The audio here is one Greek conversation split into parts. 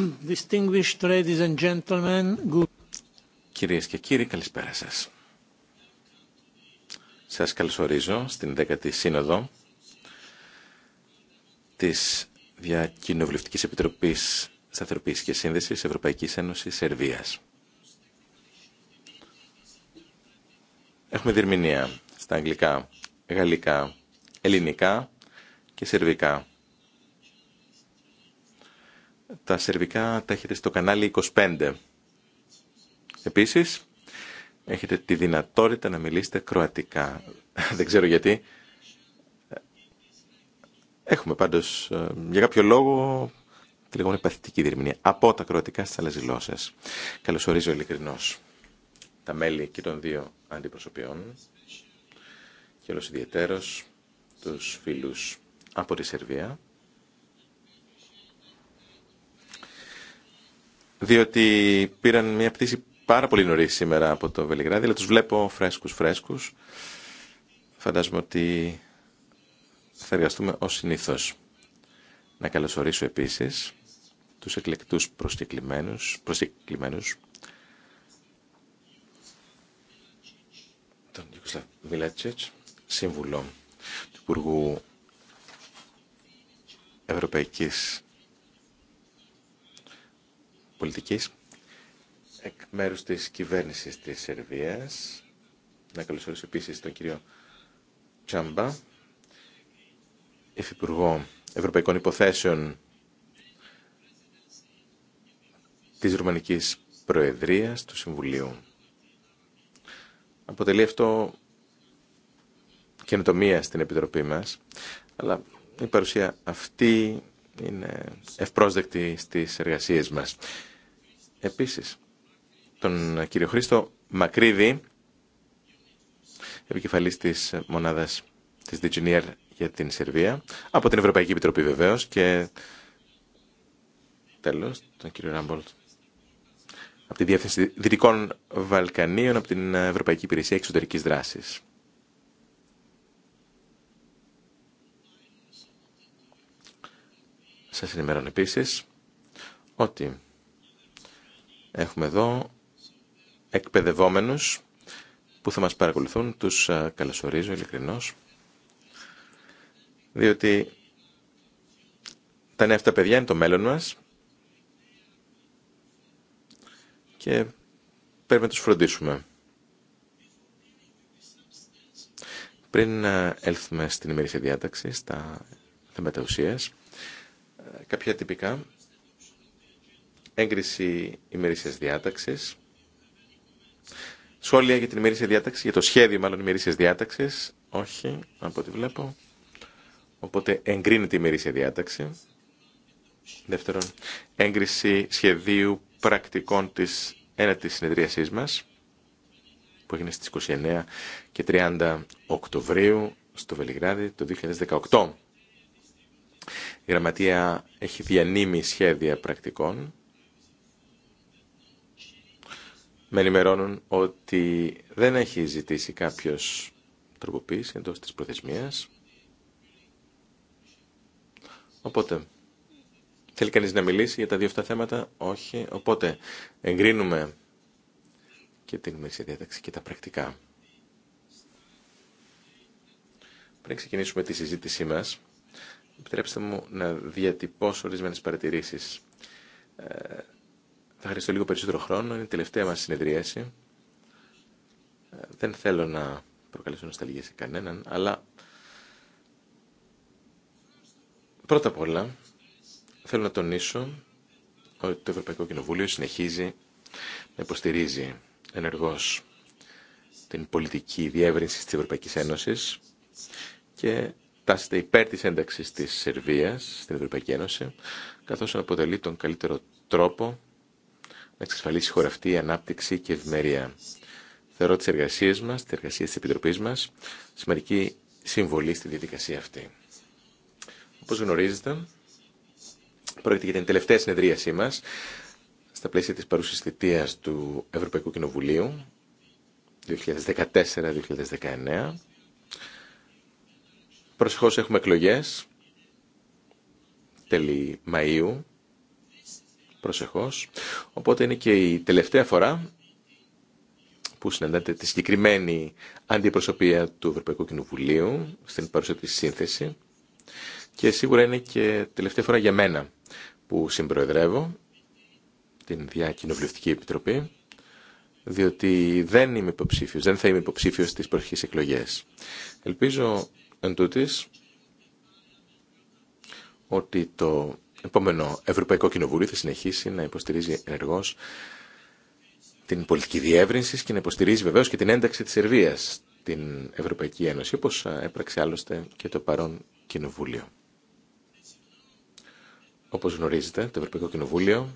Κυρίες και κύριοι, καλησπέρα σας. Σας καλωσορίζω στην 10η Σύνοδο της Διακοινοβουλευτικής Επιτροπής Σταθεροποίησης και Σύνδεσης Ευρωπαϊκής Ένωσης Σερβίας. Έχουμε διερμηνία στα αγγλικά, γαλλικά, ελληνικά και σερβικά. Τα σερβικά τα έχετε στο κανάλι 25. Επίσης, έχετε τη δυνατότητα να μιλήσετε κροατικά. Δεν ξέρω γιατί. Έχουμε πάντως, ε, για κάποιο λόγο, τη λεγόμενη παθητική διερμηνία. Από τα κροατικά στις άλλες γλώσσες. Καλωσορίζω ειλικρινώς τα μέλη και των δύο αντιπροσωπιών και όλος ιδιαίτερος τους φίλους από τη Σερβία διότι πήραν μια πτήση πάρα πολύ νωρί σήμερα από το Βελιγράδι, αλλά τους βλέπω φρέσκους φρέσκους. Φαντάζομαι ότι θα εργαστούμε ως συνήθως. Να καλωσορίσω επίσης τους εκλεκτούς προσκεκλημένους, τον Ιουκοσλαβ Μιλατσέτς, σύμβουλο του Υπουργού Ευρωπαϊκής πολιτικής εκ μέρους της κυβέρνησης της Σερβίας. Να καλωσορίσω επίσης τον κύριο Τσάμπα, Υφυπουργό Ευρωπαϊκών Υποθέσεων της Ρουμανικής Προεδρίας του Συμβουλίου. Αποτελεί αυτό καινοτομία στην Επιτροπή μας, αλλά η παρουσία αυτή είναι ευπρόσδεκτη στις εργασίες μας. Επίσης, τον κύριο Χρήστο Μακρίδη, επικεφαλής της μονάδας της Digineer για την Σερβία, από την Ευρωπαϊκή Επιτροπή βεβαίως και τέλος, τον κύριο Ράμπολτ, από τη Διεύθυνση Δυτικών Βαλκανίων, από την Ευρωπαϊκή Υπηρεσία Εξωτερικής Δράσης. Σας ενημερώνω επίσης ότι Έχουμε εδώ εκπαιδευόμενους που θα μας παρακολουθούν. Τους ε, καλωσορίζω ειλικρινώς. Διότι τα νέα αυτά παιδιά είναι το μέλλον μας και πρέπει να τους φροντίσουμε. Πριν ε, έλθουμε στην ημερήσια διάταξη, στα θέματα ουσίας, ε, κάποια τυπικά έγκριση ημερήσια διάταξη. Σχόλια για την ημερήσια διάταξη, για το σχέδιο μάλλον ημερήσια διάταξης. Όχι, από ό,τι βλέπω. Οπότε εγκρίνεται η ημερήσια διάταξη. Δεύτερον, έγκριση σχεδίου πρακτικών της ένατης συνεδρίασής μας, που έγινε στις 29 και 30 Οκτωβρίου στο Βελιγράδι το 2018. Η Γραμματεία έχει διανύμει σχέδια πρακτικών με ενημερώνουν ότι δεν έχει ζητήσει κάποιος τροποποίηση εντός της προθεσμίας. Οπότε, θέλει κανείς να μιλήσει για τα δύο αυτά θέματα. Όχι. Οπότε, εγκρίνουμε και την μεσή διάταξη και τα πρακτικά. Πριν ξεκινήσουμε τη συζήτησή μας, επιτρέψτε μου να διατυπώσω ορισμένε παρατηρήσεις ε, θα χαριστώ λίγο περισσότερο χρόνο. Είναι η τελευταία μας συνεδρίαση. Ε, δεν θέλω να προκαλέσω νοσταλγία σε κανέναν, αλλά πρώτα απ' όλα θέλω να τονίσω ότι το Ευρωπαϊκό Κοινοβούλιο συνεχίζει να υποστηρίζει ενεργώς την πολιτική διεύρυνση της Ευρωπαϊκής Ένωσης και τάσεται υπέρ της ένταξης της Σερβίας στην Ευρωπαϊκή Ένωση, καθώς αποτελεί τον καλύτερο τρόπο να εξασφαλίσει η ανάπτυξη και ευημερία. Θεωρώ τι εργασίε μα, τι εργασίε τη Επιτροπή μα, σημαντική συμβολή στη διαδικασία αυτή. Όπω γνωρίζετε, πρόκειται για την τελευταία συνεδρίασή μα στα πλαίσια τη παρούση θητεία του Ευρωπαϊκού Κοινοβουλίου 2014-2019. Προσεχώ έχουμε εκλογέ τέλη Μαΐου προσεχώς. Οπότε είναι και η τελευταία φορά που συναντάτε τη συγκεκριμένη αντιπροσωπεία του Ευρωπαϊκού Κοινοβουλίου στην παρουσία της σύνθεση και σίγουρα είναι και τελευταία φορά για μένα που συμπροεδρεύω την Διακοινοβουλευτική Επιτροπή διότι δεν είμαι υποψήφιος, δεν θα είμαι υποψήφιος στις προχείς εκλογές. Ελπίζω εν τούτης, ότι το επόμενο Ευρωπαϊκό Κοινοβούλιο θα συνεχίσει να υποστηρίζει ενεργώ την πολιτική διεύρυνση και να υποστηρίζει βεβαίω και την ένταξη τη Σερβία στην Ευρωπαϊκή Ένωση, όπω έπραξε άλλωστε και το παρόν Κοινοβούλιο. Όπω γνωρίζετε, το Ευρωπαϊκό Κοινοβούλιο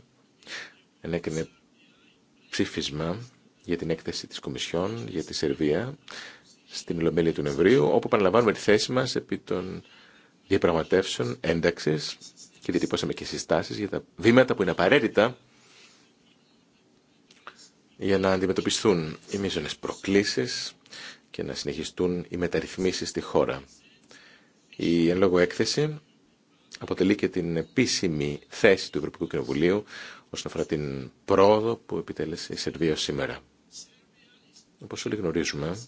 ενέκρινε ψήφισμα για την έκθεση τη Κομισιόν για τη Σερβία στην Ολομέλεια του Νευρίου, όπου παραλαμβάνουμε τη θέση μα επί των διαπραγματεύσεων ένταξη και διατυπώσαμε και συστάσεις για τα βήματα που είναι απαραίτητα για να αντιμετωπιστούν οι μείζονες προκλήσεις και να συνεχιστούν οι μεταρρυθμίσεις στη χώρα. Η εν λόγω έκθεση αποτελεί και την επίσημη θέση του Ευρωπαϊκού Κοινοβουλίου όσον αφορά την πρόοδο που επιτέλεσε η Σερβία σήμερα. Όπως όλοι γνωρίζουμε,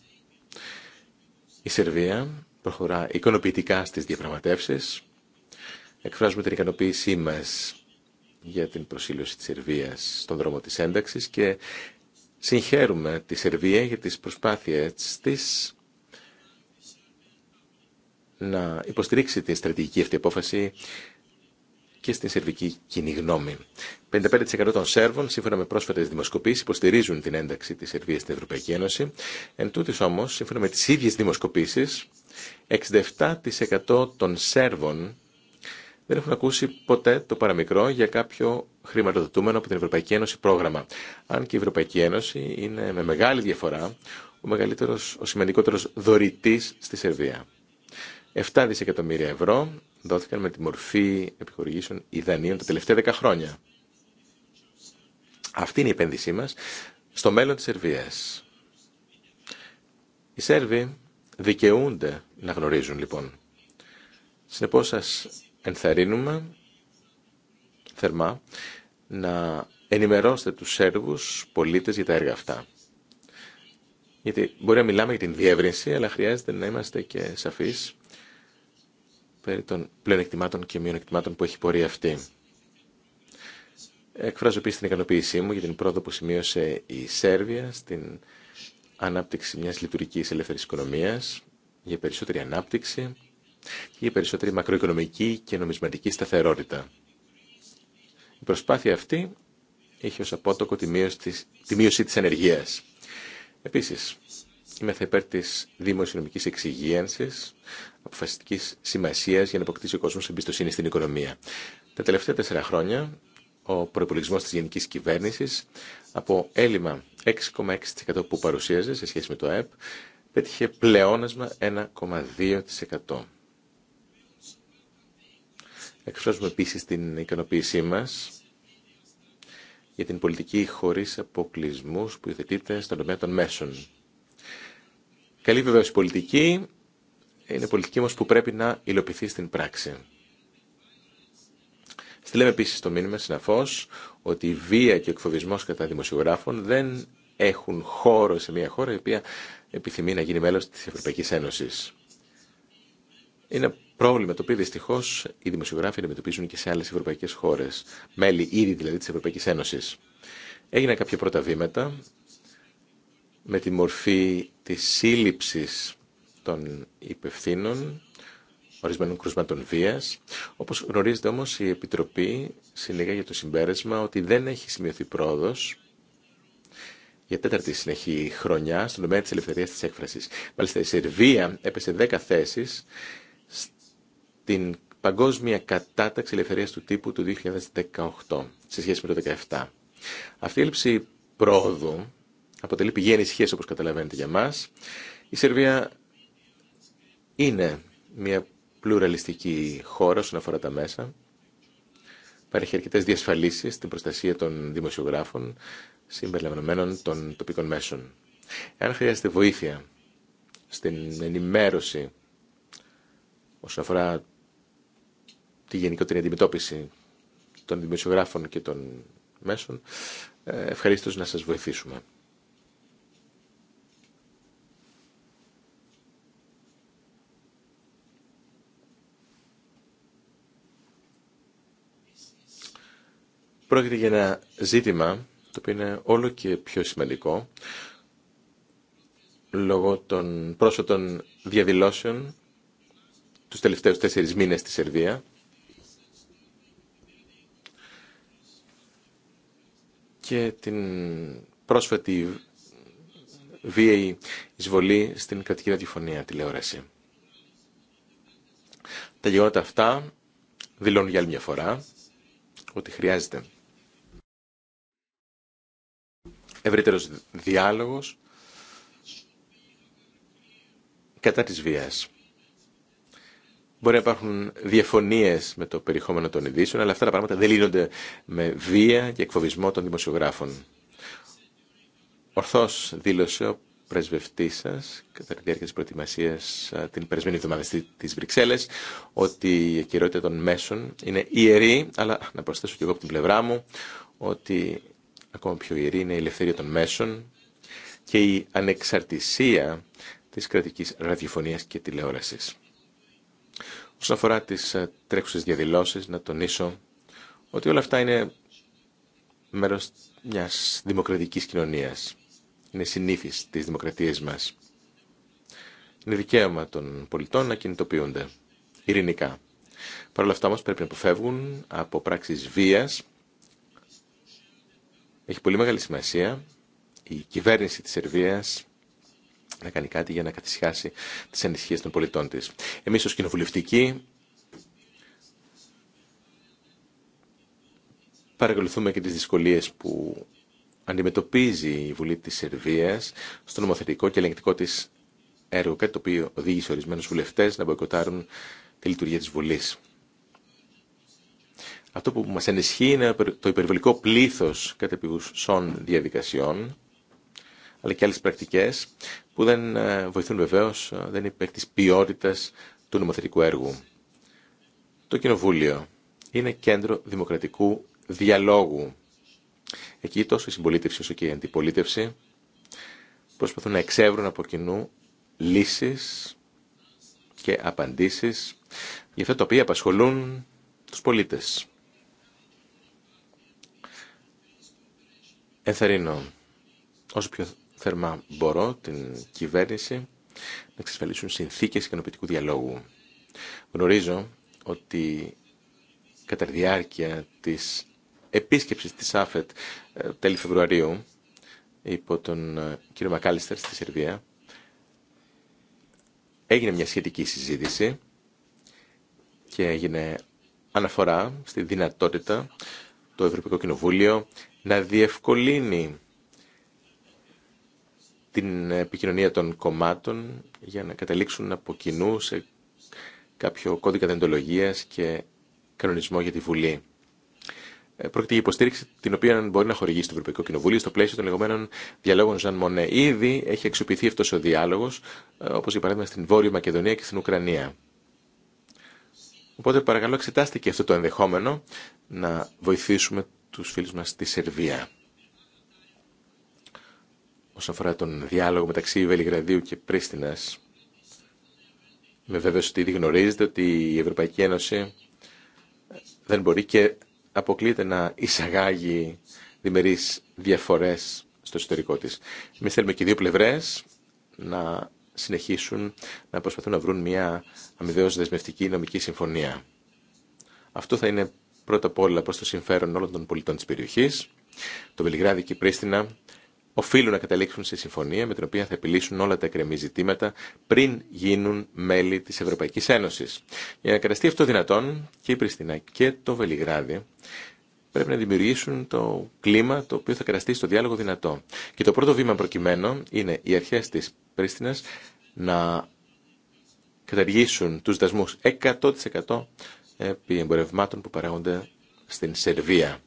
η Σερβία προχωρά οικονοποιητικά στις διαπραγματεύσεις εκφράζουμε την ικανοποίησή μας για την προσήλωση της Σερβίας στον δρόμο της ένταξης και συγχαίρουμε τη Σερβία για τις προσπάθειες της να υποστηρίξει την στρατηγική αυτή απόφαση και στην σερβική κοινή γνώμη. 55% των Σέρβων, σύμφωνα με πρόσφατε δημοσκοπήσει, υποστηρίζουν την ένταξη τη Σερβία στην Ευρωπαϊκή Ένωση. Εν τούτη όμω, σύμφωνα με τι ίδιε δημοσκοπήσει, 67% των Σέρβων δεν έχουν ακούσει ποτέ το παραμικρό για κάποιο χρηματοδοτούμενο από την Ευρωπαϊκή Ένωση πρόγραμμα. Αν και η Ευρωπαϊκή Ένωση είναι με μεγάλη διαφορά ο μεγαλύτερος, ο σημαντικότερος δωρητής στη Σερβία. 7 δισεκατομμύρια ευρώ δόθηκαν με τη μορφή επιχορηγήσεων ιδανείων τα τελευταία 10 χρόνια. Αυτή είναι η επένδυσή μας στο μέλλον της Σερβίας. Οι Σέρβοι δικαιούνται να γνωρίζουν λοιπόν. Συνεπώς σας ενθαρρύνουμε θερμά να ενημερώσετε τους Σέρβους πολίτες για τα έργα αυτά. Γιατί μπορεί να μιλάμε για την διεύρυνση, αλλά χρειάζεται να είμαστε και σαφείς περί των πλεονεκτημάτων και μειονεκτημάτων που έχει πορεία αυτή. Εκφράζω επίσης την ικανοποίησή μου για την πρόοδο που σημείωσε η Σέρβια στην ανάπτυξη μιας λειτουργικής ελεύθερης οικονομίας, για περισσότερη ανάπτυξη, η περισσότερη μακροοικονομική και νομισματική σταθερότητα. Η προσπάθεια αυτή έχει ως απότοκο τη μείωση της, τη μείωση της ανεργίας. Επίσης, είμαστε υπέρ της δημοσιονομικής εξυγίανσης, αποφασιστικής σημασίας για να αποκτήσει ο κόσμος εμπιστοσύνη στην οικονομία. Τα τελευταία τέσσερα χρόνια, ο προπολογισμό της Γενικής Κυβέρνησης από έλλειμμα 6,6% που παρουσίαζε σε σχέση με το ΑΕΠ, πέτυχε πλεόνασμα 1,2%. Εκφράζουμε επίσης την ικανοποίησή μας για την πολιτική χωρίς αποκλεισμούς που υιοθετείται στον τομέα των μέσων. Καλή βεβαίω η πολιτική, είναι πολιτική μας που πρέπει να υλοποιηθεί στην πράξη. Στείλαμε επίσης το μήνυμα συναφώς ότι η βία και ο εκφοβισμός κατά δημοσιογράφων δεν έχουν χώρο σε μια χώρα η οποία επιθυμεί να γίνει μέλος της Ευρωπαϊκής Ένωσης. Είναι Πρόβλημα το οποίο δυστυχώ οι δημοσιογράφοι αντιμετωπίζουν και σε άλλε ευρωπαϊκέ χώρε, μέλη ήδη δηλαδή τη Ευρωπαϊκή Ένωση. Έγιναν κάποια πρώτα βήματα με τη μορφή τη σύλληψη των υπευθύνων ορισμένων κρουσμάτων Βία, όπω γνωρίζετε όμω η Επιτροπή για το συμπέρασμα ότι δεν έχει σημειωθεί πρόοδο για τέταρτη συνεχή χρονιά στον τομέα τη ελευθερία τη έκφραση. Μάλιστα η Σερβία έπεσε 10 θέσει την Παγκόσμια Κατάταξη Ελευθερίας του Τύπου του 2018 σε σχέση με το 2017. Αυτή η έλλειψη πρόοδου αποτελεί πηγή ανησυχίας, όπως καταλαβαίνετε για μας. Η Σερβία είναι μια πλουραλιστική χώρα όσον αφορά τα μέσα. Παρέχει αρκετές διασφαλίσεις στην προστασία των δημοσιογράφων συμπεριλαμβανομένων των τοπικών μέσων. Εάν χρειάζεται βοήθεια στην ενημέρωση όσον αφορά τη γενικότερη αντιμετώπιση των δημοσιογράφων και των μέσων, ε, Ευχαριστώ να σας βοηθήσουμε. Πρόκειται για ένα ζήτημα το οποίο είναι όλο και πιο σημαντικό λόγω των πρόσφατων διαδηλώσεων τους τελευταίους τέσσερις μήνες στη Σερβία και την πρόσφατη βίαιη εισβολή στην κρατική ραδιοφωνία τηλεόραση. Τα γεγονότα αυτά δηλώνουν για άλλη μια φορά ότι χρειάζεται ευρύτερος διάλογος κατά της βίας. Μπορεί να υπάρχουν διαφωνίε με το περιεχόμενο των ειδήσεων, αλλά αυτά τα πράγματα δεν λύνονται με βία και εκφοβισμό των δημοσιογράφων. Ορθώ δήλωσε ο πρεσβευτή σα, κατά τη διάρκεια τη προετοιμασία την περασμένη εβδομάδα στι Βρυξέλλε, ότι η ακυρότητα των μέσων είναι ιερή, αλλά να προσθέσω και εγώ από την πλευρά μου ότι ακόμα πιο ιερή είναι η ελευθερία των μέσων και η ανεξαρτησία της κρατικής ραδιοφωνίας και τηλεόρασης. Όσον αφορά τις ε, τρέχουσες διαδηλώσεις, να τονίσω ότι όλα αυτά είναι μέρος μιας δημοκρατικής κοινωνίας. Είναι συνήθις της δημοκρατίας μας. Είναι δικαίωμα των πολιτών να κινητοποιούνται ειρηνικά. Παρ' όλα αυτά όμως πρέπει να αποφεύγουν από πράξεις βίας. Έχει πολύ μεγάλη σημασία η κυβέρνηση της Σερβίας να κάνει κάτι για να καθισχάσει τις ανησυχίες των πολιτών της. Εμείς ως κοινοβουλευτικοί παρακολουθούμε και τις δυσκολίες που αντιμετωπίζει η Βουλή της Σερβίας στο νομοθετικό και ελεγκτικό της έργο, κάτι το οποίο οδήγησε ορισμένους βουλευτές να μποϊκοτάρουν τη λειτουργία της Βουλής. Αυτό που μας ενισχύει είναι το υπερβολικό πλήθος κατεπηγουσών διαδικασιών αλλά και άλλες πρακτικές που δεν ε, βοηθούν βεβαίως, ε, δεν είναι υπέρ της ποιότητας του νομοθετικού έργου. Το Κοινοβούλιο είναι κέντρο δημοκρατικού διαλόγου. Εκεί τόσο η συμπολίτευση όσο και η αντιπολίτευση προσπαθούν να εξεύρουν από κοινού λύσεις και απαντήσεις για αυτά τα οποία απασχολούν τους πολίτες. Ενθαρρύνω όσο πιο θερμά μπορώ την κυβέρνηση να εξασφαλίσουν συνθήκες ικανοποιητικού διαλόγου. Γνωρίζω ότι κατά τη διάρκεια της επίσκεψης της ΑΦΕΤ ε, τέλη Φεβρουαρίου υπό τον ε, κύριο Μακάλιστερ στη Σερβία έγινε μια σχετική συζήτηση και έγινε αναφορά στη δυνατότητα το Ευρωπαϊκό Κοινοβούλιο να διευκολύνει την επικοινωνία των κομμάτων για να καταλήξουν από κοινού σε κάποιο κώδικα δεντολογίας και κανονισμό για τη Βουλή. Ε, πρόκειται για υποστήριξη την οποία μπορεί να χορηγήσει το Ευρωπαϊκό Κοινοβούλιο στο πλαίσιο των λεγόμενων διαλόγων Ζαν Μονέ. Ήδη έχει αξιοποιηθεί αυτό ο διάλογο, ε, όπω για παράδειγμα στην Βόρεια Μακεδονία και στην Ουκρανία. Οπότε παρακαλώ εξετάστε και αυτό το ενδεχόμενο να βοηθήσουμε τους φίλους μας στη Σερβία όσον αφορά τον διάλογο μεταξύ Βελιγραδίου και Πρίστινας. Με βέβαιο ότι ήδη γνωρίζετε ότι η Ευρωπαϊκή Ένωση δεν μπορεί και αποκλείεται να εισαγάγει διμερείς διαφορές στο εσωτερικό της. Εμείς θέλουμε και οι δύο πλευρές να συνεχίσουν να προσπαθούν να βρουν μια αμοιβαίως δεσμευτική νομική συμφωνία. Αυτό θα είναι πρώτα απ' όλα προς το συμφέρον όλων των πολιτών της περιοχής. Το Βελιγράδι και η Πρίστινα οφείλουν να καταλήξουν σε συμφωνία με την οποία θα επιλύσουν όλα τα εκρεμή ζητήματα πριν γίνουν μέλη της Ευρωπαϊκής Ένωσης. Για να καταστεί αυτό δυνατόν και η Πριστινά και το Βελιγράδι πρέπει να δημιουργήσουν το κλίμα το οποίο θα καταστεί το διάλογο δυνατό. Και το πρώτο βήμα προκειμένου είναι οι αρχές της Πρίστινας να καταργήσουν τους δασμούς 100% ε, επί εμπορευμάτων που παράγονται στην Σερβία.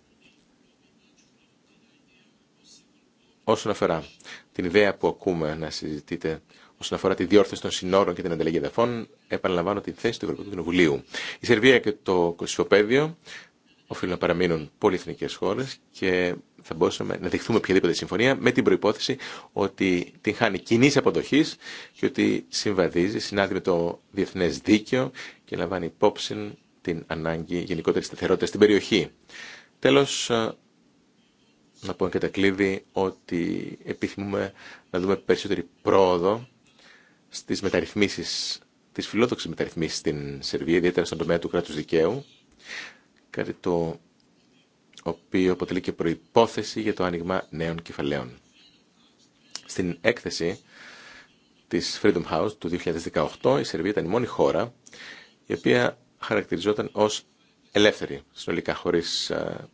Όσον αφορά την ιδέα που ακούμε να συζητείτε όσον αφορά τη διόρθωση των συνόρων και την ανταλλαγή εδαφών, επαναλαμβάνω την θέση του Ευρωπαϊκού Κοινοβουλίου. Η Σερβία και το Κωσυφοπαίδιο οφείλουν να παραμείνουν πολυεθνικέ χώρε και θα μπορούσαμε να δεχθούμε οποιαδήποτε συμφωνία με την προπόθεση ότι την χάνει κοινή αποδοχή και ότι συμβαδίζει, συνάδει με το διεθνέ δίκαιο και λαμβάνει υπόψη την ανάγκη γενικότερη σταθερότητα στην περιοχή. Τέλο, να και τα κλείδι ότι επιθυμούμε να δούμε περισσότερη πρόοδο στις μεταρρυθμίσεις, τις φιλόδοξες μεταρρυθμίσεις στην Σερβία, ιδιαίτερα στον τομέα του κράτους δικαίου, κάτι το οποίο αποτελεί και προϋπόθεση για το άνοιγμα νέων κεφαλαίων. Στην έκθεση της Freedom House του 2018, η Σερβία ήταν η μόνη χώρα η οποία χαρακτηριζόταν ως ελεύθερη, συνολικά χωρίς ε,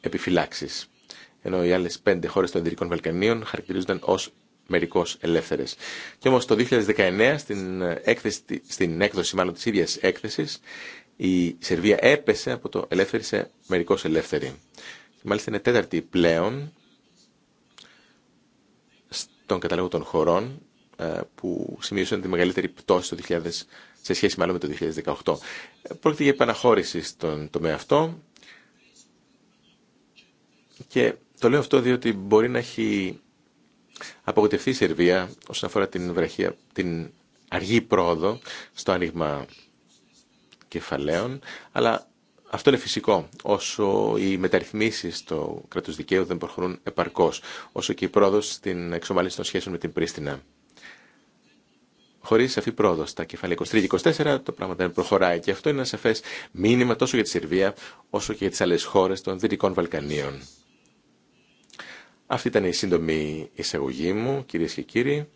επιφυλάξει. ενώ οι άλλε πέντε χώρε των Ιντερικών Βαλκανίων χαρακτηρίζονταν ω μερικώ ελεύθερε. Και όμω το 2019, στην, έκθεση, στην έκδοση μάλλον τη ίδια έκθεση, η Σερβία έπεσε από το ελεύθερη σε μερικώ ελεύθερη. Και μάλιστα είναι τέταρτη πλέον στον καταλόγο των χωρών ε, που σημείωσαν τη μεγαλύτερη πτώση το 2000, σε σχέση μάλλον με το 2018. Ε, πρόκειται για επαναχώρηση στον τομέα αυτό και το λέω αυτό διότι μπορεί να έχει απογοητευτεί η Σερβία όσον αφορά την, βραχία, την αργή πρόοδο στο άνοιγμα κεφαλαίων, αλλά αυτό είναι φυσικό. Όσο οι μεταρρυθμίσεις στο κράτος δικαίου δεν προχωρούν επαρκώς, όσο και η πρόοδος στην εξομαλύση των σχέσεων με την Πρίστινα. Χωρί σαφή πρόοδο στα κεφάλαια 23 και 24, το πράγμα δεν προχωράει. Και αυτό είναι ένα σαφέ μήνυμα τόσο για τη Σερβία, όσο και για τι άλλε χώρε των Δυτικών Βαλκανίων. Αυτή ήταν η σύντομη εισαγωγή μου, κυρίες και κύριοι.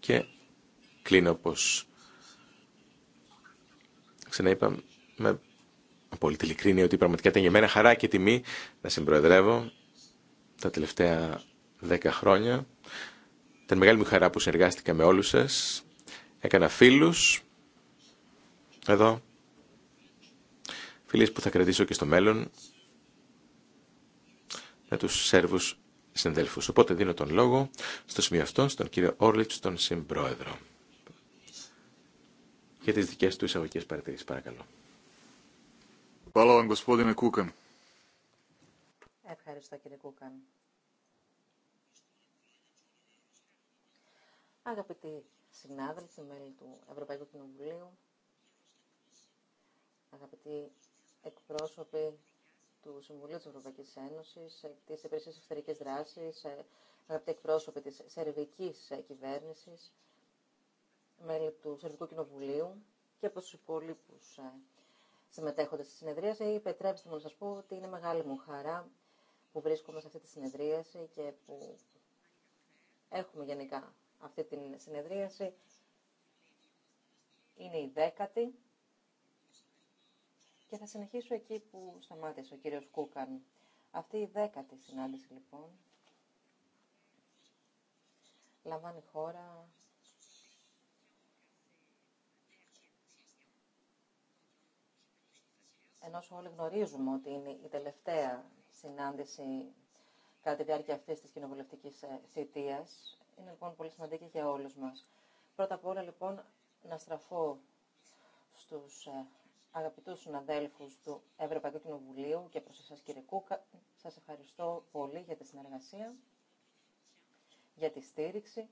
Και κλείνω όπως είπα με απόλυτη ειλικρίνεια ότι πραγματικά ήταν για μένα χαρά και τιμή να συμπροεδρεύω τα τελευταία δέκα χρόνια. Ήταν μεγάλη μου χαρά που συνεργάστηκα με όλους σας. Έκανα φίλους εδώ. Φίλες που θα κρατήσω και στο μέλλον με τους Σέρβους συνδέλφους. Οπότε δίνω τον λόγο στο σημείο αυτό, στον κύριο Όρλιτς τον συμπρόεδρο. Για τις δικές του εισαγωγικές παρατηρήσεις, παρακαλώ. Ευχαριστώ κύριε Κούκαν. Αγαπητοί συνάδελφοι, μέλη του Ευρωπαϊκού Κοινοβουλίου, αγαπητοί εκπρόσωποι του Συμβουλίου της Ευρωπαϊκής Ένωσης, ε, τη Υπηρεσία Εξωτερική Δράσης, ε, αγαπητοί εκπρόσωποι τη Σερβικής Κυβέρνησης, μέλη του Σερβικού Κοινοβουλίου και από τους υπόλοιπους ε, συμμετέχοντε στη συνεδρίαση. Επιτρέψτε μου να σα πω ότι είναι μεγάλη μου χαρά που βρίσκομαι σε αυτή τη συνεδρίαση και που έχουμε γενικά αυτή τη συνεδρίαση. Είναι η δέκατη και θα συνεχίσω εκεί που σταμάτησε ο κύριος Κούκαν. Αυτή η δέκατη συνάντηση λοιπόν λαμβάνει χώρα ενώ όλοι γνωρίζουμε ότι είναι η τελευταία συνάντηση κατά τη διάρκεια αυτής της κοινοβουλευτικής ε, θητείας. Είναι λοιπόν πολύ σημαντική για όλους μας. Πρώτα απ' όλα λοιπόν να στραφώ στους ε, αγαπητούς συναδέλφους του Ευρωπαϊκού Κοινοβουλίου και προς εσάς κύριε Κούκα, σας ευχαριστώ πολύ για τη συνεργασία, για τη στήριξη,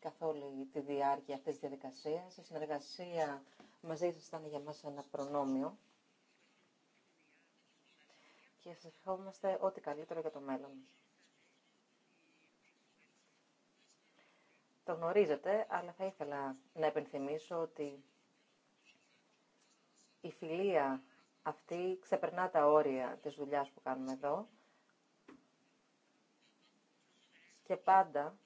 καθ' τη διάρκεια αυτής της διαδικασίας. Η συνεργασία μαζί σας ήταν για μας ένα προνόμιο και σας ευχόμαστε ό,τι καλύτερο για το μέλλον. Το γνωρίζετε, αλλά θα ήθελα να επενθυμίσω ότι η φιλία αυτή ξεπερνά τα όρια της δουλειάς που κάνουμε εδώ και πάντα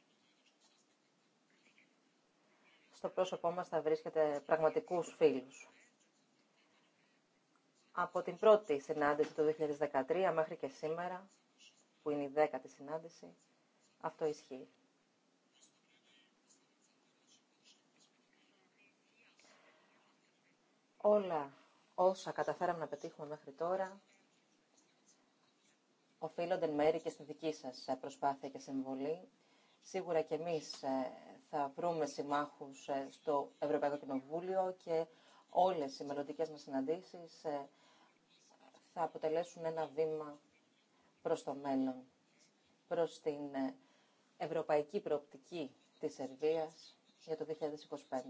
στο πρόσωπό μας θα βρίσκεται πραγματικούς φίλους. Από την πρώτη συνάντηση του 2013 μέχρι και σήμερα, που είναι η δέκατη συνάντηση, αυτό ισχύει. Όλα όσα καταφέραμε να πετύχουμε μέχρι τώρα οφείλονται μέρη και στη δική σας ε, προσπάθεια και συμβολή. Σίγουρα και εμείς ε, θα βρούμε συμμάχους ε, στο Ευρωπαϊκό Κοινοβούλιο και όλες οι μελλοντικέ μας συναντήσεις θα αποτελέσουν ένα βήμα προς το μέλλον, προς την ευρωπαϊκή προοπτική της Σερβίας για το 2025.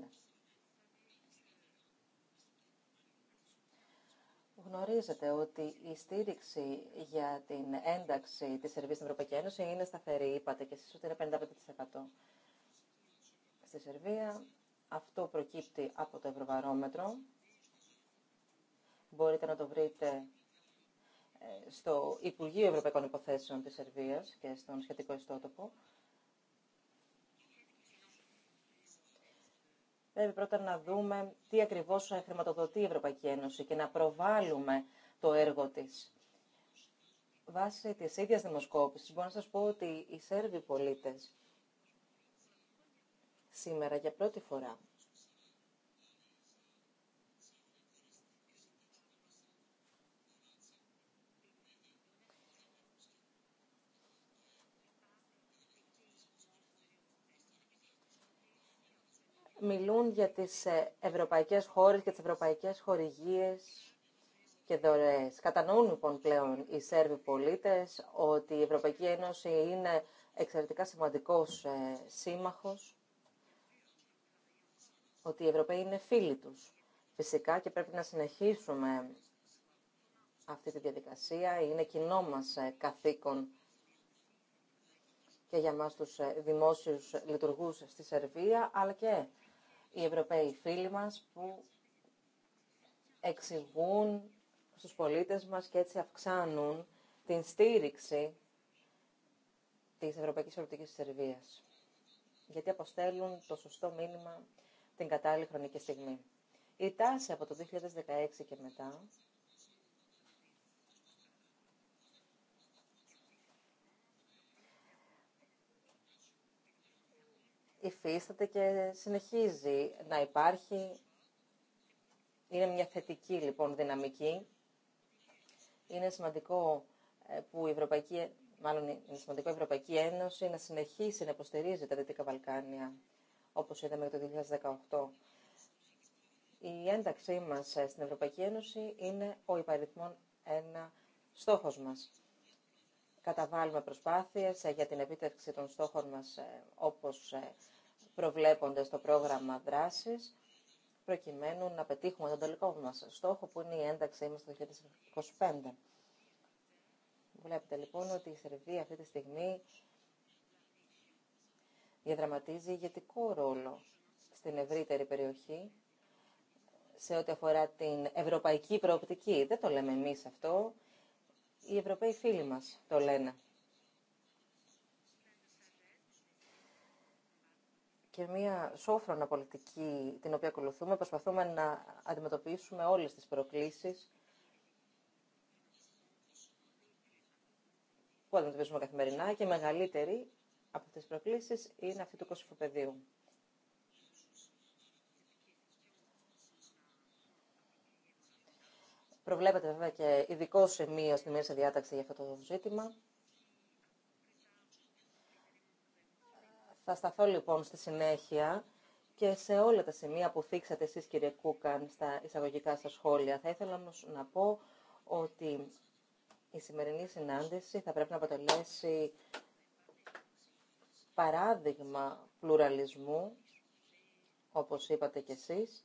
Γνωρίζετε ότι η στήριξη για την ένταξη τη Σερβία στην Ευρωπαϊκή Ένωση είναι σταθερή, είπατε και εσεί ότι είναι 55% στη Σερβία. Αυτό προκύπτει από το Ευρωβαρόμετρο. Μπορείτε να το βρείτε ε, στο Υπουργείο Ευρωπαϊκών Υποθέσεων της Σερβίας και στον σχετικό ιστότοπο. πρέπει πρώτα να δούμε τι ακριβώς χρηματοδοτεί η Ευρωπαϊκή Ένωση και να προβάλλουμε το έργο της. Βάσει της ίδιας δημοσκόπησης μπορώ να σας πω ότι οι Σέρβοι πολίτες σήμερα για πρώτη φορά μιλούν για τις ε, ευρωπαϊκές χώρες και τις ευρωπαϊκές χορηγίες και δωρεές. Κατανοούν λοιπόν πλέον οι Σέρβοι πολίτες ότι η Ευρωπαϊκή Ένωση είναι εξαιρετικά σημαντικός ε, σύμμαχος, ότι οι Ευρωπαίοι είναι φίλοι τους. Φυσικά και πρέπει να συνεχίσουμε αυτή τη διαδικασία, είναι κοινό μας ε, καθήκον και για μας τους δημόσιους λειτουργούς στη Σερβία, αλλά και οι Ευρωπαίοι φίλοι μας που εξηγούν στους πολίτες μας και έτσι αυξάνουν την στήριξη της Ευρωπαϊκής Πολιτικής της Σερβίας. Γιατί αποστέλουν το σωστό μήνυμα την κατάλληλη χρονική στιγμή. Η τάση από το 2016 και μετά υφίσταται και συνεχίζει να υπάρχει. Είναι μια θετική λοιπόν δυναμική. Είναι σημαντικό ε, που η Ευρωπαϊκή, μάλλον σημαντικό Ευρωπαϊκή Ένωση να συνεχίσει να υποστηρίζει τα Δυτικά Βαλκάνια, όπως είδαμε το 2018. Η ένταξή μας ε, στην Ευρωπαϊκή Ένωση είναι ο υπαριθμόν ένα στόχος μας καταβάλουμε προσπάθειες ε, για την επίτευξη των στόχων μας ε, όπως ε, προβλέπονται στο πρόγραμμα δράσης προκειμένου να πετύχουμε τον τελικό μας στόχο που είναι η ένταξή μας το 2025. Βλέπετε λοιπόν ότι η Σερβία αυτή τη στιγμή διαδραματίζει ηγετικό ρόλο στην ευρύτερη περιοχή σε ό,τι αφορά την ευρωπαϊκή προοπτική. Δεν το λέμε εμείς αυτό οι Ευρωπαίοι φίλοι μας το λένε. Και μία σόφρονα πολιτική την οποία ακολουθούμε, προσπαθούμε να αντιμετωπίσουμε όλες τις προκλήσεις που αντιμετωπίζουμε καθημερινά και μεγαλύτερη από τις προκλήσεις είναι αυτή του κοσυφοπεδίου. Προβλέπετε, βέβαια και ειδικό σημείο στη Μέση διάταξη για αυτό το ζήτημα. Θα σταθώ λοιπόν στη συνέχεια και σε όλα τα σημεία που θίξατε εσείς κύριε Κούκαν στα εισαγωγικά σας σχόλια. Θα ήθελα όμως να πω ότι η σημερινή συνάντηση θα πρέπει να αποτελέσει παράδειγμα πλουραλισμού, όπως είπατε κι εσείς.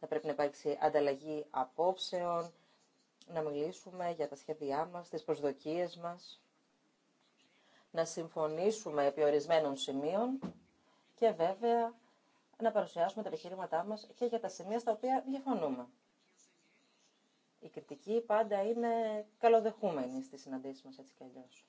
Θα πρέπει να υπάρξει ανταλλαγή απόψεων, να μιλήσουμε για τα σχέδιά μας, τις προσδοκίες μας, να συμφωνήσουμε επί ορισμένων σημείων και βέβαια να παρουσιάσουμε τα επιχείρηματά μας και για τα σημεία στα οποία διαφωνούμε. Η κριτική πάντα είναι καλοδεχούμενη στις συναντήσεις μας έτσι κι αλλιώς.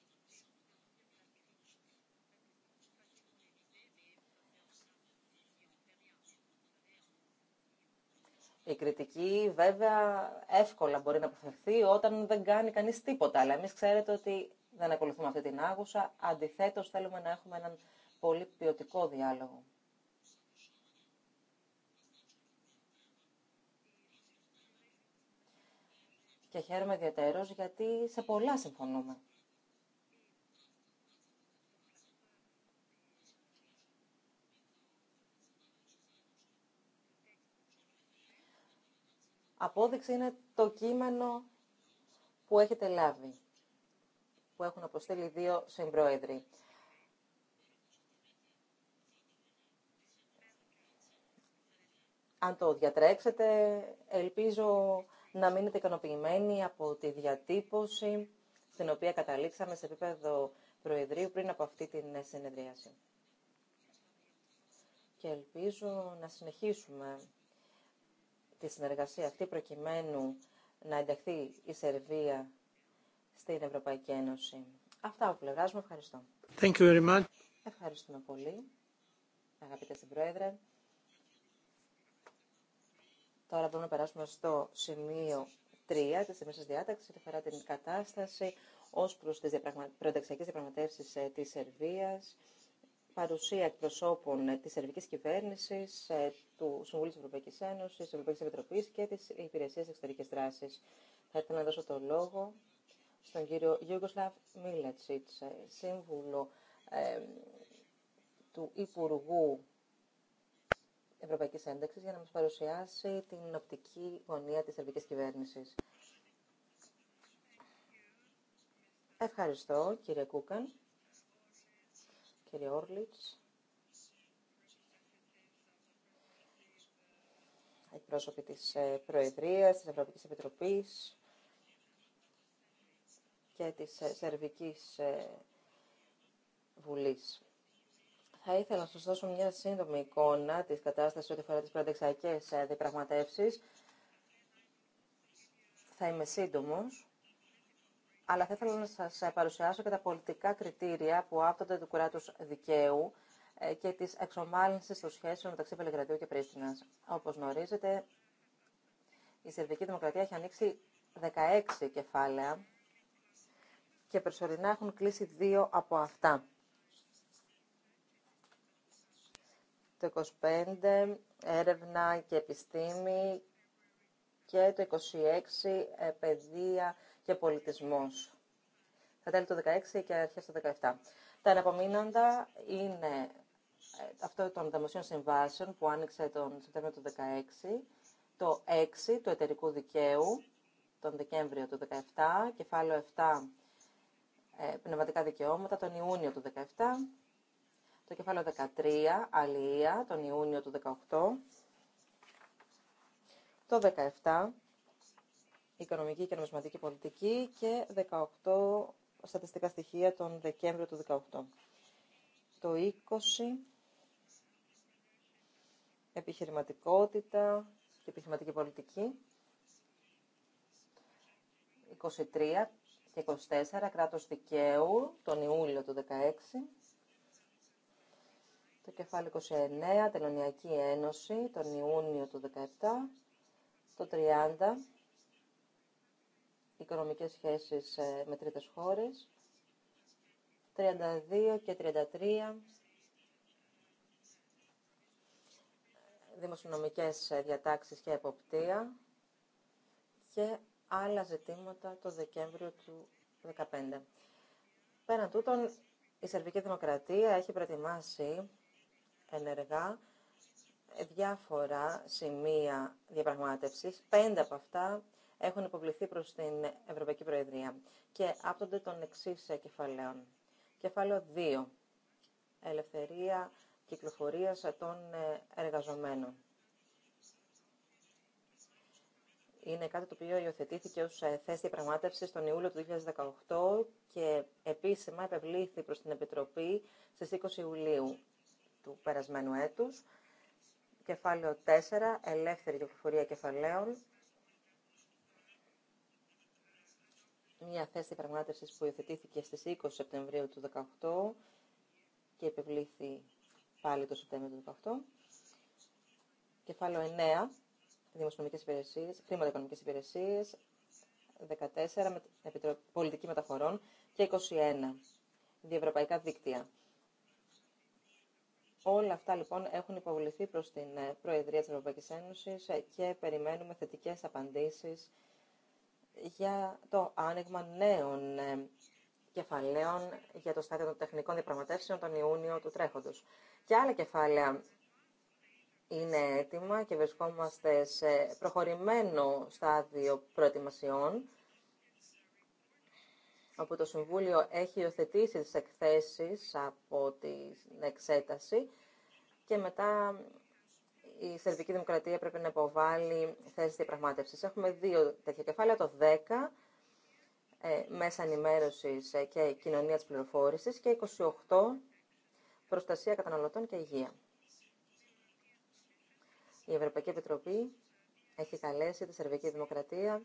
Η κριτική βέβαια εύκολα μπορεί να αποφευθεί όταν δεν κάνει κανεί τίποτα, αλλά εμεί ξέρετε ότι δεν ακολουθούμε αυτή την άγουσα, Αντιθέτω, θέλουμε να έχουμε έναν πολύ ποιοτικό διάλογο. Και χαίρομαι ιδιαίτερως γιατί σε πολλά συμφωνούμε. απόδειξη είναι το κείμενο που έχετε λάβει, που έχουν αποστέλει δύο συμπρόεδροι. Αν το διατρέξετε, ελπίζω να μείνετε ικανοποιημένοι από τη διατύπωση στην οποία καταλήξαμε σε επίπεδο Προεδρείου πριν από αυτή την συνεδρίαση. Και ελπίζω να συνεχίσουμε τη συνεργασία αυτή προκειμένου να ενταχθεί η Σερβία στην Ευρωπαϊκή Ένωση. Αυτά από πλευρά μου. Ευχαριστώ. Thank you very much. Ευχαριστούμε πολύ, αγαπητέ συμπρόεδρε. Τώρα μπορούμε να περάσουμε στο σημείο 3 τη εμείς διάταξη που αφορά την κατάσταση ως προς τις διαπραγμα... διαπραγματεύσει ε, τη Σερβίας παρουσία εκπροσώπων ε, της Σερβικής Κυβέρνησης, ε, του Συμβουλίου της Ευρωπαϊκής Ένωσης, της Ευρωπαϊκής Επιτροπής και της Υπηρεσίας Εξωτερικής Δράσης. Θα ήθελα να δώσω το λόγο στον κύριο Γιούγκοσλαβ Μίλατσιτς, ε, σύμβουλο του Υπουργού Ευρωπαϊκής Ένταξης, για να μας παρουσιάσει την οπτική γωνία της Σερβικής Κυβέρνησης. Ευχαριστώ, κύριε Κούκαν κύριε Όρλιτς. Εκπρόσωποι της ε, Προεδρίας, της Ευρωπαϊκής Επιτροπής και της ε, Σερβικής ε, Βουλής. Θα ήθελα να σας δώσω μια σύντομη εικόνα της κατάστασης ό,τι αφορά τις πρωτεξιακές διαπραγματεύσεις. Θα είμαι σύντομος αλλά θα ήθελα να σας ε, παρουσιάσω και τα πολιτικά κριτήρια που άπτονται του κράτους δικαίου ε, και της εξομάλυνσης των σχέσεων μεταξύ Πελεγραδίου και Πρίστινας. Όπως γνωρίζετε, η Σερβική Δημοκρατία έχει ανοίξει 16 κεφάλαια και προσωρινά έχουν κλείσει δύο από αυτά. Το 25 έρευνα και επιστήμη και το 26 ε, παιδεία και πολιτισμό Θα τέλη του 2016 και αρχέ του 17. Τα αναπομείναντα είναι ε, αυτό των δημοσίων συμβάσεων που άνοιξε τον Σεπτέμβριο του 2016, το 6 του εταιρικού δικαίου τον Δεκέμβριο του 2017, κεφάλαιο 7 ε, πνευματικά δικαιώματα τον Ιούνιο του 2017, το κεφάλαιο 13 αλληλεία τον Ιούνιο του 2018, το 17 οικονομική και νομισματική πολιτική και 18 στατιστικά στοιχεία τον Δεκέμβριο του 2018. Το 20 επιχειρηματικότητα και επιχειρηματική πολιτική. 23 και 24 κράτος δικαίου τον Ιούλιο του 2016. Το κεφάλαιο 29 Τελωνιακή Ένωση τον Ιούνιο του 2017. Το 30 οικονομικές σχέσεις ε, με τρίτες χώρες. 32 και 33 δημοσιονομικές ε, διατάξεις και εποπτεία και άλλα ζητήματα το Δεκέμβριο του 2015. Πέραν τούτων, η Σερβική Δημοκρατία έχει προετοιμάσει ενεργά διάφορα σημεία διαπραγμάτευσης. Πέντε από αυτά έχουν υποβληθεί προς την Ευρωπαϊκή Προεδρία και άπτονται των εξή κεφαλαίων. Κεφάλαιο 2. Ελευθερία κυκλοφορία των ε, εργαζομένων. Είναι κάτι το οποίο υιοθετήθηκε ως ε, θέση διαπραγμάτευση τον Ιούλιο του 2018 και επίσημα επευλήθη προς την Επιτροπή στις 20 Ιουλίου του περασμένου έτους. Κεφάλαιο 4. Ελεύθερη κυκλοφορία κεφαλαίων. μια θέση πραγμάτευσης που υιοθετήθηκε στις 20 Σεπτεμβρίου του 2018 και επιβλήθη πάλι το Σεπτέμβριο του 2018. Κεφάλαιο 9, δημοσιονομικές υπηρεσίες, χρήματα οικονομικές υπηρεσίες, 14, πολιτική μεταφορών και 21, διευρωπαϊκά δίκτυα. Όλα αυτά λοιπόν έχουν υποβληθεί προς την ε, Προεδρία της Ευρωπαϊκής Ένωσης ε, και περιμένουμε θετικές απαντήσεις για το άνοιγμα νέων ε, κεφαλαίων για το στάδιο των τεχνικών διαπραγματεύσεων τον Ιούνιο του τρέχοντος. Και άλλα κεφάλαια είναι έτοιμα και βρισκόμαστε σε προχωρημένο στάδιο προετοιμασιών, όπου το Συμβούλιο έχει υιοθετήσει τις εκθέσεις από την εξέταση και μετά η Σερβική Δημοκρατία πρέπει να υποβάλει θέσει διαπραγμάτευση. Έχουμε δύο τέτοια κεφάλαια, το 10, ε, μέσα ενημέρωση ε, και κοινωνία τη πληροφόρηση και 28, προστασία καταναλωτών και υγεία. Η Ευρωπαϊκή Επιτροπή έχει καλέσει τη Σερβική Δημοκρατία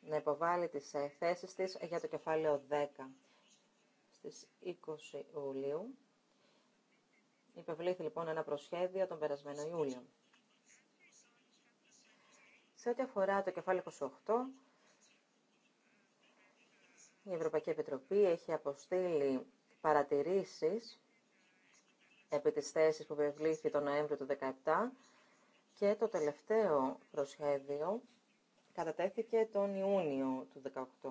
να υποβάλει τις ε, θέσεις της για το κεφάλαιο 10 στις 20 Ιουλίου. Υπευλήθη λοιπόν ένα προσχέδιο τον περασμένο Ιούλιο. Σε ό,τι αφορά το κεφάλαιο 28, η Ευρωπαϊκή Επιτροπή έχει αποστείλει παρατηρήσεις επί της θέσης που υπευλήθη τον Νοέμβριο του 2017 και το τελευταίο προσχέδιο κατατέθηκε τον Ιούνιο του 2018.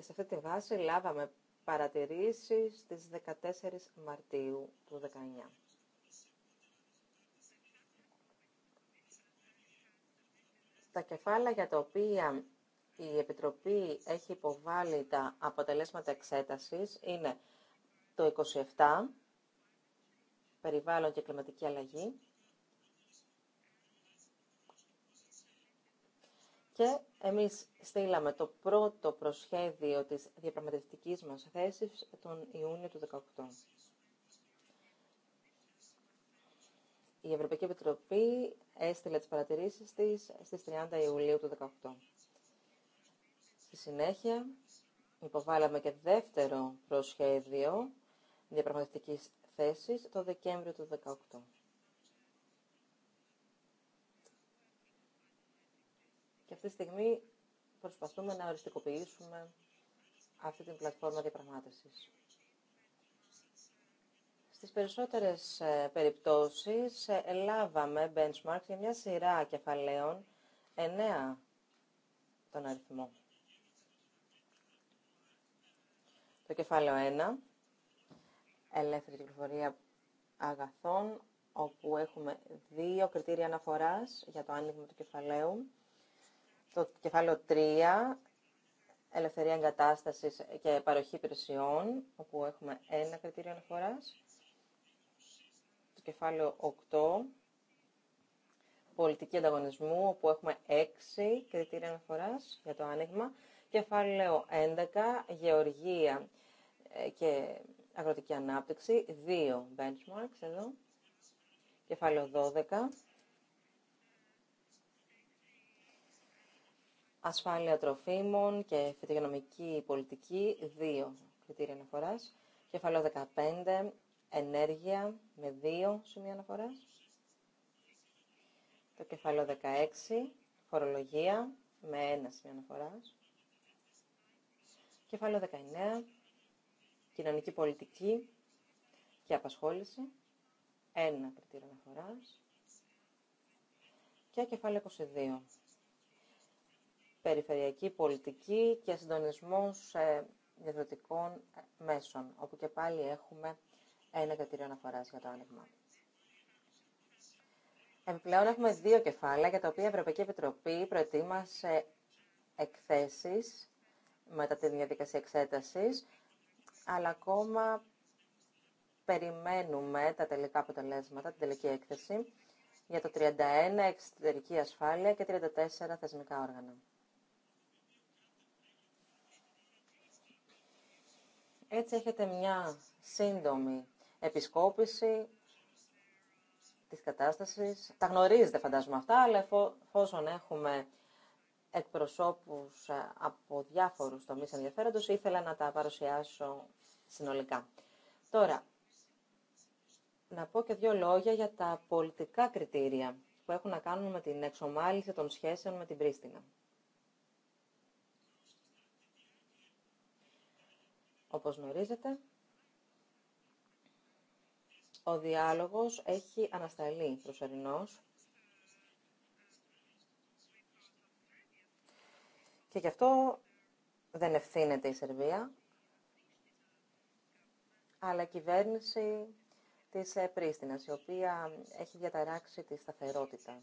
Και σε αυτή τη βάση λάβαμε παρατηρήσεις στις 14 Μαρτίου του 19. Τα κεφάλαια για τα οποία η Επιτροπή έχει υποβάλει τα αποτελέσματα εξέτασης είναι το 27, περιβάλλον και κλιματική αλλαγή, και εμείς στείλαμε το πρώτο προσχέδιο της διαπραγματευτικής μας θέσης τον Ιούνιο του 2018. Η Ευρωπαϊκή Επιτροπή έστειλε τις παρατηρήσεις της στις 30 Ιουλίου του 2018. Στη συνέχεια υποβάλαμε και δεύτερο προσχέδιο διαπραγματευτικής θέσης το Δεκέμβριο του 2018. αυτή τη στιγμή προσπαθούμε να οριστικοποιήσουμε αυτή την πλατφόρμα διαπραγμάτευσης. Στις περισσότερες ε, περιπτώσεις ελάβαμε benchmarks για μια σειρά κεφαλαίων, εννέα τον αριθμό. Το κεφάλαιο 1, ελεύθερη κυκλοφορία αγαθών, όπου έχουμε δύο κριτήρια αναφοράς για το άνοιγμα του κεφαλαίου. Το κεφάλαιο 3, ελευθερία εγκατάστασης και παροχή υπηρεσιών, όπου έχουμε ένα κριτήριο αναφοράς. Το κεφάλαιο 8, πολιτική ανταγωνισμού, όπου έχουμε 6 κριτήρια αναφοράς για το άνοιγμα. Κεφάλαιο 11, γεωργία ε, και αγροτική ανάπτυξη, 2 benchmarks εδώ. Κεφάλαιο 12, ασφάλεια τροφίμων και φυτογενομική πολιτική, δύο κριτήρια αναφοράς. Κεφαλαίο 15, ενέργεια, με δύο σημεία αναφορά. Το κεφάλαιο 16, φορολογία, με ένα σημείο αναφορά, Κεφάλαιο 19, κοινωνική πολιτική και απασχόληση, ένα κριτήριο αναφοράς. Και κεφάλαιο 22, περιφερειακή πολιτική και συντονισμός ε, διαδοτικών ε, μέσων, όπου και πάλι έχουμε ένα κριτήριο αναφοράς για το άνοιγμα. Επιπλέον έχουμε δύο κεφάλαια για τα οποία η Ευρωπαϊκή Επιτροπή προετοίμασε εκθέσεις μετά τη διαδικασία εξέτασης, αλλά ακόμα περιμένουμε τα τελικά αποτελέσματα, την τελική έκθεση, για το 31 εξωτερική ασφάλεια και 34 θεσμικά όργανα. Έτσι έχετε μια σύντομη επισκόπηση της κατάστασης. Τα γνωρίζετε φαντάζομαι αυτά, αλλά εφόσον έχουμε εκπροσώπους ε, από διάφορους τομείς ενδιαφέροντος, ήθελα να τα παρουσιάσω συνολικά. Τώρα, να πω και δύο λόγια για τα πολιτικά κριτήρια που έχουν να κάνουν με την εξομάλυση των σχέσεων με την Πρίστινα. Όπως γνωρίζετε, ο διάλογος έχει ανασταλεί προσωρινός. και γι' αυτό δεν ευθύνεται η Σερβία, αλλά η κυβέρνηση της Πρίστινας, η οποία έχει διαταράξει τη σταθερότητα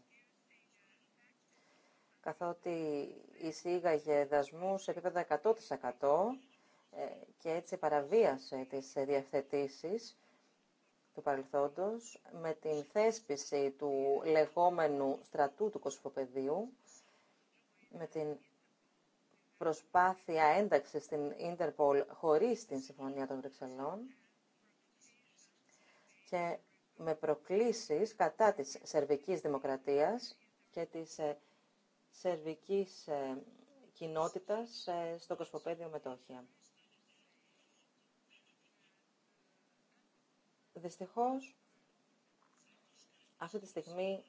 καθότι εισήγαγε δασμού σε επίπεδο 100% ε, και έτσι παραβίασε τις διευθετήσεις του παρελθόντος με την θέσπιση του λεγόμενου στρατού του Κοσμοπεδίου, με την προσπάθεια ένταξης στην Ίντερπολ χωρίς την Συμφωνία των Βρυξελών και με προκλήσεις κατά της Σερβικής Δημοκρατίας και της ε, Σερβικής ε, Κοινότητας στο Κοσμοπέδιο Μετόχια. Δυστυχώς, αυτή τη στιγμή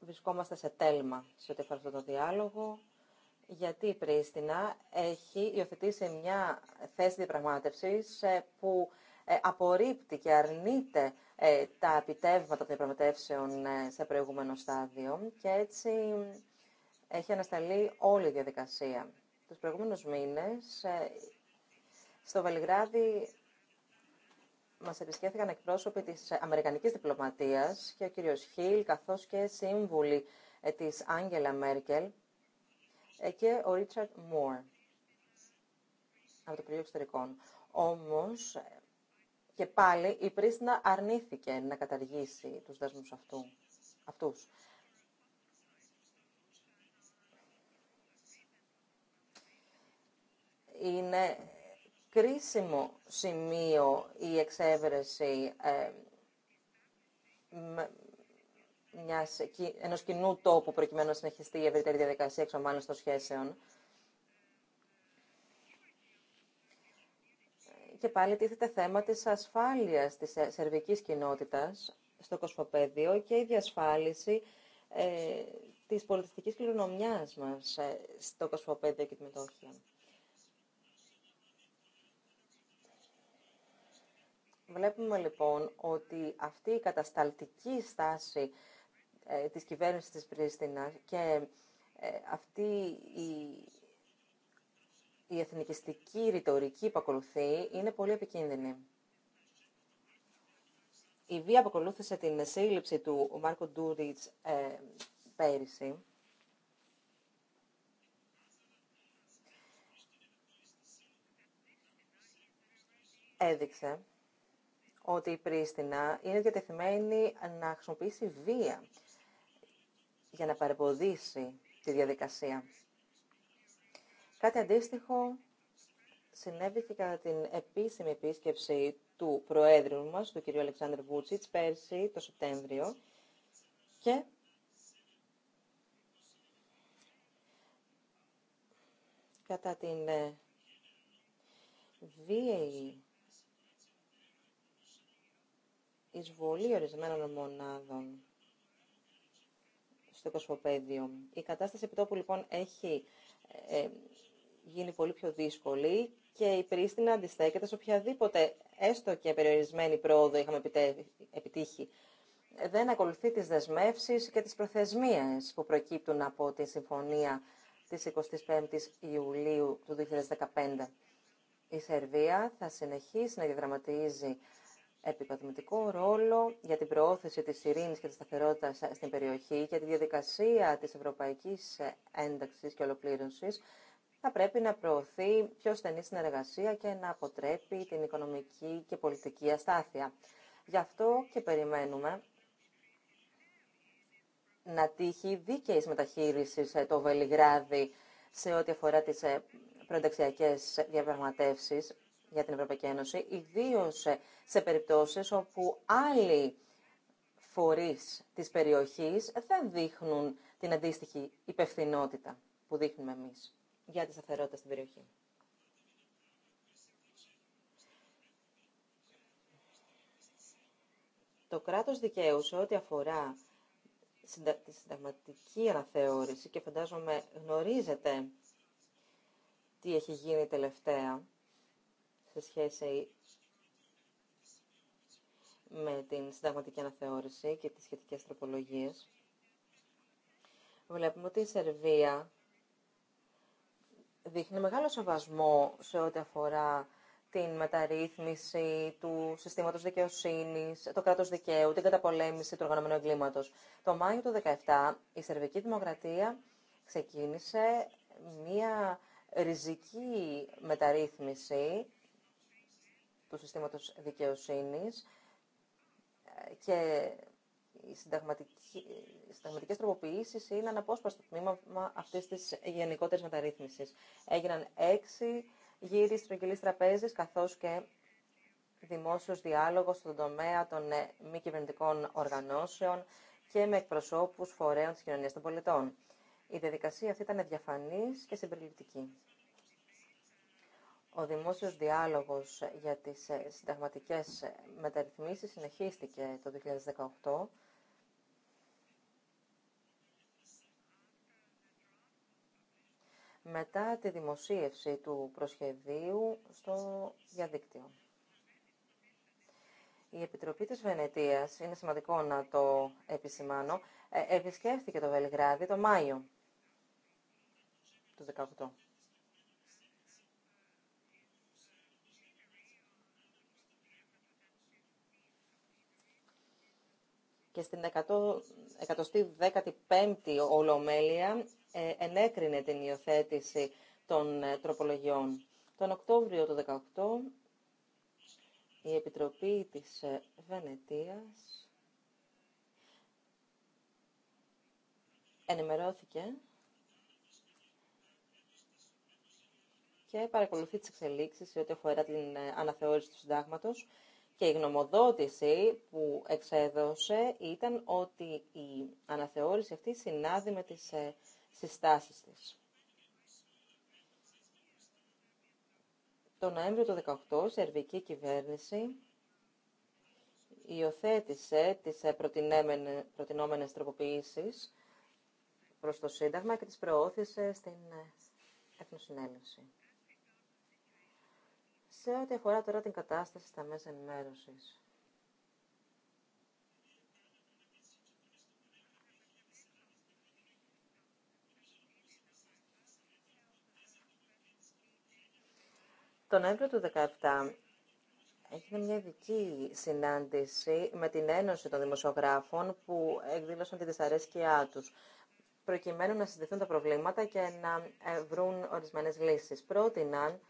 βρισκόμαστε σε τέλμα σε ό,τι αφορά αυτό το διάλογο, γιατί η Πρίστινα έχει υιοθετήσει μια θέση διαπραγμάτευσης ε, που ε, απορρίπτει και αρνείται ε, τα επιτεύγματα των διαπραγματεύσεων σε προηγούμενο στάδιο και έτσι έχει ανασταλεί όλη η διαδικασία. Τους προηγούμενους μήνες στο Βελιγράδι μας επισκέφθηκαν εκπρόσωποι της Αμερικανικής Διπλωματίας και ο κύριος Χίλ, καθώς και σύμβουλοι ε, της Άγγελα Μέρκελ ε, και ο Ρίτσαρτ Μούρ από το Υπουργείο Εξωτερικών. Όμως, ε, και πάλι, η Πρίστινα αρνήθηκε να καταργήσει τους δέσμους αυτού, αυτούς. Είναι κρίσιμο σημείο η εξέβρεση ε, ενός κοινού τόπου προκειμένου να συνεχιστεί η ευρύτερη διαδικασία εξομάλυνσης των σχέσεων. Και πάλι τίθεται θέμα της ασφάλειας της ε, σερβικής κοινότητας στο κοσμοπέδιο και η διασφάλιση ε, της πολιτιστικής κληρονομιάς μας ε, στο κοσμοπέδιο και τη μετόχεια. Βλέπουμε λοιπόν ότι αυτή η κατασταλτική στάση ε, της κυβέρνησης της Πρίστινα και ε, αυτή η, η εθνικιστική ρητορική που ακολουθεί είναι πολύ επικίνδυνη. Η βία που ακολούθησε την σύλληψη του Μάρκο Ντούριτς ε, πέρυσι έδειξε ότι η Πρίστινα είναι διατεθειμένη να χρησιμοποιήσει βία για να παρεμποδίσει τη διαδικασία. Κάτι αντίστοιχο συνέβη και κατά την επίσημη επίσκεψη του Προέδρου μας, του κ. Αλεξάνδρου Βούτσιτς, πέρσι το Σεπτέμβριο και κατά την ε, βίαιη εισβολή ορισμένων μονάδων στο κοσμοπέδιο. Η κατάσταση επιτόπου λοιπόν έχει ε, γίνει πολύ πιο δύσκολη και η Πρίστινα αντιστέκεται σε οποιαδήποτε έστω και περιορισμένη πρόοδο είχαμε επιτύχει. Δεν ακολουθεί τις δεσμεύσεις και τις προθεσμίες που προκύπτουν από τη συμφωνία της 25ης Ιουλίου του 2015. Η Σερβία θα συνεχίσει να διαδραματίζει επικοδομητικό ρόλο για την προώθηση της ειρήνης και της σταθερότητας στην περιοχή και τη διαδικασία της ευρωπαϊκής ένταξης και ολοκλήρωσης θα πρέπει να προωθεί πιο στενή συνεργασία και να αποτρέπει την οικονομική και πολιτική αστάθεια. Γι' αυτό και περιμένουμε να τύχει δίκαιης μεταχείρισης ε, το Βελιγράδι σε ό,τι αφορά τις ε, προενταξιακές διαπραγματεύσεις για την Ευρωπαϊκή Ένωση, ιδίω σε περιπτώσεις όπου άλλοι φορεί της περιοχής δεν δείχνουν την αντίστοιχη υπευθυνότητα που δείχνουμε εμείς για τη σταθερότητα στην περιοχή. Το κράτος δικαίου σε ό,τι αφορά τη συνταγματική αναθεώρηση και φαντάζομαι γνωρίζετε τι έχει γίνει τελευταία, σε σχέση με την συνταγματική αναθεώρηση και τις σχετικές τροπολογίες. Βλέπουμε ότι η Σερβία δείχνει μεγάλο σεβασμό σε ό,τι αφορά την μεταρρύθμιση του συστήματος δικαιοσύνης, το κράτος δικαίου, την καταπολέμηση του οργανωμένου εγκλήματος. Το Μάιο του 2017 η Σερβική Δημοκρατία ξεκίνησε μία ριζική μεταρρύθμιση του συστήματος δικαιοσύνης ε, και οι συνταγματικές τροποποιήσεις είναι αναπόσπαστο τμήμα αυτής της γενικότερης μεταρρύθμισης. Έγιναν έξι γύρι στρογγυλής τραπέζης, καθώς και δημόσιος διάλογος στον τομέα των ε, μη κυβερνητικών οργανώσεων και με εκπροσώπους φορέων της κοινωνίας των πολιτών. Η διαδικασία αυτή ήταν διαφανής και συμπεριληπτική. Ο δημόσιος διάλογος για τις ε, συνταγματικές ε, μεταρρυθμίσεις συνεχίστηκε το 2018 μετά τη δημοσίευση του προσχεδίου στο διαδίκτυο. Η Επιτροπή της Βενετίας, είναι σημαντικό να το επισημάνω, ε, επισκέφθηκε το Βελιγράδι το Μάιο του 2018. και στην 115η Ολομέλεια ε, ενέκρινε την υιοθέτηση των ε, τροπολογιών. Τον Οκτώβριο του 2018 η Επιτροπή της ε, Βενετίας ενημερώθηκε και παρακολουθεί τις εξελίξεις σε ό,τι αφορά την αναθεώρηση του συντάγματος και η γνωμοδότηση που εξέδωσε ήταν ότι η αναθεώρηση αυτή συνάδει με τις ε, συστάσεις της. Το Νοέμβριο του 2018 η Σερβική κυβέρνηση υιοθέτησε τις ε, προτινόμενες τροποποιήσεις προς το Σύνταγμα και τις προώθησε στην ε, Εθνοσυνέλευση σε ό,τι αφορά τώρα την κατάσταση στα μέσα ενημέρωσης. Το Νοέμβριο του 2017 έγινε μια ειδική συνάντηση με την Ένωση των Δημοσιογράφων που εκδήλωσαν τη δυσαρέσκειά τους προκειμένου να συζητηθούν τα προβλήματα και να ε, βρουν ορισμένες λύσεις. Πρότειναν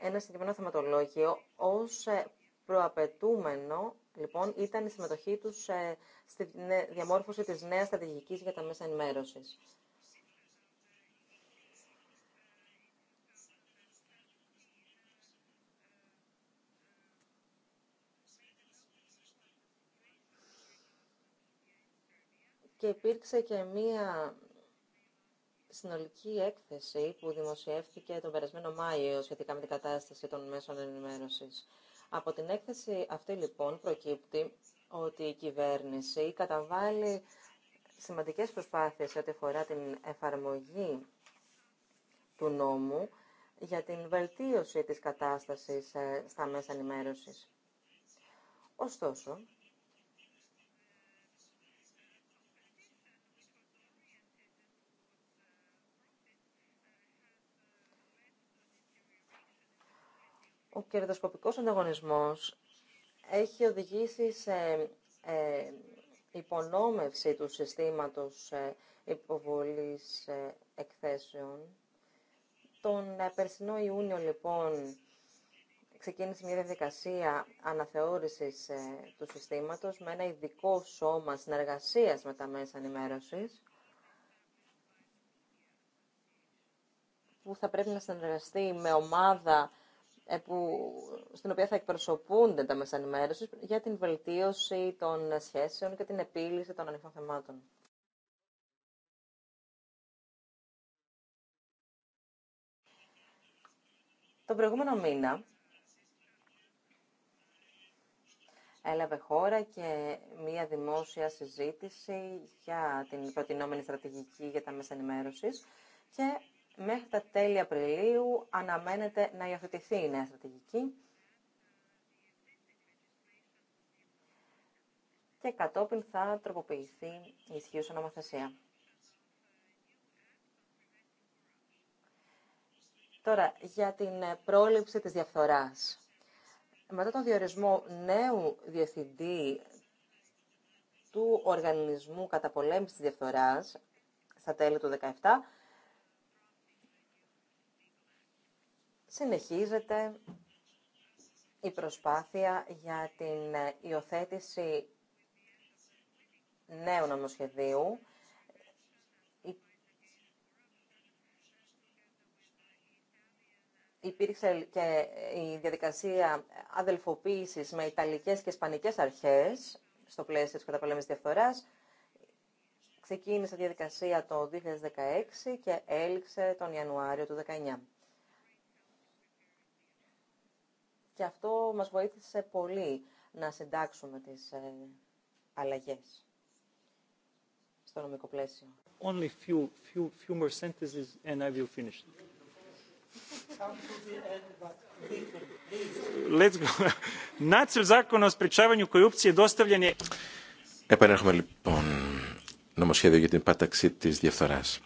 ένα συγκεκριμένο θεματολόγιο ως ε, προαπαιτούμενο Λοιπόν, ήταν η συμμετοχή τους ε, στη διαμόρφωση της νέας στρατηγικής για τα μέσα ενημέρωσης. Και υπήρξε και μία συνολική έκθεση που δημοσιεύθηκε τον περασμένο Μάιο σχετικά με την κατάσταση των μέσων ενημέρωσης. Από την έκθεση αυτή λοιπόν προκύπτει ότι η κυβέρνηση καταβάλει σημαντικές προσπάθειες ό,τι αφορά την εφαρμογή του νόμου για την βελτίωση της κατάστασης ε, στα μέσα ενημέρωσης. Ωστόσο, Ο κερδοσκοπικός ανταγωνισμός έχει οδηγήσει σε ε, υπονόμευση του συστήματος ε, υποβολής ε, εκθέσεων. Τον ε, περσινό Ιούνιο, λοιπόν, ξεκίνησε μια διαδικασία αναθεώρησης του συστήματος με ένα ειδικό σώμα συνεργασίας με τα μέσα ενημέρωσης που θα πρέπει να συνεργαστεί με ομάδα ε, που, στην οποία θα εκπροσωπούνται τα μέσα ενημέρωση για την βελτίωση των σχέσεων και την επίλυση των ανοιχτών θεμάτων. Τον προηγούμενο μήνα έλαβε χώρα και μία δημόσια συζήτηση για την προτινόμενη στρατηγική για τα μέσα και Μέχρι τα τέλη Απριλίου αναμένεται να υιοθετηθεί η νέα στρατηγική και κατόπιν θα τροποποιηθεί η ισχύουσα νομοθεσία. Τώρα, για την ε, πρόληψη της διαφθοράς. Μετά τον διορισμό νέου διευθυντή του Οργανισμού Καταπολέμησης της Διαφθοράς, στα τέλη του 2017, Συνεχίζεται η προσπάθεια για την ε, υιοθέτηση νέου νομοσχεδίου. Υπήρξε και η διαδικασία αδελφοποίησης με Ιταλικές και Ισπανικές αρχές στο πλαίσιο της καταπολέμησης διαφθοράς. Ξεκίνησε η διαδικασία το 2016 και έληξε τον Ιανουάριο του 2019. και αυτό μας βοήθησε πολύ να συντάξουμε τις ε, αλλαγές στο νομικό πλαίσιο. Only few, few, few more sentences and I will finish. Let's go. Επανέρχομαι λοιπόν νομοσχέδιο για την πάταξη τη διαφθοράς.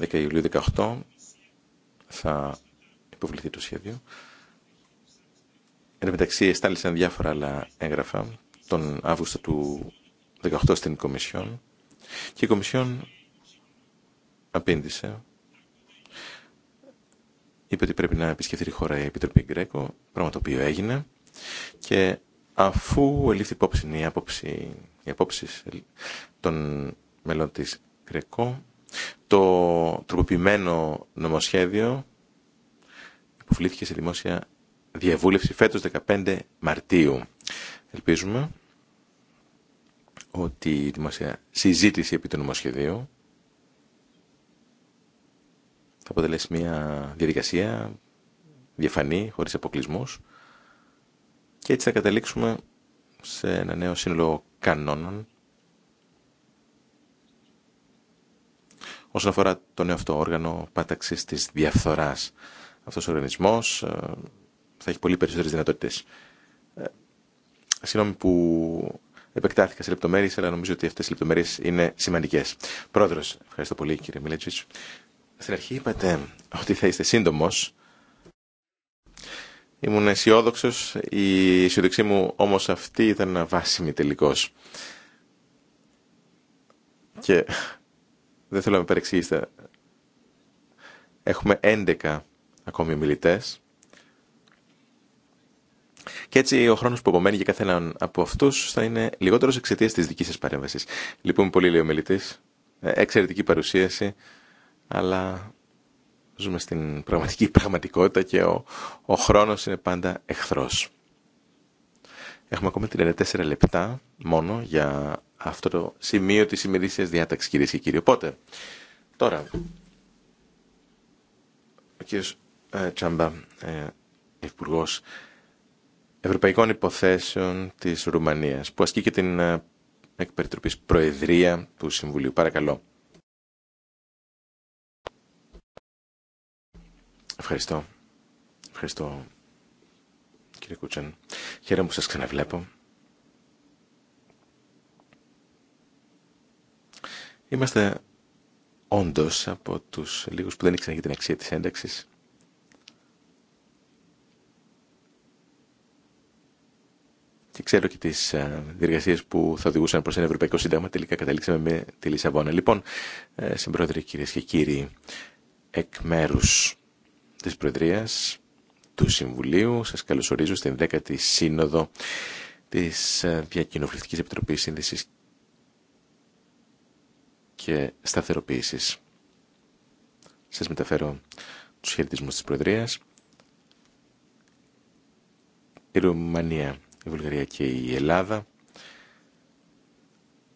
10 Ιουλίου 18 θα υποβληθεί το σχέδιο. Εν τω μεταξύ εστάλησαν διάφορα άλλα έγγραφα τον Αύγουστο του 18 στην Κομισιόν και η Κομισιόν απήντησε είπε ότι πρέπει να επισκεφθεί η χώρα η Επιτροπή Γκρέκο, πράγμα το οποίο έγινε και αφού ελήφθη υπόψη η άποψη, οι απόψεις των μελών της Γκρέκο το τροποποιημένο νομοσχέδιο υποφλήθηκε σε δημόσια διαβούλευση φέτος 15 Μαρτίου. Ελπίζουμε ότι η δημοσία συζήτηση επί του νομοσχεδίου θα αποτελέσει μια διαδικασία διαφανή, χωρίς αποκλεισμού και έτσι θα καταλήξουμε σε ένα νέο σύνολο κανόνων όσον αφορά το νέο αυτό όργανο πάταξης της διαφθοράς. Αυτός ο οργανισμός ε, θα έχει πολύ περισσότερες δυνατότητες. Ε, συγγνώμη που επεκτάθηκα σε λεπτομέρειες, αλλά νομίζω ότι αυτές οι λεπτομέρειες είναι σημαντικές. Πρόεδρος, ευχαριστώ πολύ κύριε Μιλέτσιτς. Στην αρχή είπατε ότι θα είστε σύντομο. Ήμουν αισιόδοξο, η αισιοδοξία μου όμως αυτή ήταν βάσιμη τελικώς. Και δεν θέλω να με παρεξηγήσετε. Έχουμε 11 ακόμη μιλητές. Και έτσι ο χρόνο που απομένει για καθέναν από αυτού θα είναι λιγότερο εξαιτία τη δική σα παρέμβαση. Λυπούμε πολύ, λέει ο ε, Εξαιρετική παρουσίαση, αλλά ζούμε στην πραγματική πραγματικότητα και ο, ο χρόνο είναι πάντα εχθρό. Έχουμε ακόμα 34 λεπτά μόνο για αυτό το σημείο τη ημερήσια διάταξη κυρίες και κύριοι. Οπότε, τώρα, ο κύριο ε, Τσάμπα, ε, Ευρωπαϊκών Υποθέσεων της Ρουμανίας, που ασκεί και την ε, εκπεριτροπής Προεδρία του Συμβουλίου. Παρακαλώ. Ευχαριστώ. Ευχαριστώ, κύριε Κούτσεν. Χαίρομαι που σας ξαναβλέπω. Είμαστε όντως από τους λίγους που δεν ήξεραν για την αξία της ένταξης και ξέρω και τι ε, διεργασίε που θα οδηγούσαν προς ένα Ευρωπαϊκό Σύνταγμα. Τελικά καταλήξαμε με τη Λισαβόνα. Λοιπόν, ε, συμπρόεδροι κύριε και κύριοι, εκ μέρου της Προεδρίας του Συμβουλίου, σας καλωσορίζω στην 10η Σύνοδο της ε, Διακοινοβουλευτικής Επιτροπής Σύνδεσης και Σταθεροποίησης. Σας μεταφέρω τους χαιρετισμούς της Προεδρίας. Η συνοδο της Διακοινοβουλευτική επιτροπης συνδεσης και σταθεροποίηση. σας μεταφερω τους χαιρετισμού τη Προεδρία. η ρουμανια η Βουλγαρία και η Ελλάδα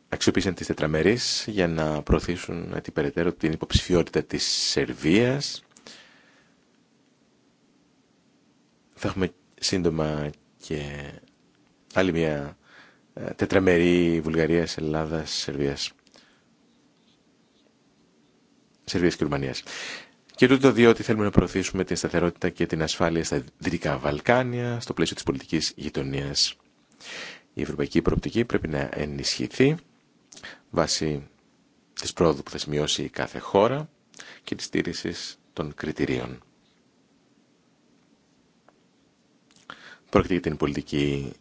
αξιοποίησαν τις τετραμερείς για να προωθήσουν την την υποψηφιότητα της Σερβίας. Θα έχουμε σύντομα και άλλη μια ε, τετραμερή Βουλγαρίας, Ελλάδας, Σερβίας. Σερβίας και Ρουμανίας. Και τούτο διότι θέλουμε να προωθήσουμε την σταθερότητα και την ασφάλεια στα Δυτικά Βαλκάνια, στο πλαίσιο της πολιτικής γειτονίας. Η ευρωπαϊκή προοπτική πρέπει να ενισχυθεί βάσει της πρόοδου που θα σημειώσει κάθε χώρα και της στήριξη των κριτηρίων. Πρόκειται για την πολιτική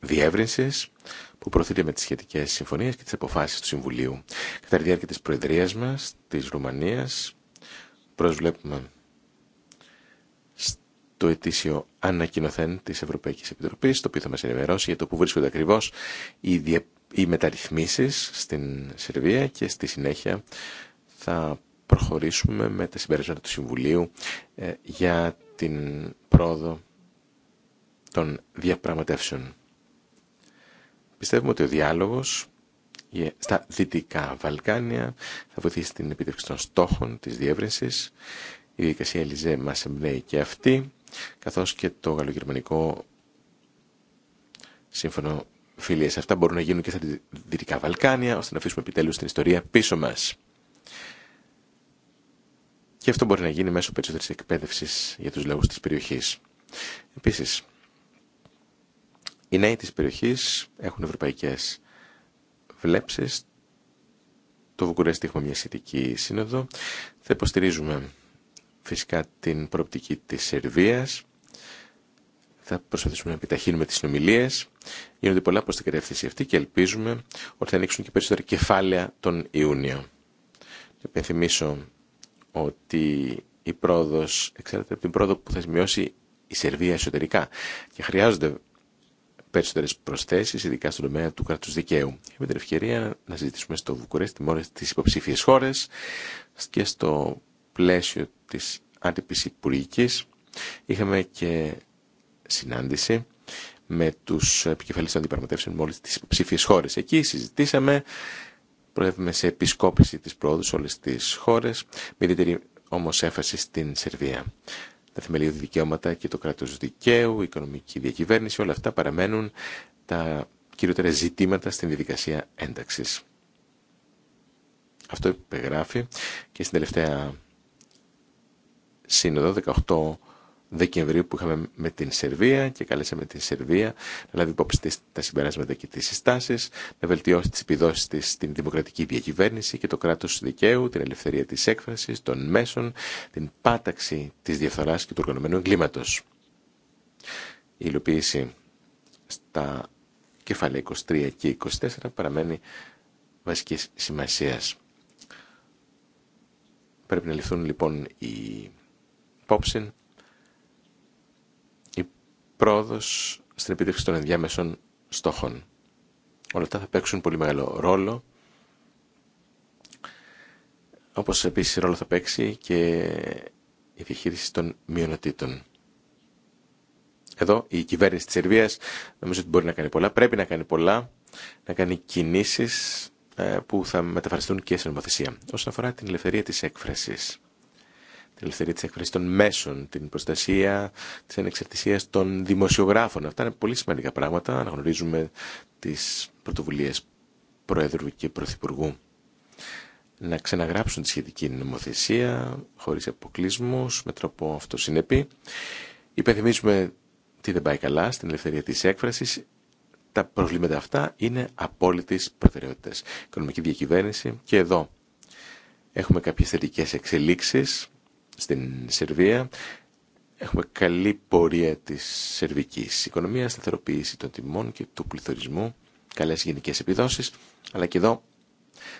διεύρυνση που προωθείται με τι σχετικέ συμφωνίε και τι αποφάσει του Συμβουλίου. Κατά τη διάρκεια τη Προεδρία μα, τη Ρουμανία, προσβλέπουμε στο ετήσιο ανακοινωθέν της Ευρωπαϊκής Επιτροπής, το οποίο θα μας ενημερώσει για το που βρίσκονται ακριβώς οι, διε... οι μεταρρυθμίσεις στην Σερβία και στη συνέχεια θα προχωρήσουμε με τα συμπεράσματα του Συμβουλίου ε, για την πρόοδο των διαπραγματεύσεων. Πιστεύουμε ότι ο διάλογος ε, στα Δυτικά Βαλκάνια, θα βοηθήσει την επίτευξη των στόχων της διεύρυνσης. Η διαδικασία Ελιζέ μας εμπνέει και αυτή, καθώς και το γαλλογερμανικό σύμφωνο φιλίες. Αυτά μπορούν να γίνουν και στα Δυτικά Βαλκάνια, ώστε να αφήσουμε επιτέλους την ιστορία πίσω μας. Και αυτό μπορεί να γίνει μέσω περισσότερης εκπαίδευσης για τους λόγους της περιοχής. Επίσης, οι νέοι της περιοχής έχουν ευρωπαϊκές βλέψεις. Το Βουκουρέστι έχουμε μια σχετική σύνοδο. Θα υποστηρίζουμε φυσικά την προοπτική της Σερβίας. Θα προσπαθήσουμε να επιταχύνουμε τις συνομιλίες. Γίνονται πολλά προς την κατεύθυνση αυτή και ελπίζουμε ότι θα ανοίξουν και περισσότερα κεφάλαια τον Ιούνιο. Θα υπενθυμίσω ότι η πρόοδος εξαρτάται από την πρόοδο που θα σημειώσει η Σερβία εσωτερικά και χρειάζονται περισσότερε προσθέσει, ειδικά στον τομέα του κράτου δικαίου. Είμαι την ευκαιρία να συζητήσουμε στο Βουκουρέστι με όλε τι υποψήφιε χώρε και στο πλαίσιο τη άτυπη υπουργική. Είχαμε και συνάντηση με του επικεφαλεί των αντιπραγματεύσεων με όλε τι υποψήφιε χώρε. Εκεί συζητήσαμε, προέβημε σε επισκόπηση τη πρόοδου σε όλε τι χώρε, με ιδιαίτερη όμω έφαση στην Σερβία τα θεμελιώδη δικαιώματα και το κράτος δικαίου, η οικονομική διακυβέρνηση, όλα αυτά παραμένουν τα κυριότερα ζητήματα στην διαδικασία ένταξης. Αυτό υπεγράφει και στην τελευταία σύνοδο 18 Δεκεμβρίου που είχαμε με την Σερβία και καλέσαμε την Σερβία να λάβει υπόψη της, τα συμπεράσματα και τι συστάσει να βελτιώσει τι επιδόσει τη στην δημοκρατική διακυβέρνηση και το κράτος δικαίου, την ελευθερία τη έκφραση των μέσων, την πάταξη τη διαφθοράς και του οργανωμένου εγκλήματο. Η υλοποίηση στα κεφάλαια 23 και 24 παραμένει βασική σημασία. Πρέπει να ληφθούν λοιπόν οι υπόψη πρόοδος στην επίτευξη των ενδιάμεσων στόχων. Όλα αυτά θα παίξουν πολύ μεγάλο ρόλο, όπως επίσης ρόλο θα παίξει και η επιχείρηση των μειονοτήτων. Εδώ η κυβέρνηση της Σερβίας νομίζω ότι μπορεί να κάνει πολλά, πρέπει να κάνει πολλά, να κάνει κινήσεις ε, που θα μεταφραστούν και σε νομοθεσία. Όσον αφορά την ελευθερία της έκφρασης την ελευθερία της εκφράσης των μέσων, την προστασία της ανεξαρτησίας των δημοσιογράφων. Αυτά είναι πολύ σημαντικά πράγματα. Αναγνωρίζουμε τις πρωτοβουλίες Προέδρου και Πρωθυπουργού να ξαναγράψουν τη σχετική νομοθεσία χωρίς αποκλεισμούς με τρόπο αυτοσυνεπή. Υπενθυμίζουμε τι δεν πάει καλά στην ελευθερία της έκφρασης. Τα προβλήματα αυτά είναι απόλυτης προτεραιότητας. Οικονομική διακυβέρνηση και εδώ έχουμε κάποιες θετικές εξελίξεις στην Σερβία. Έχουμε καλή πορεία της σερβικής οικονομίας, σταθεροποίηση των τιμών και του πληθωρισμού, καλές γενικές επιδόσεις, αλλά και εδώ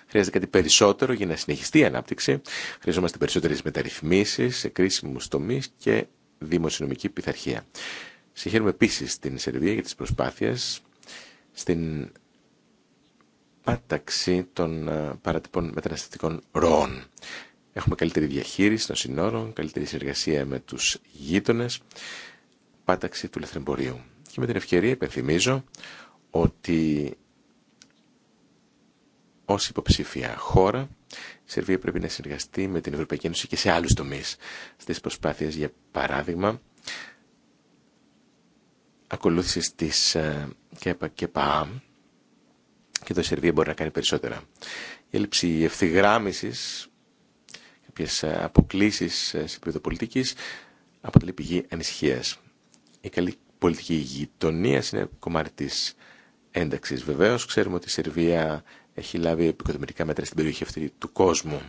Χρειάζεται κάτι περισσότερο για να συνεχιστεί η ανάπτυξη. Χρειαζόμαστε περισσότερες μεταρρυθμίσεις σε κρίσιμους τομείς και δημοσιονομική πειθαρχία. Συγχαίρουμε επίσης την Σερβία για τις προσπάθειες στην πάταξη των ε, παρατυπών μεταναστευτικών ροών. Έχουμε καλύτερη διαχείριση των συνόρων, καλύτερη συνεργασία με τους γείτονες, πάταξη του λαθρεμπορίου. Και με την ευκαιρία υπενθυμίζω ότι ως υποψήφια χώρα η Σερβία πρέπει να συνεργαστεί με την Ευρωπαϊκή Ένωση και σε άλλους τομείς. Στις προσπάθειες, για παράδειγμα, ακολούθηση της ε, ΚΕΠΑ και ΠΑΑΜ και η Σερβία μπορεί να κάνει περισσότερα. Η έλλειψη ευθυγράμμισης κάποιες ε, αποκλήσει ε, σε επίπεδο πολιτικής αποτελεί πηγή ανησυχία. Η καλή πολιτική γειτονία είναι κομμάτι τη ένταξη βεβαίω. ξέρουμε ότι η Σερβία έχει λάβει επικοδομητικά μέτρα στην περιοχή αυτή του κόσμου.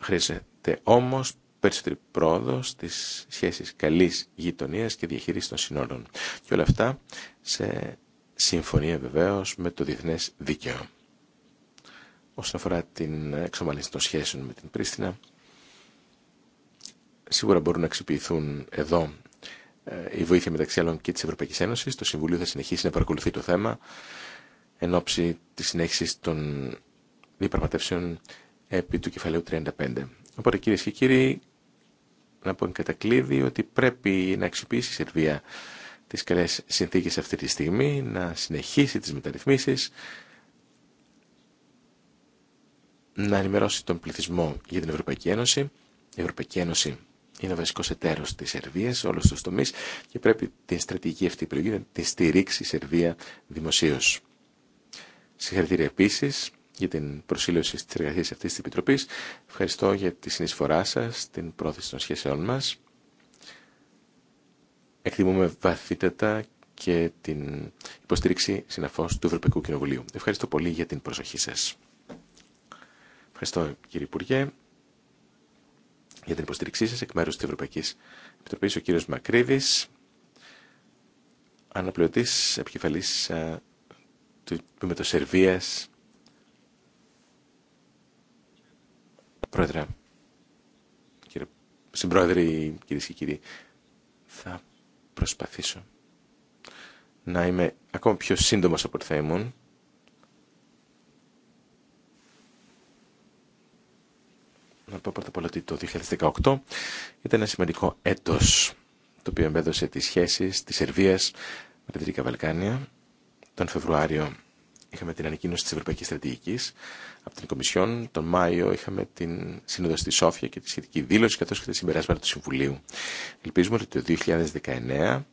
Χρειάζεται όμω περισσότερη πρόοδο στι σχέσει καλή γειτονία και διαχείριση των συνόρων. Και όλα αυτά σε συμφωνία βεβαίω με το διεθνέ δίκαιο. Όσον αφορά την εξομαλύνση των σχέσεων με την Πρίστινα, σίγουρα μπορούν να αξιοποιηθούν εδώ ε, η βοήθεια μεταξύ άλλων και της Ευρωπαϊκής Ένωσης. Το Συμβουλίο θα συνεχίσει να παρακολουθεί το θέμα εν ώψη της συνέχισης των διαπραγματεύσεων επί του κεφαλαίου 35. Οπότε κυρίε και κύριοι, να πω κατακλείδη ότι πρέπει να αξιοποιήσει η Σερβία τις καλές συνθήκες αυτή τη στιγμή, να συνεχίσει τις μεταρρυθμίσεις, να ενημερώσει τον πληθυσμό για την Ευρωπαϊκή Ένωση. Η Ευρωπαϊκή Ένωση είναι ο βασικό εταίρο τη Σερβία σε όλου του τομεί και πρέπει την στρατηγική αυτή επιλογή να τη στηρίξει η Σερβία δημοσίω. Συγχαρητήρια επίση για την προσήλωση τη εργασία αυτή τη Επιτροπή. Ευχαριστώ για τη συνεισφορά σα στην πρόθεση των σχέσεών μα. Εκτιμούμε βαθύτατα και την υποστήριξη συναφώς του Ευρωπαϊκού Κοινοβουλίου. Ευχαριστώ πολύ για την προσοχή σας. Ευχαριστώ κύριε Υπουργέ για την υποστήριξή σας εκ μέρους της Ευρωπαϊκής Επιτροπής. Ο κύριος Μακρύβης, αναπληρωτής επικεφαλής ε, του Τμήματος Σερβίας. Πρόεδρε, κύριε, συμπρόεδροι, κύριε και κύριοι, θα προσπαθήσω να είμαι ακόμα πιο σύντομος από ό,τι θα ήμουν. να πω πρώτα απ' όλα ότι το 2018 ήταν ένα σημαντικό έτος το οποίο εμπέδωσε τις σχέσεις της Σερβίας με τα Δυτικά Βαλκάνια. Τον Φεβρουάριο είχαμε την ανακοίνωση της Ευρωπαϊκής Στρατηγικής από την Κομισιόν. Τον Μάιο είχαμε την σύνοδο στη Σόφια και τη σχετική δήλωση καθώς και τα συμπεράσματα του Συμβουλίου. Ελπίζουμε ότι το 2019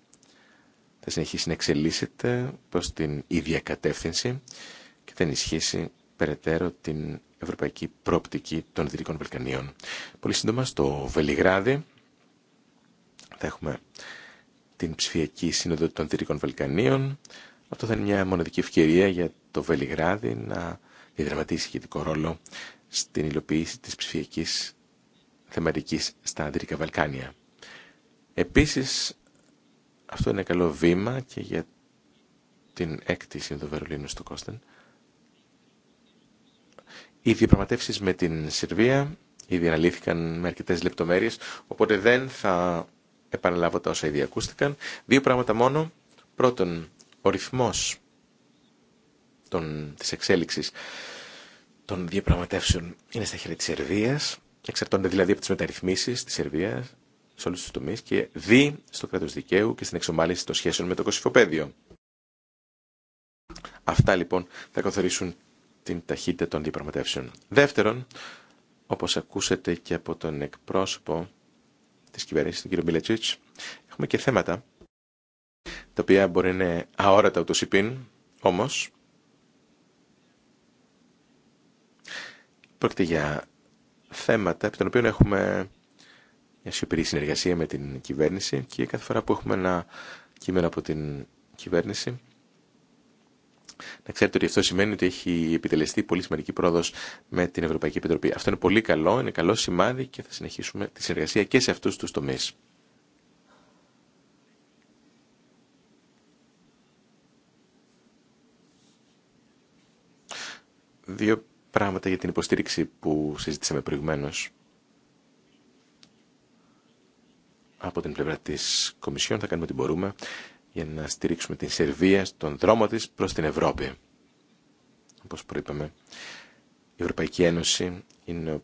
θα συνεχίσει να εξελίσσεται προς την ίδια κατεύθυνση και θα ενισχύσει περαιτέρω την ευρωπαϊκή πρόπτικη των Δυτικών Βαλκανίων. Πολύ σύντομα στο Βελιγράδι θα έχουμε την ψηφιακή σύνοδο των Δυτικών Βαλκανίων. Αυτό θα είναι μια μοναδική ευκαιρία για το Βελιγράδι να διδραματίσει σχετικό ρόλο στην υλοποίηση της ψηφιακής θεματικής στα Δυτικά Βαλκάνια. Επίσης, αυτό είναι ένα καλό βήμα και για την έκτη σύνοδο Βερολίνου στο Κώστεν, οι διαπραγματεύσει με την Σερβία ήδη αναλύθηκαν με αρκετέ λεπτομέρειε, οπότε δεν θα επαναλάβω τα όσα ήδη ακούστηκαν. Δύο πράγματα μόνο. Πρώτον, ο ρυθμό τη εξέλιξη των διαπραγματεύσεων είναι στα χέρια τη Σερβία. Εξαρτώνται δηλαδή από τι μεταρρυθμίσει τη Σερβία σε όλου του τομεί και δι στο κράτο δικαίου και στην εξομάλυνση των σχέσεων με το Κωσυφοπαίδιο. Αυτά λοιπόν θα καθορίσουν την ταχύτητα των διαπραγματεύσεων. Δεύτερον, όπως ακούσατε και από τον εκπρόσωπο της κυβέρνησης, τον κύριο έχουμε και θέματα τα οποία μπορεί να είναι αόρατα ούτως όμως πρόκειται για θέματα από των οποίων έχουμε μια σιωπηρή συνεργασία με την κυβέρνηση και κάθε φορά που έχουμε ένα κείμενο από την κυβέρνηση να ξέρετε ότι αυτό σημαίνει ότι έχει επιτελεστεί πολύ σημαντική πρόοδο με την Ευρωπαϊκή Επιτροπή. Αυτό είναι πολύ καλό, είναι καλό σημάδι και θα συνεχίσουμε τη συνεργασία και σε αυτού του τομεί. Δύο πράγματα για την υποστήριξη που συζήτησαμε προηγουμένω από την πλευρά της Κομισιόν. Θα κάνουμε ό,τι μπορούμε για να στηρίξουμε την Σερβία στον δρόμο της προς την Ευρώπη. Όπως προείπαμε, η Ευρωπαϊκή Ένωση είναι ο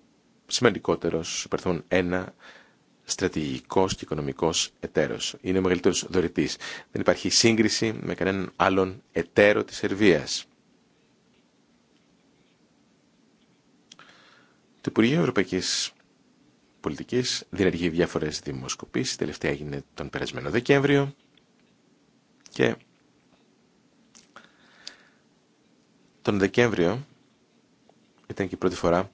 σημαντικότερος, υπερθούν ένα στρατηγικός και οικονομικός εταίρος. Είναι ο μεγαλύτερος δωρητής. Δεν υπάρχει σύγκριση με κανέναν άλλον εταίρο της Σερβίας. Το Υπουργείο Ευρωπαϊκή Πολιτικής διενεργεί διάφορε δημοσκοπήσει. Η τελευταία έγινε τον περασμένο Δεκέμβριο. Και τον Δεκέμβριο ήταν και η πρώτη φορά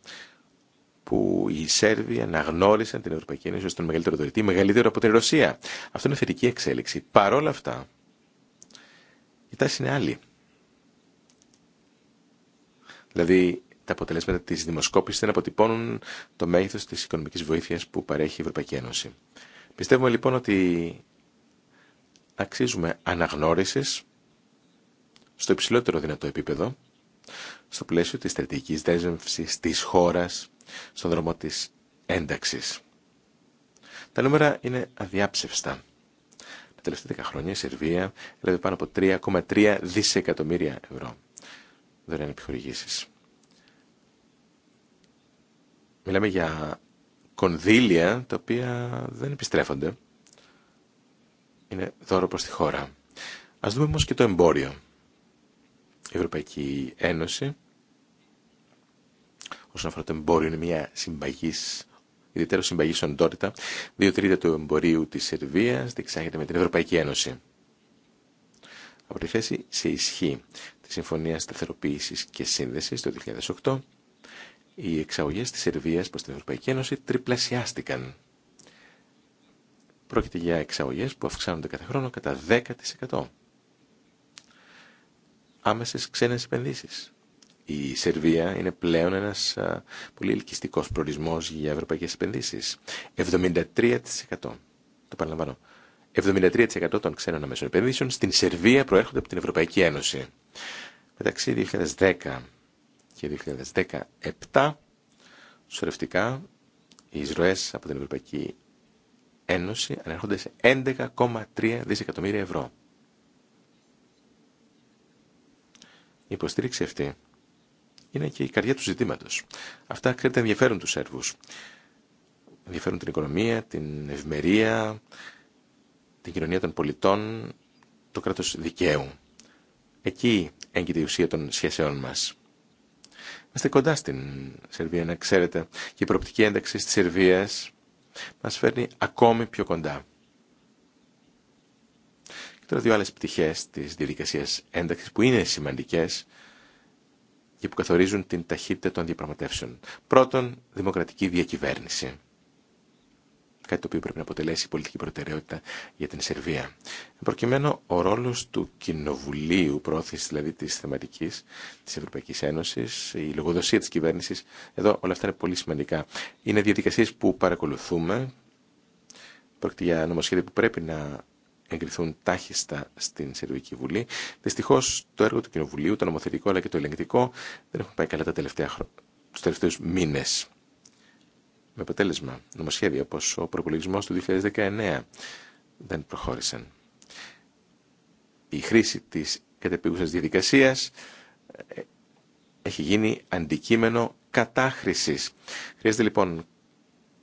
που οι Σέρβοι αναγνώρισαν την Ευρωπαϊκή Ένωση ως τον μεγαλύτερο δωρητή, μεγαλύτερο από την Ρωσία. Αυτό είναι θετική εξέλιξη. Παρ' όλα αυτά, η τάση είναι άλλη. Δηλαδή, τα αποτελέσματα τη δημοσκόπηση δεν αποτυπώνουν το μέγεθος της οικονομικής βοήθειας που παρέχει η Ευρωπαϊκή Ένωση. Πιστεύουμε λοιπόν ότι αξίζουμε αναγνώρισης στο υψηλότερο δυνατό επίπεδο, στο πλαίσιο της στρατηγικής δέσμευσης της χώρας στον δρόμο της ένταξης. Τα νούμερα είναι αδιάψευστα. Τα τελευταία δέκα χρόνια η Σερβία έλαβε πάνω από 3,3 δισεκατομμύρια ευρώ δωρεάν επιχορηγήσεις. Μιλάμε για κονδύλια τα οποία δεν επιστρέφονται είναι δώρο προς τη χώρα. Ας δούμε όμως και το εμπόριο. Η Ευρωπαϊκή Ένωση όσον αφορά το εμπόριο είναι μια συμπαγής ιδιαίτερο συμπαγή οντότητα, δύο τρίτα του εμπορίου τη Σερβία διεξάγεται με την Ευρωπαϊκή Ένωση. Από τη θέση σε ισχύ τη Συμφωνία Σταθεροποίηση και Σύνδεση το 2008, οι εξαγωγέ τη Σερβία προ την Ευρωπαϊκή Ένωση τριπλασιάστηκαν. Πρόκειται για εξαγωγές που αυξάνονται κάθε χρόνο κατά 10%. Άμεσες ξένες επενδύσεις. Η Σερβία είναι πλέον ένας πολύ ελκυστικός προορισμός για ευρωπαϊκές επενδύσεις. 73%. Το παραλαμβάνω. 73% των ξένων αμέσων επενδύσεων στην Σερβία προέρχονται από την Ευρωπαϊκή Ένωση. Μεταξύ 2010 και 2017, σωρευτικά, οι εισρωές από την Ευρωπαϊκή Ένωση ανέρχονται σε 11,3 δισεκατομμύρια ευρώ. Η υποστήριξη αυτή είναι και η καρδιά του ζητήματος. Αυτά ξέρετε ενδιαφέρουν τους Σέρβους. Ενδιαφέρουν την οικονομία, την ευμερία, την κοινωνία των πολιτών, το κράτος δικαίου. Εκεί έγκυται η ουσία των σχέσεών μας. Είμαστε κοντά στην Σερβία, να ξέρετε, και η προοπτική ένταξη της Σερβία μας φέρνει ακόμη πιο κοντά. Και τώρα δύο άλλες πτυχές της διαδικασίας ένταξης που είναι σημαντικές και που καθορίζουν την ταχύτητα των διαπραγματεύσεων. Πρώτον, δημοκρατική διακυβέρνηση κάτι το οποίο πρέπει να αποτελέσει πολιτική προτεραιότητα για την Σερβία. Προκειμένου ο ρόλο του Κοινοβουλίου, πρόθεση δηλαδή τη θεματική της Ευρωπαϊκή Ένωση, η λογοδοσία τη κυβέρνηση, εδώ όλα αυτά είναι πολύ σημαντικά. Είναι διαδικασίε που παρακολουθούμε, πρόκειται για νομοσχέδια που πρέπει να εγκριθούν τάχιστα στην Σερβική Βουλή. Δυστυχώ το έργο του Κοινοβουλίου, το νομοθετικό αλλά και το ελεγκτικό, δεν έχουν πάει καλά τα τελευταία, του τελευταίου μήνε με αποτέλεσμα νομοσχέδια όπως ο προπολογισμό του 2019 δεν προχώρησαν. Η χρήση της κατεπίγουσας διαδικασίας ε, έχει γίνει αντικείμενο κατάχρησης. Χρειάζεται λοιπόν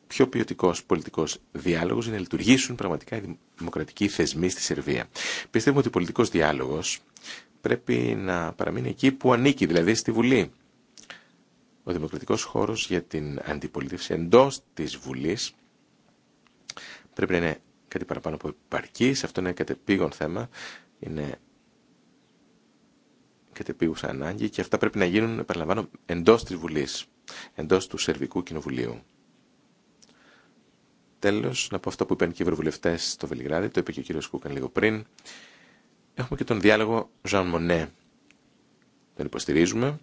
πιο ποιοτικό πολιτικό διάλογο για να λειτουργήσουν πραγματικά οι δημοκρατικοί θεσμοί στη Σερβία. Πιστεύουμε ότι ο πολιτικό διάλογο πρέπει να παραμείνει εκεί που ανήκει, δηλαδή στη Βουλή ο δημοκρατικός χώρος για την αντιπολίτευση εντός της Βουλής πρέπει να είναι κάτι παραπάνω από Σε αυτό είναι κατεπήγον θέμα, είναι κατεπήγουσα ανάγκη και αυτά πρέπει να γίνουν, επαναλαμβάνω, εντός της Βουλής, εντός του Σερβικού Κοινοβουλίου. Τέλος, να πω αυτό που είπαν και οι ευρωβουλευτές στο Βελιγράδι, το είπε και ο κύριος Κούκαν λίγο πριν. Έχουμε και τον διάλογο Ζαν Μονέ. Τον υποστηρίζουμε,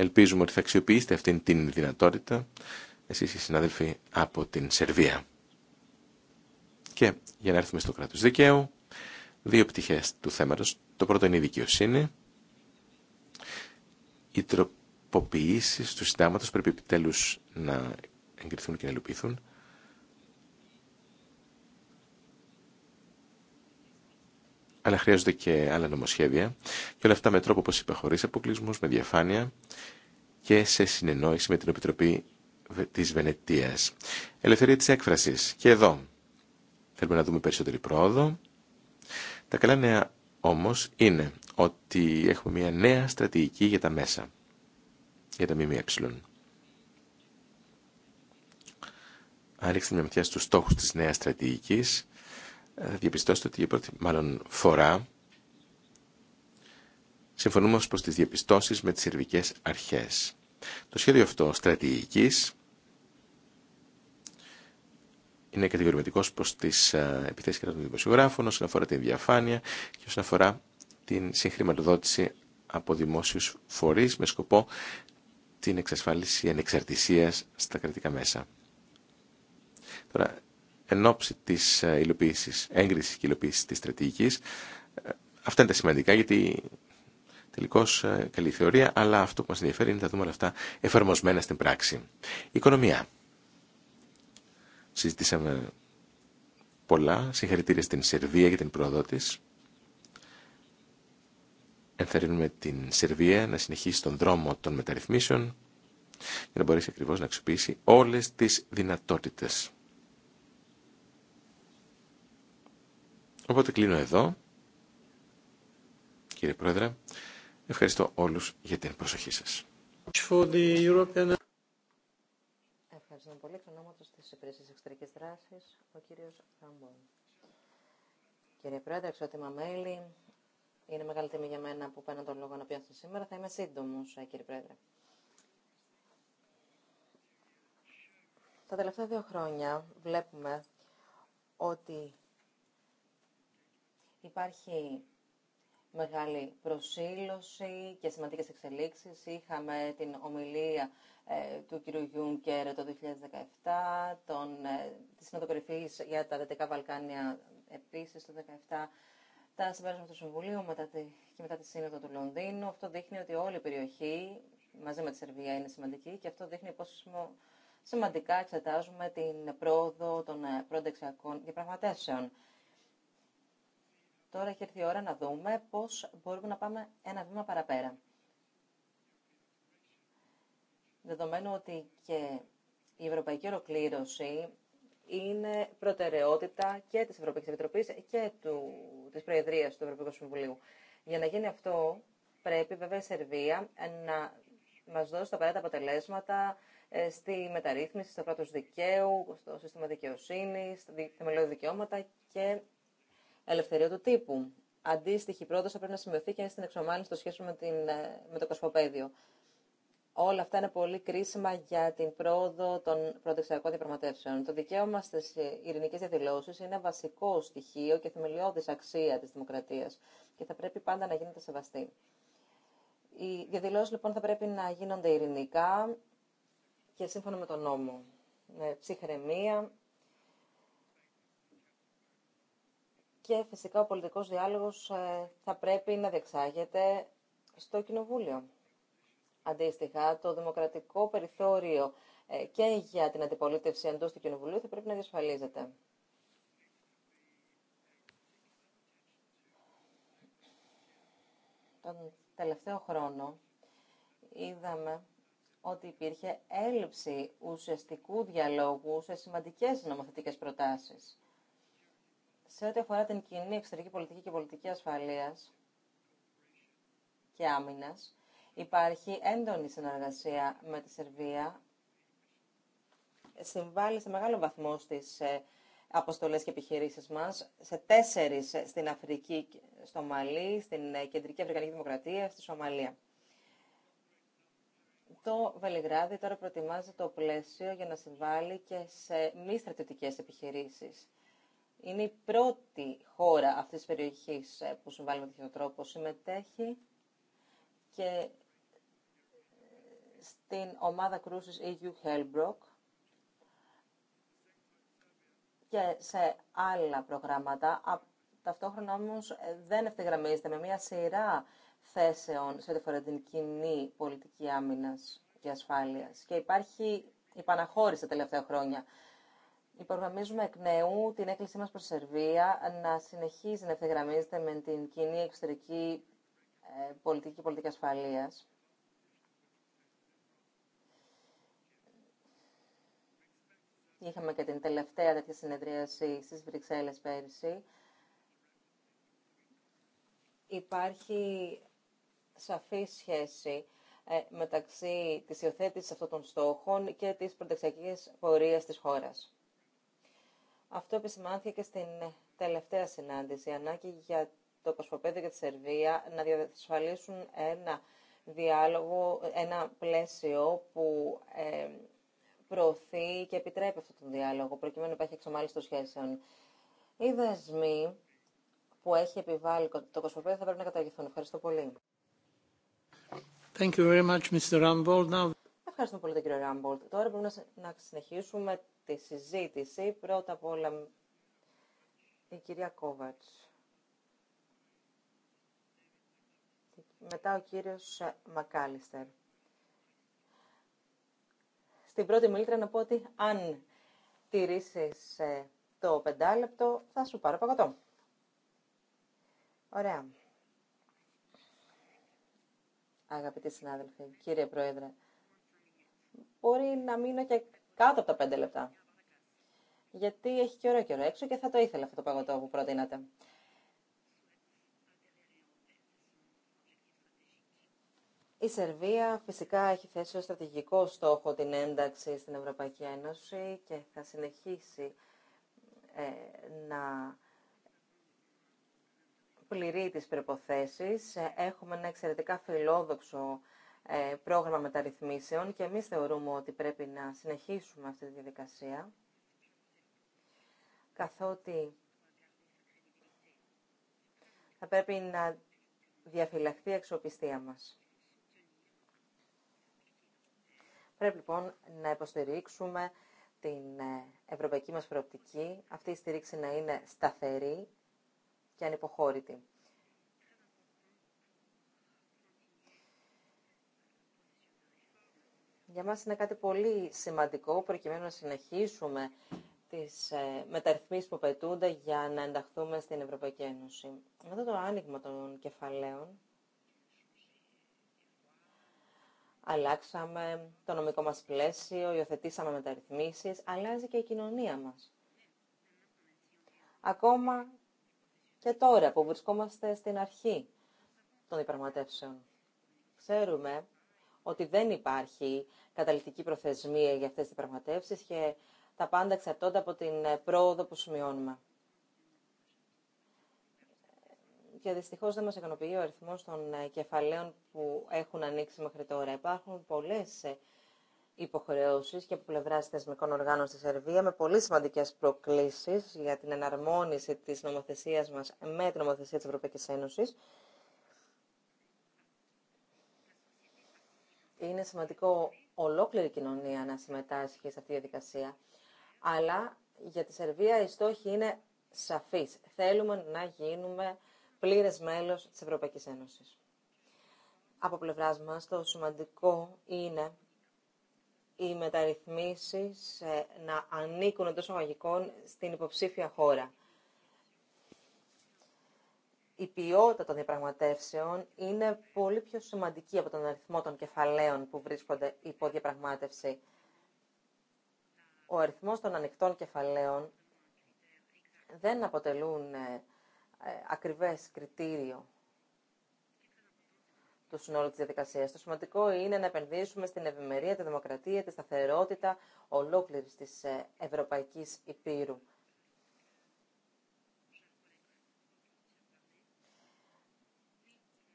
Ελπίζουμε ότι θα αξιοποιήσετε αυτήν την δυνατότητα εσείς οι συνάδελφοι από την Σερβία. Και για να έρθουμε στο κράτος δικαίου, δύο πτυχές του θέματος. Το πρώτο είναι η δικαιοσύνη. Οι τροποποιήσεις του συντάγματος πρέπει επιτέλους να εγκριθούν και να υλοποιηθούν. αλλά χρειάζονται και άλλα νομοσχέδια και όλα αυτά με τρόπο, όπως είπα, χωρίς αποκλεισμού με διαφάνεια και σε συνεννόηση με την Επιτροπή της Βενετίας. Ελευθερία της έκφρασης. Και εδώ θέλουμε να δούμε περισσότερη πρόοδο. Τα καλά νέα όμως είναι ότι έχουμε μια νέα στρατηγική για τα μέσα, για τα ΜΜΕ. Άνοιξε μια ματιά στους στόχους της νέας στρατηγικής ε, διαπιστώσετε ότι για πρώτη μάλλον φορά συμφωνούμε ως προς τις διαπιστώσεις με τις σερβικές αρχές. Το σχέδιο αυτό στρατηγικής είναι κατηγορηματικός προς τις ε, επιθέσεις κατά των δημοσιογράφων όσον αφορά την διαφάνεια και όσον αφορά την συγχρηματοδότηση από δημόσιους φορείς με σκοπό την εξασφάλιση ανεξαρτησίας στα κρατικά μέσα. Τώρα, εν ώψη τη ε, υλοποίησης, έγκρισης και υλοποίησης της στρατηγικής. Ε, αυτά είναι τα σημαντικά γιατί τελικώ ε, καλή θεωρία, αλλά αυτό που μα ενδιαφέρει είναι να τα δούμε όλα αυτά εφαρμοσμένα στην πράξη. Οικονομία. Συζητήσαμε πολλά. Συγχαρητήρια στην Σερβία για την πρόοδό τη. Ενθαρρύνουμε την Σερβία να συνεχίσει τον δρόμο των μεταρρυθμίσεων για να μπορέσει ακριβώς να αξιοποιήσει όλες τις δυνατότητες. Οπότε κλείνω εδώ. Κύριε Πρόεδρε, ευχαριστώ όλους για την προσοχή σας. Ευχαριστώ πολύ. Εξ ονόματο τη Υπηρεσία Εξωτερική Δράση, ο κύριο Ραμπόν. Κύριε Πρόεδρε, εξότιμα μέλη, είναι μεγάλη τιμή για μένα που παίρνω τον λόγο να πιάσω σήμερα. Θα είμαι σύντομο, ε, κύριε Πρόεδρε. Τα τελευταία δύο χρόνια βλέπουμε ότι Υπάρχει μεγάλη προσήλωση και σημαντικές εξελίξεις. Είχαμε την ομιλία ε, του κ. Γιούνκερ το 2017, τον, ε, τη για τα Δυτικά Βαλκάνια επίσης το 2017, τα συμπέρασματα του Συμβουλίου μετά τη, και μετά τη Σύνοδο του Λονδίνου. Αυτό δείχνει ότι όλη η περιοχή μαζί με τη Σερβία είναι σημαντική και αυτό δείχνει πόσο σημαντικά εξετάζουμε την πρόοδο των ε, προεντεξιακών διαπραγματεύσεων. Τώρα έχει έρθει η ώρα να δούμε πώς μπορούμε να πάμε ένα βήμα παραπέρα. Δεδομένου ότι και η ευρωπαϊκή ολοκλήρωση είναι προτεραιότητα και της Ευρωπαϊκής Επιτροπής και του, της Προεδρίας του Ευρωπαϊκού Συμβουλίου. Για να γίνει αυτό πρέπει βέβαια η Σερβία να μας δώσει τα απαραίτητα αποτελέσματα ε, στη μεταρρύθμιση, στο κράτος δικαίου, στο σύστημα δικαιοσύνης, στα θεμελιώδη δικαιώματα και ελευθερία του τύπου. Αντίστοιχη πρόταση θα πρέπει να σημειωθεί και στην εξομάλυνση στο σχέση με, την, ε, με το κοσμοπέδιο. Όλα αυτά είναι πολύ κρίσιμα για την πρόοδο των πρωτεξιακών διαπραγματεύσεων. Το δικαίωμα στι ειρηνικέ διαδηλώσει είναι βασικό στοιχείο και θεμελιώδη αξία τη δημοκρατία και θα πρέπει πάντα να γίνεται σεβαστή. Οι διαδηλώσει λοιπόν θα πρέπει να γίνονται ειρηνικά και σύμφωνα με τον νόμο. Με και φυσικά ο πολιτικός διάλογος ε, θα πρέπει να διεξάγεται στο Κοινοβούλιο. Αντίστοιχα, το δημοκρατικό περιθώριο ε, και για την αντιπολίτευση εντός του Κοινοβουλίου θα πρέπει να διασφαλίζεται. Τον τελευταίο χρόνο είδαμε ότι υπήρχε έλλειψη ουσιαστικού διαλόγου σε σημαντικές νομοθετικές προτάσεις. Σε ό,τι αφορά την κοινή εξωτερική πολιτική και πολιτική ασφαλείας και άμυνας, υπάρχει έντονη συνεργασία με τη Σερβία. Συμβάλλει σε μεγάλο βαθμό στις ε, αποστολές και επιχειρήσεις μας, σε τέσσερις ε, στην Αφρική, στο Μαλί, στην ε, Κεντρική Αφρικανική Δημοκρατία, στη Σομαλία. Το Βελιγράδι τώρα προετοιμάζει το πλαίσιο για να συμβάλλει και σε μη στρατιωτικές επιχειρήσεις είναι η πρώτη χώρα αυτής τη περιοχής ε, που συμβάλλει με τέτοιο τρόπο. Συμμετέχει και ε, στην ομάδα κρούση EU Hellbrook και σε άλλα προγράμματα. Ταυτόχρονα όμω ε, δεν ευθυγραμμίζεται με μια σειρά θέσεων σε ό,τι αφορά την κοινή πολιτική άμυνας και ασφάλεια. Και υπάρχει υπαναχώρηση τα τελευταία χρόνια υπογραμμίζουμε εκ νέου την έκκλησή μας προς Σερβία να συνεχίζει να ευθυγραμμίζεται με την κοινή εξωτερική ε, πολιτική πολιτική ασφαλείας. Είχαμε και την τελευταία τέτοια συνεδρίαση στις Βρυξέλλες πέρυσι. Υπάρχει σαφή σχέση ε, μεταξύ της υιοθέτησης αυτών των στόχων και της πρωτεξιακής πορείας της χώρας. Αυτό επισημάνθηκε στην ε, τελευταία συνάντηση. Η ανάγκη για το Κοσμοπέδιο και τη Σερβία να διασφαλίσουν ένα διάλογο, ένα πλαίσιο που ε, προωθεί και επιτρέπει αυτόν τον διάλογο, προκειμένου να υπάρχει εξομάλυση των σχέσεων. Οι δεσμοί που έχει επιβάλει το Κοσμοπέδιο θα πρέπει να καταργηθούν. Ευχαριστώ πολύ. Thank you very much, Mr. Ευχαριστώ πολύ τον κύριο Ράμπολτ. Τώρα πρέπει να συνεχίσουμε τη συζήτηση. Πρώτα απ' όλα η κυρία Κόβατς. Μετά ο κύριος Μακάλιστερ. Στην πρώτη μιλήτρα να πω ότι αν τηρήσεις ε, το πεντάλεπτο θα σου πάρω παγωτό. Ωραία. Αγαπητοί συνάδελφοι, κύριε Πρόεδρε, μπορεί να μείνω και κάτω από τα 5 λεπτά. Γιατί έχει και ωραίο καιρό έξω και θα το ήθελα αυτό το παγωτό που προτείνατε. Η Σερβία φυσικά έχει θέσει ως στρατηγικό στόχο την ένταξη στην Ευρωπαϊκή Ένωση και θα συνεχίσει ε, να πληρεί τις προϋποθέσεις. Έχουμε ένα εξαιρετικά φιλόδοξο ε, πρόγραμμα μεταρρυθμίσεων και εμείς θεωρούμε ότι πρέπει να συνεχίσουμε αυτή τη διαδικασία, καθότι θα πρέπει να διαφυλαχθεί η αξιοπιστία μας. Πρέπει λοιπόν να υποστηρίξουμε την ε, ευρωπαϊκή μας προοπτική, αυτή η στήριξη να είναι σταθερή και ανυποχώρητη. για μας είναι κάτι πολύ σημαντικό προκειμένου να συνεχίσουμε τις ε, μεταρρυθμίσεις που πετούνται για να ενταχθούμε στην Ευρωπαϊκή Ένωση. Μετά το άνοιγμα των κεφαλαίων, αλλάξαμε το νομικό μας πλαίσιο, υιοθετήσαμε μεταρρυθμίσεις, αλλάζει και η κοινωνία μας. Ακόμα και τώρα που βρισκόμαστε στην αρχή των διαπραγματεύσεων. Ξέρουμε ότι δεν υπάρχει καταληκτική προθεσμία για αυτές τις πραγματεύσεις και τα πάντα εξαρτώνται από την ε, πρόοδο που σημειώνουμε. Και δυστυχώς δεν μας ικανοποιεί ο αριθμός των ε, κεφαλαίων που έχουν ανοίξει μέχρι τώρα. Υπάρχουν πολλές ε, υποχρεώσεις και από πλευρά θεσμικών οργάνων στη Σερβία με πολύ σημαντικές προκλήσεις για την εναρμόνιση της νομοθεσίας μας με την νομοθεσία της Ευρωπαϊκής Ένωσης είναι σημαντικό ολόκληρη κοινωνία να συμμετάσχει σε αυτή τη διαδικασία. Αλλά για τη Σερβία η στόχη είναι σαφής. Θέλουμε να γίνουμε πλήρες μέλος της Ευρωπαϊκής Ένωσης. Από πλευράς μας το σημαντικό είναι οι μεταρρυθμίσεις ε, να ανήκουν εντό αγωγικών στην υποψήφια χώρα η ποιότητα των διαπραγματεύσεων είναι πολύ πιο σημαντική από τον αριθμό των κεφαλαίων που βρίσκονται υπό διαπραγμάτευση. Ο αριθμός των ανοιχτών κεφαλαίων δεν αποτελούν ε, ε, ακριβές κριτήριο του συνόλου της διαδικασίας. Το σημαντικό είναι να επενδύσουμε στην ευημερία, τη δημοκρατία, τη σταθερότητα ολόκληρης της ε, Ευρωπαϊκής Υπήρου.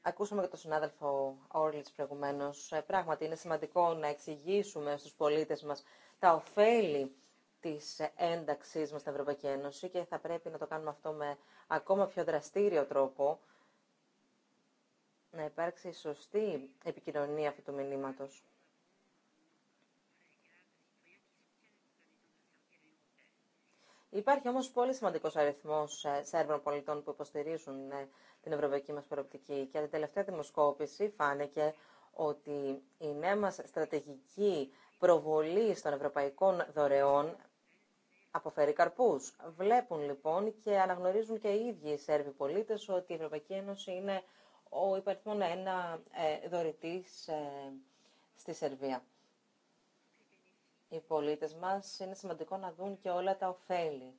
Ακούσαμε και τον συνάδελφο Όρλιτς προηγουμένως. Ε, πράγματι, είναι σημαντικό να εξηγήσουμε στους πολίτες μας τα ωφέλη της ε, ένταξή μας στην Ευρωπαϊκή Ένωση και θα πρέπει να το κάνουμε αυτό με ακόμα πιο δραστήριο τρόπο, να υπάρξει σωστή επικοινωνία αυτού του μηνύματο. Υπάρχει όμως πολύ σημαντικός αριθμός ε, Σέρβων πολιτών που υποστηρίζουν την ευρωπαϊκή μας προοπτική. Και την τελευταία δημοσκόπηση φάνηκε ότι η νέα μας στρατηγική προβολή των ευρωπαϊκών δωρεών αποφέρει καρπούς. Βλέπουν λοιπόν και αναγνωρίζουν και οι ίδιοι οι Σέρβοι πολίτες ότι η Ευρωπαϊκή Ένωση είναι ο υπαριθμόν ένα ε, δωρητής στη Σερβία. Οι πολίτες μας είναι σημαντικό να δουν και όλα τα ωφέλη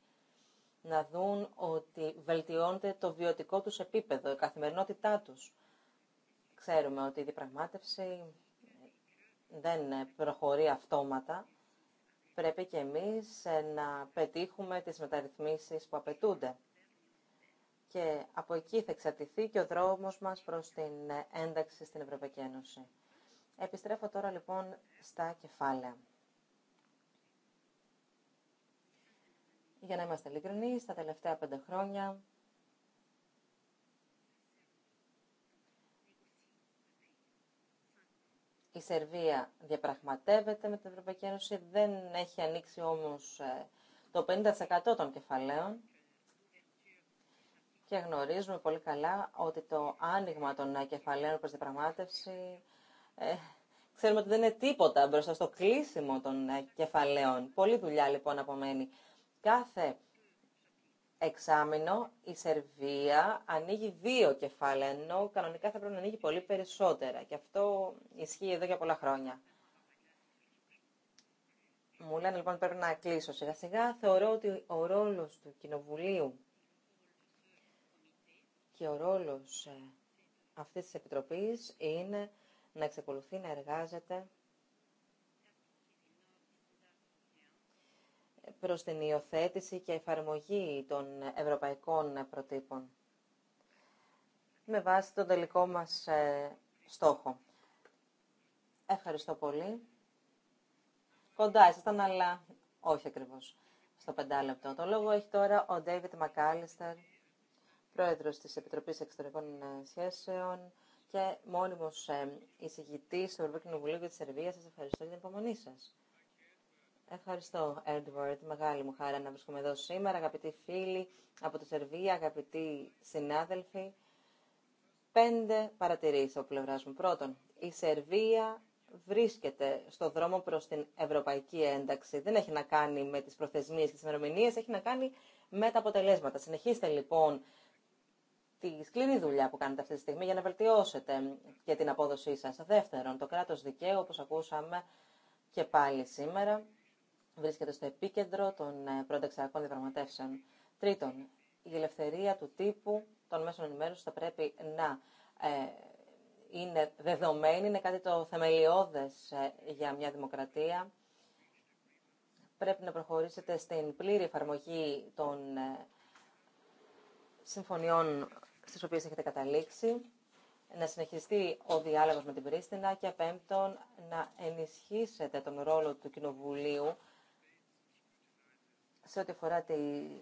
να δουν ότι βελτιώνεται το βιωτικό τους επίπεδο, η καθημερινότητά τους. Ξέρουμε ότι η διπραγμάτευση δεν προχωρεί αυτόματα. Πρέπει και εμείς ε, να πετύχουμε τις μεταρρυθμίσεις που απαιτούνται. Και από εκεί θα εξαρτηθεί και ο δρόμος μας προς την ένταξη στην Ευρωπαϊκή Ένωση. Επιστρέφω τώρα λοιπόν στα κεφάλαια. Για να είμαστε ειλικρινοί, στα τελευταία πέντε χρόνια η Σερβία διαπραγματεύεται με την Ευρωπαϊκή Ένωση, δεν έχει ανοίξει όμως ε, το 50% των κεφαλαίων και γνωρίζουμε πολύ καλά ότι το άνοιγμα των κεφαλαίων προς διαπραγμάτευση ε, ξέρουμε ότι δεν είναι τίποτα μπροστά στο κλείσιμο των ε, κεφαλαίων. Πολύ δουλειά λοιπόν απομένει. Κάθε εξάμεινο η Σερβία ανοίγει δύο κεφάλαια, ενώ κανονικά θα πρέπει να ανοίγει πολύ περισσότερα. Και αυτό ισχύει εδώ για πολλά χρόνια. Μου λένε λοιπόν πρέπει να κλείσω σιγά σιγά. Θεωρώ ότι ο ρόλος του Κοινοβουλίου και ο ρόλος ε, αυτής της Επιτροπής είναι να εξεκολουθεί να εργάζεται προς την υιοθέτηση και εφαρμογή των ευρωπαϊκών προτύπων με βάση τον τελικό μας ε, στόχο. Ευχαριστώ πολύ. Κοντά ήσασταν, αλλά όχι ακριβώς στο πεντάλεπτο. Το λόγο έχει τώρα ο Ντέιβιτ Μακάλιστερ, πρόεδρος της Επιτροπής Εξωτερικών Σχέσεων και μόνιμος ε, εισηγητής του Ευρωπαϊκού Κοινοβουλίου για τη Σερβία. Σας ευχαριστώ για την υπομονή σας. Ευχαριστώ, Edward. Μεγάλη μου χαρά να βρίσκομαι εδώ σήμερα. Αγαπητοί φίλοι από τη Σερβία, αγαπητοί συνάδελφοι. Πέντε παρατηρήσεις από πλευράς μου. Πρώτον, η Σερβία βρίσκεται στο δρόμο προς την ευρωπαϊκή ένταξη. Δεν έχει να κάνει με τις προθεσμίες και τις ημερομηνίε, έχει να κάνει με τα αποτελέσματα. Συνεχίστε λοιπόν τη σκληρή δουλειά που κάνετε αυτή τη στιγμή για να βελτιώσετε και την απόδοσή σας. Δεύτερον, το κράτος δικαίου, όπως ακούσαμε και πάλι σήμερα, βρίσκεται στο επίκεντρο των ε, προενταξιακών διαπραγματεύσεων. Τρίτον, η ελευθερία του τύπου των μέσων ενημέρωση θα πρέπει να ε, είναι δεδομένη, είναι κάτι το θεμελιώδες ε, για μια δημοκρατία. Πρέπει να προχωρήσετε στην πλήρη εφαρμογή των συμφωνιών στις οποίες έχετε καταλήξει, να συνεχιστεί ο διάλογος με την Πρίστινα και πέμπτον να ενισχύσετε τον ρόλο του Κοινοβουλίου σε ό,τι αφορά τη ε,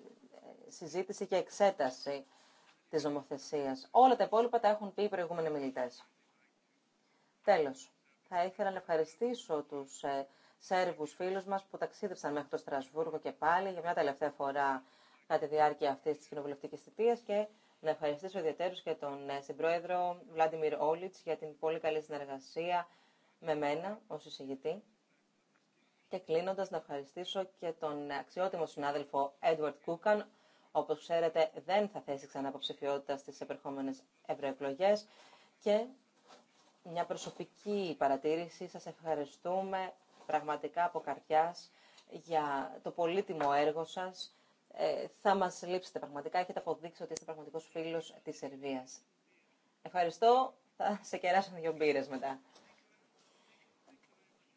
συζήτηση και εξέταση της νομοθεσίας. Όλα τα υπόλοιπα τα έχουν πει οι προηγούμενοι μιλητές. Τέλος, θα ήθελα να ευχαριστήσω τους ε, Σέρβους φίλους μας που ταξίδεψαν μέχρι το Στρασβούργο και πάλι για μια τελευταία φορά κατά τη διάρκεια αυτής της κοινοβουλευτικής θητείας και να ευχαριστήσω ιδιαίτερως και τον ε, συμπρόεδρο Βλάντιμιρ Όλιτς για την πολύ καλή συνεργασία με μένα ως εισηγητή και κλείνοντας να ευχαριστήσω και τον αξιότιμο συνάδελφο Edward Κούκαν. Όπως ξέρετε δεν θα θέσει ξανά ψηφιότητα στις επερχόμενες ευρωεκλογέ. Και μια προσωπική παρατήρηση. Σας ευχαριστούμε πραγματικά από καρδιάς για το πολύτιμο έργο σας. Ε, θα μας λείψετε πραγματικά. Έχετε αποδείξει ότι είστε πραγματικός φίλος της Σερβίας. Ευχαριστώ. Θα σε κεράσουν δύο μπύρες μετά.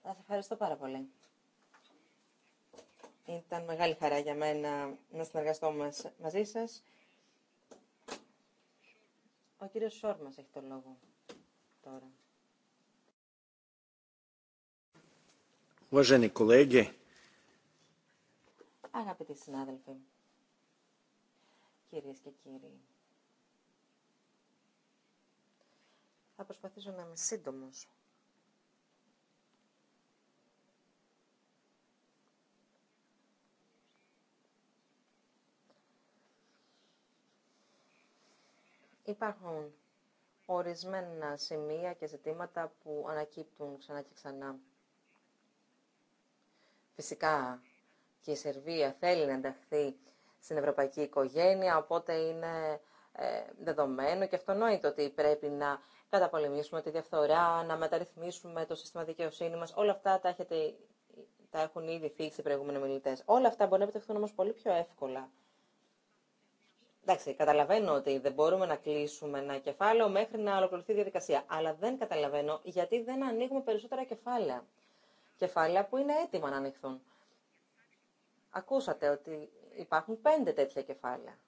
σας ευχαριστώ πάρα πολύ. Ήταν μεγάλη χαρά για μένα να συνεργαστώ μαζί σας. Ο κύριος Σόρμας έχει το λόγο τώρα. Αγαπητοί συνάδελφοι, κυρίες και κύριοι, θα προσπαθήσω να είμαι σύντομος. Υπάρχουν ορισμένα σημεία και ζητήματα που ανακύπτουν ξανά και ξανά. Φυσικά και η Σερβία θέλει να ενταχθεί στην ευρωπαϊκή οικογένεια, οπότε είναι ε, δεδομένο και αυτονόητο ότι πρέπει να καταπολεμήσουμε τη διαφθορά, να μεταρρυθμίσουμε το σύστημα δικαιοσύνη μας. Όλα αυτά τα, έχετε, τα έχουν ήδη θίξει οι προηγούμενοι μιλητές. Όλα αυτά μπορεί να επιτευχθούν όμως πολύ πιο εύκολα Εντάξει, καταλαβαίνω ότι δεν μπορούμε να κλείσουμε ένα κεφάλαιο μέχρι να ολοκληρωθεί η διαδικασία. Αλλά δεν καταλαβαίνω γιατί δεν ανοίγουμε περισσότερα κεφάλαια. Κεφάλαια που είναι έτοιμα να ανοιχθούν. Ακούσατε ότι υπάρχουν πέντε τέτοια κεφάλαια.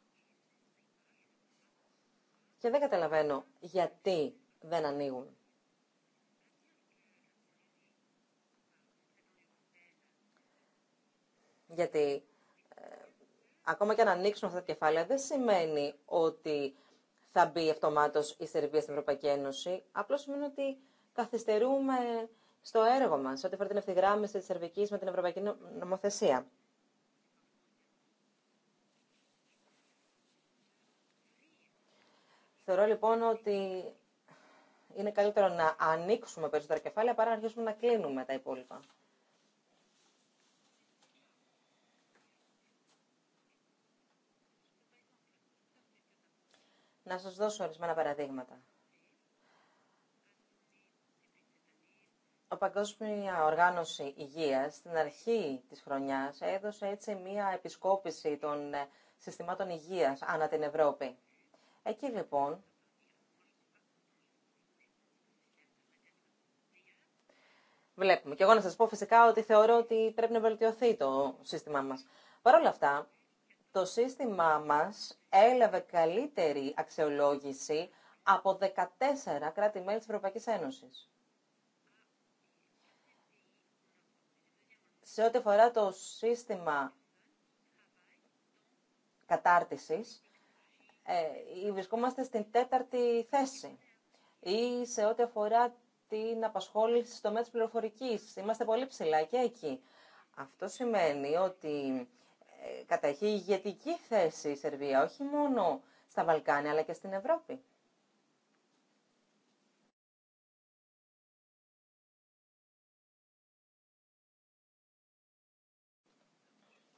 Και δεν καταλαβαίνω γιατί δεν ανοίγουν. Γιατί ακόμα και αν ανοίξουμε αυτά τα κεφάλαια, δεν σημαίνει ότι θα μπει αυτομάτω η Σερβία στην Ευρωπαϊκή Ένωση. Απλώ σημαίνει ότι καθυστερούμε στο έργο μα, ό,τι αφορά την ευθυγράμμιση τη Σερβική με την Ευρωπαϊκή Νομοθεσία. Θεωρώ λοιπόν ότι είναι καλύτερο να ανοίξουμε περισσότερα κεφάλαια παρά να αρχίσουμε να κλείνουμε τα υπόλοιπα. Να σας δώσω ορισμένα παραδείγματα. Ο Παγκόσμια Οργάνωση Υγείας στην αρχή της χρονιάς έδωσε έτσι μία επισκόπηση των ε, συστημάτων υγείας ανά την Ευρώπη. Εκεί λοιπόν βλέπουμε. Και εγώ να σας πω φυσικά ότι θεωρώ ότι πρέπει να βελτιωθεί το σύστημά μας. Παρ' όλα αυτά, το σύστημά μας έλαβε καλύτερη αξιολόγηση από 14 κράτη-μέλη της Ευρωπαϊκής Ένωσης. Σε ό,τι αφορά το σύστημα κατάρτισης, ε, βρισκόμαστε στην τέταρτη θέση. Ή σε ό,τι αφορά την απασχόληση στο μέτρο της πληροφορικής, είμαστε πολύ ψηλά και εκεί. Αυτό σημαίνει ότι η ηγετική θέση η Σερβία, όχι μόνο στα Βαλκάνια αλλά και στην Ευρώπη.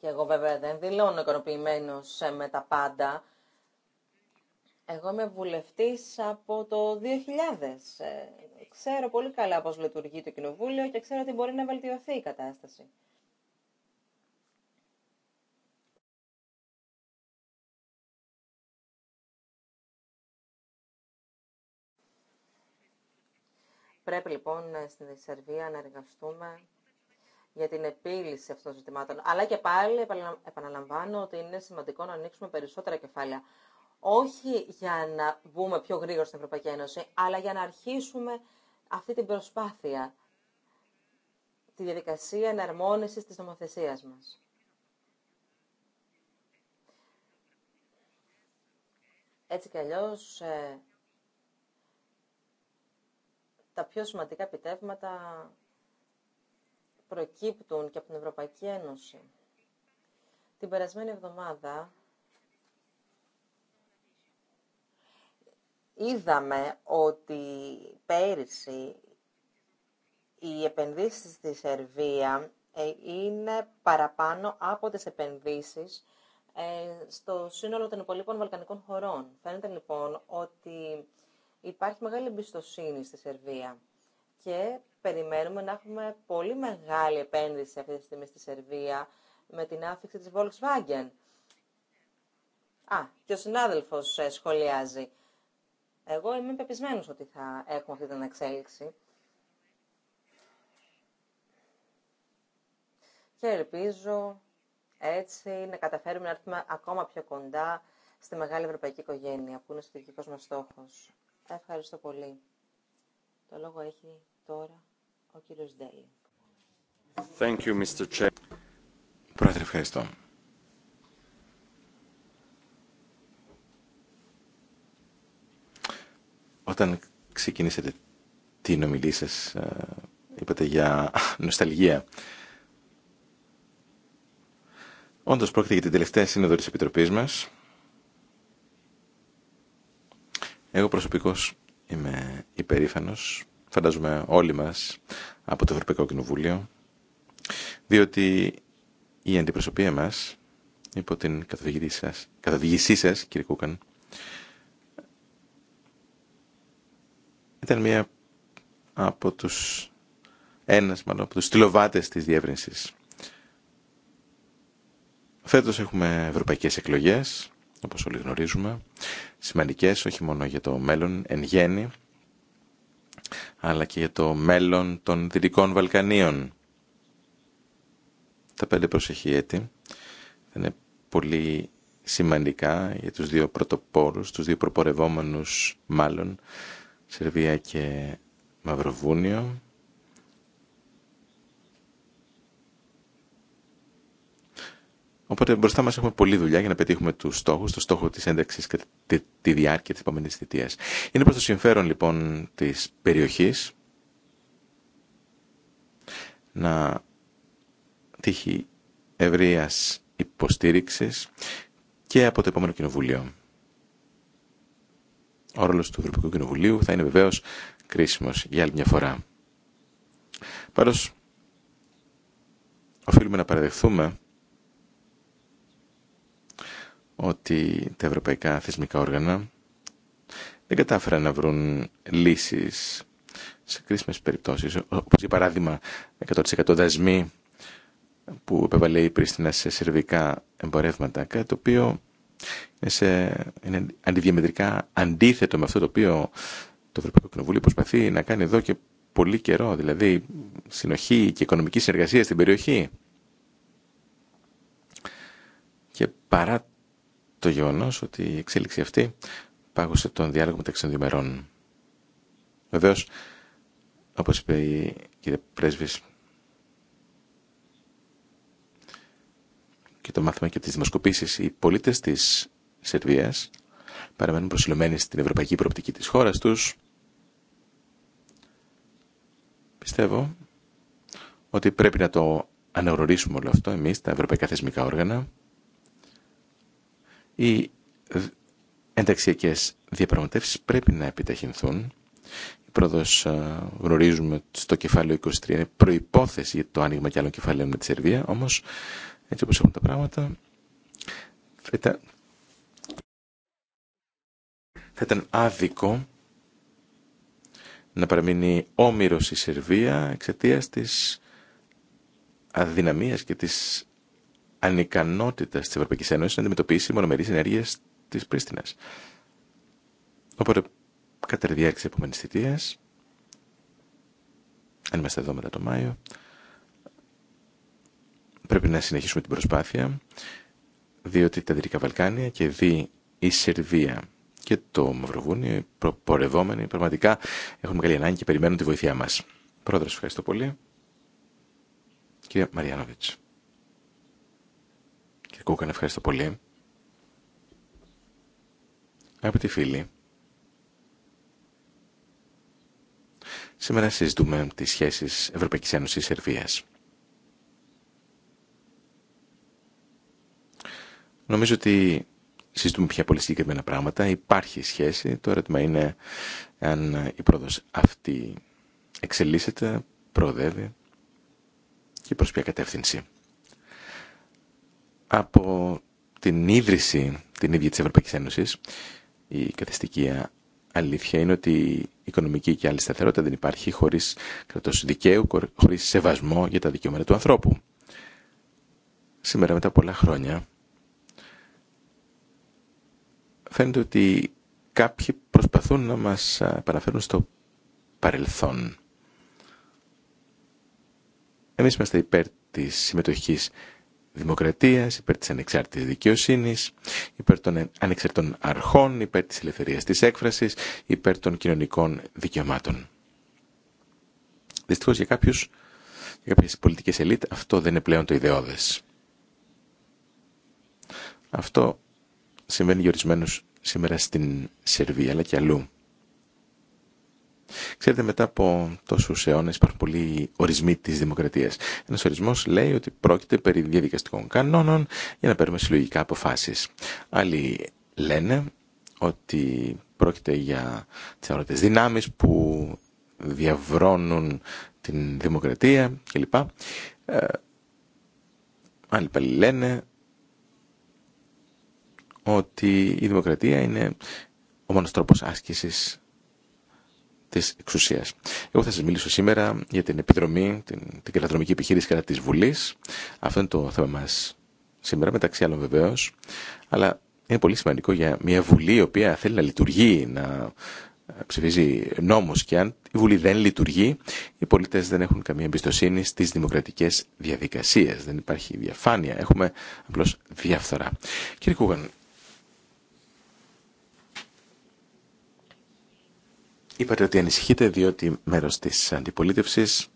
Και εγώ βέβαια δεν δηλώνω ικανοποιημένο ε, με τα πάντα. Εγώ είμαι βουλευτής από το 2000. Ε, ξέρω πολύ καλά πώς λειτουργεί το Κοινοβούλιο και ξέρω ότι μπορεί να βελτιωθεί η κατάσταση. Πρέπει λοιπόν στην Σερβία να εργαστούμε για την επίλυση αυτών των ζητημάτων. Αλλά και πάλι επαναλαμβάνω ότι είναι σημαντικό να ανοίξουμε περισσότερα κεφάλαια. Όχι για να μπούμε πιο γρήγορα στην Ευρωπαϊκή Ένωση, αλλά για να αρχίσουμε αυτή την προσπάθεια, τη διαδικασία εναρμόνισης της νομοθεσίας μας. Έτσι κι αλλιώς, ε, τα πιο σημαντικά επιτεύγματα προκύπτουν και από την Ευρωπαϊκή Ένωση. Την περασμένη εβδομάδα είδαμε ότι πέρυσι οι επενδύσεις στη Σερβία ε, είναι παραπάνω από τις επενδύσεις ε, στο σύνολο των υπολείπων βαλκανικών χωρών. Φαίνεται λοιπόν ότι Υπάρχει μεγάλη εμπιστοσύνη στη Σερβία και περιμένουμε να έχουμε πολύ μεγάλη επένδυση αυτή τη στιγμή στη Σερβία με την άφηξη της Volkswagen. Α, και ο συνάδελφος ε, σχολιάζει. Εγώ είμαι πεπισμένος ότι θα έχουμε αυτή την εξέλιξη. Και ελπίζω έτσι να καταφέρουμε να έρθουμε ακόμα πιο κοντά στη μεγάλη ευρωπαϊκή οικογένεια, που είναι ο στρατηγικός μας στόχος ευχαριστώ πολύ. Το λόγο έχει τώρα ο κύριος Ντέλη. Πρόεδρε, ευχαριστώ. Όταν ξεκινήσατε την ομιλή σας, ε, είπατε για νοσταλγία. Όντως πρόκειται για την τελευταία σύνοδο της Επιτροπής μας, Εγώ προσωπικώς είμαι υπερήφανος, φαντάζομαι όλοι μας, από το Ευρωπαϊκό Κοινοβούλιο, διότι η αντιπροσωπεία μας, υπό την σας, καθοδηγήσή σας, κύριε Κούκαν, ήταν μία από τους ένας μάλλον από τους στυλοβάτες της διεύρυνσης. Φέτος έχουμε ευρωπαϊκές εκλογές όπως όλοι γνωρίζουμε, σημαντικές όχι μόνο για το μέλλον εν γέννη, αλλά και για το μέλλον των Δυτικών Βαλκανίων. Τα πέντε προσεχή έτη είναι πολύ σημαντικά για τους δύο πρωτοπόρους, τους δύο προπορευόμενους μάλλον, Σερβία και Μαυροβούνιο. Οπότε μπροστά μα έχουμε πολλή δουλειά για να πετύχουμε του στόχου, το στόχο τη ένταξη και τη διάρκεια τη επόμενη θητεία. Είναι προς το συμφέρον λοιπόν της περιοχής να τύχει ευρεία υποστήριξη και από το επόμενο κοινοβούλιο. Ο ρόλο του Ευρωπαϊκού Κοινοβουλίου θα είναι βεβαίω κρίσιμο για άλλη μια φορά. Πάντω, οφείλουμε να παραδεχθούμε ότι τα ευρωπαϊκά θεσμικά όργανα δεν κατάφεραν να βρουν λύσεις σε κρίσιμες περιπτώσεις, όπως για παράδειγμα 100% δασμοί που επέβαλε η Πρίστινα σε σερβικά εμπορεύματα, κάτι το οποίο είναι, σε, είναι αντιδιαμετρικά αντίθετο με αυτό το οποίο το Ευρωπαϊκό Κοινοβούλιο προσπαθεί να κάνει εδώ και πολύ καιρό, δηλαδή συνοχή και οικονομική συνεργασία στην περιοχή. Και παρά το γεγονός ότι η εξέλιξη αυτή πάγωσε τον διάλογο μεταξύ των διμερών. Βεβαίω, όπως είπε η κυρία Πρέσβης, και το μάθαμε και από τις δημοσκοπήσεις, οι πολίτες της Σερβίας παραμένουν προσιλωμένοι στην ευρωπαϊκή προοπτική της χώρας τους. Πιστεύω ότι πρέπει να το αναγνωρίσουμε όλο αυτό εμείς, τα ευρωπαϊκά θεσμικά όργανα, οι ενταξιακές διαπραγματεύσεις πρέπει να επιταχυνθούν. Η πρόοδος γνωρίζουμε στο κεφάλαιο 23 είναι προϋπόθεση για το άνοιγμα και άλλων κεφαλαίων με τη Σερβία, όμως έτσι όπως έχουν τα πράγματα θα ήταν, άδικο να παραμείνει όμοιρος η Σερβία εξαιτία της αδυναμίας και της Ανυκανότητα τη Ευρωπαϊκή Ένωση να αντιμετωπίσει μονομερεί ενέργειε τη Πρίστινας. Οπότε, κατά τη διάρκεια τη επόμενη θητεία, αν είμαστε εδώ μετά το Μάιο, πρέπει να συνεχίσουμε την προσπάθεια, διότι τα Δυτικά Βαλκάνια και δι η Σερβία και το Μαυροβούνιο, οι προπορευόμενοι, πραγματικά έχουν μεγάλη ανάγκη και περιμένουν τη βοήθειά μας. Πρόεδρος, ευχαριστώ πολύ. Κύριε Μαριάνοβιτς. Κούκαν, ευχαριστώ πολύ. Αγαπητοί φίλοι, σήμερα συζητούμε τις σχέσεις Ευρωπαϊκής Ένωσης Σερβίας. Νομίζω ότι συζητούμε πια πολύ συγκεκριμένα πράγματα. Υπάρχει σχέση. Το ερώτημα είναι αν η πρόοδος αυτή εξελίσσεται, προοδεύει και προς ποια κατεύθυνση από την ίδρυση την ίδια της Ευρωπαϊκής Ένωσης η καθεστική αλήθεια είναι ότι η οικονομική και άλλη σταθερότητα δεν υπάρχει χωρίς κρατός δικαίου, χωρίς σεβασμό για τα δικαιώματα του ανθρώπου. Σήμερα μετά πολλά χρόνια φαίνεται ότι κάποιοι προσπαθούν να μας παραφέρουν στο παρελθόν. Εμείς είμαστε υπέρ της συμμετοχής δημοκρατίας, υπέρ της ανεξάρτητης δικαιοσύνης, υπέρ των ανεξαρτών αρχών, υπέρ της ελευθερίας της έκφρασης, υπέρ των κοινωνικών δικαιωμάτων. Δυστυχώς για κάποιους, για κάποιες πολιτικές ελίτ, αυτό δεν είναι πλέον το ιδεώδες. Αυτό συμβαίνει για ορισμένους σήμερα στην Σερβία, αλλά και αλλού. Ξέρετε, μετά από τόσου αιώνε υπάρχουν πολλοί ορισμοί τη δημοκρατία. Ένα ορισμό λέει ότι πρόκειται περί διαδικαστικών κανόνων για να παίρνουμε συλλογικά αποφάσει. Άλλοι λένε ότι πρόκειται για τι αγρότε δυνάμει που διαβρώνουν την δημοκρατία κλπ. Ε, άλλοι πάλι λένε ότι η δημοκρατία είναι ο μόνος τρόπος άσκησης της εξουσίας. Εγώ θα σας μιλήσω σήμερα για την επιδρομή, την, την επιχείρηση κατά της Βουλής. Αυτό είναι το θέμα μας σήμερα, μεταξύ άλλων βεβαίω, αλλά είναι πολύ σημαντικό για μια Βουλή η οποία θέλει να λειτουργεί, να ε, ψηφίζει νόμους και αν η Βουλή δεν λειτουργεί, οι πολίτες δεν έχουν καμία εμπιστοσύνη στις δημοκρατικές διαδικασίες. Δεν υπάρχει διαφάνεια, έχουμε απλώς διαφθορά. Κύριε Είπατε ότι ανησυχείτε διότι μέρος της αντιπολίτευσης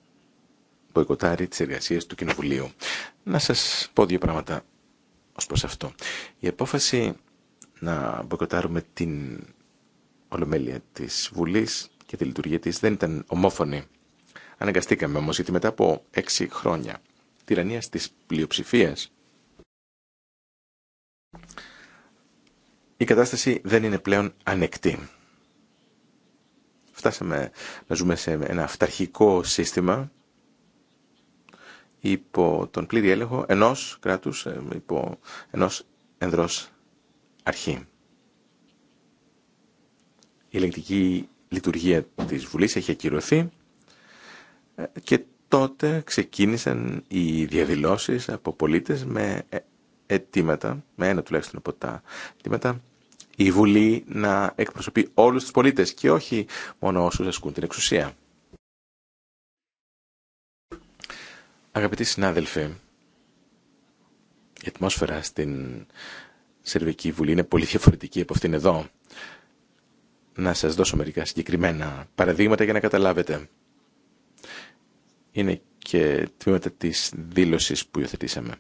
μποϊκοτάρει τις εργασίες του Κοινοβουλίου. Να σας πω δύο πράγματα ως προς αυτό. Η απόφαση να μποϊκοτάρουμε την ολομέλεια της Βουλής και τη λειτουργία της δεν ήταν ομόφωνη. Αναγκαστήκαμε όμως γιατί μετά από έξι χρόνια τυραννίας της πλειοψηφίας η κατάσταση δεν είναι πλέον ανεκτή φτάσαμε να ζούμε σε ένα αυταρχικό σύστημα υπό τον πλήρη έλεγχο ενός κράτους, ε, υπό ενός ενδρός αρχή. Η ελεγκτική λειτουργία της Βουλής έχει ακυρωθεί ε, και τότε ξεκίνησαν οι διαδηλώσεις από πολίτες με ε, αιτήματα, με ένα τουλάχιστον από τα αιτήματα, η Βουλή να εκπροσωπεί όλους τους πολίτες και όχι μόνο όσους ασκούν την εξουσία. Αγαπητοί συνάδελφοι, η ατμόσφαιρα στην Σερβική Βουλή είναι πολύ διαφορετική από αυτήν εδώ. Να σας δώσω μερικά συγκεκριμένα παραδείγματα για να καταλάβετε. Είναι και τμήματα της δήλωσης που υιοθετήσαμε.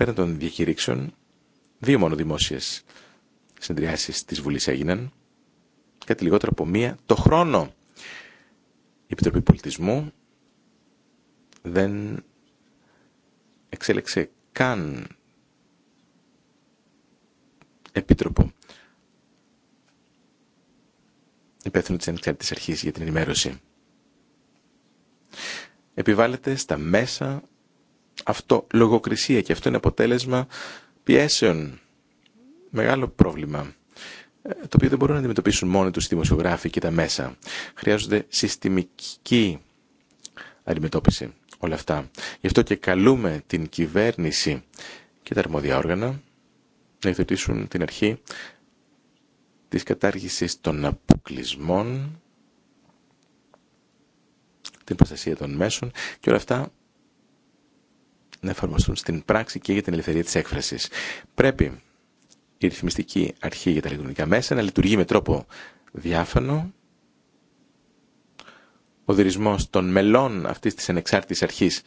πέραν των διακηρύξεων, δύο μόνο δημόσιε συνεδριάσεις της Βουλής έγιναν, κάτι λιγότερο από μία το χρόνο. Η Επιτροπή Πολιτισμού δεν εξέλεξε καν επίτροπο υπεύθυνο της ανεξάρτητης αρχής για την ενημέρωση. Επιβάλλεται στα μέσα αυτό λογοκρισία και αυτό είναι αποτέλεσμα πιέσεων. Μεγάλο πρόβλημα ε, το οποίο δεν μπορούν να αντιμετωπίσουν μόνοι του οι δημοσιογράφοι και τα μέσα. Χρειάζονται συστημική αντιμετώπιση όλα αυτά. Γι' αυτό και καλούμε την κυβέρνηση και τα αρμόδια όργανα να υιοθετήσουν την αρχή της κατάργησης των αποκλεισμών, την προστασία των μέσων και όλα αυτά να εφαρμοστούν στην πράξη και για την ελευθερία τη έκφραση. Πρέπει η ρυθμιστική αρχή για τα ηλεκτρονικά μέσα να λειτουργεί με τρόπο διάφανο. Ο διορισμός των μελών αυτής της ενεξάρτητης αρχής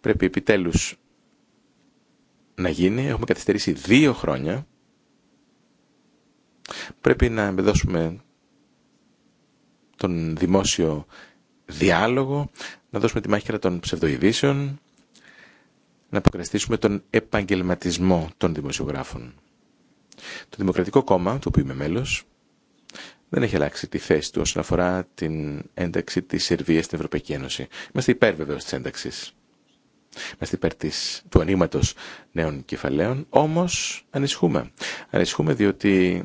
πρέπει επιτέλους να γίνει. Έχουμε καθυστερήσει δύο χρόνια. Πρέπει να εμπεδώσουμε τον δημόσιο διάλογο, να δώσουμε τη μάχη των ψευδοειδήσεων, να αποκραστήσουμε τον επαγγελματισμό των δημοσιογράφων. Το Δημοκρατικό Κόμμα, το οποίο είμαι μέλος, δεν έχει αλλάξει τη θέση του όσον αφορά την ένταξη της Σερβία στην Ευρωπαϊκή Ένωση. Είμαστε υπέρ βεβαίω τη ένταξης. Είμαστε υπέρ του ανοίγματο νέων κεφαλαίων, όμως ανησυχούμε. Ανησυχούμε διότι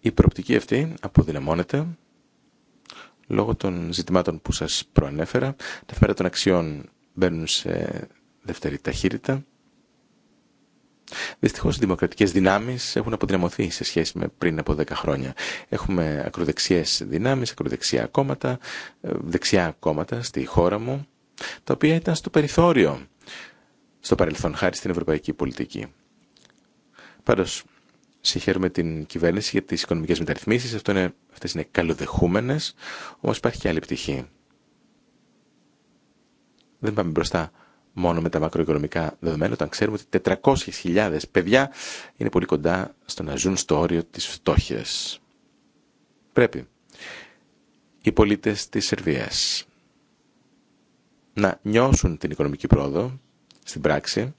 η προοπτική αυτή αποδυναμώνεται Λόγω των ζητημάτων που σας προανέφερα, τα φέρα των αξιών μπαίνουν σε δεύτερη ταχύτητα. Δυστυχώ οι δημοκρατικές δυνάμεις έχουν αποδυναμωθεί σε σχέση με πριν από 10 χρόνια. Έχουμε ακροδεξιές δυνάμεις, ακροδεξιά κόμματα, ε, δεξιά κόμματα στη χώρα μου, τα οποία ήταν στο περιθώριο στο παρελθόν χάρη στην ευρωπαϊκή πολιτική. Πάντως, συγχαίρουμε την κυβέρνηση για τις οικονομικές μεταρρυθμίσεις, Αυτό είναι, αυτές είναι καλοδεχούμενες, όμως υπάρχει και άλλη πτυχή. Δεν πάμε μπροστά μόνο με τα μακροοικονομικά δεδομένα, όταν ξέρουμε ότι 400.000 παιδιά είναι πολύ κοντά στο να ζουν στο όριο της φτώχειας. Πρέπει οι πολίτες της Σερβίας να νιώσουν την οικονομική πρόοδο στην πράξη,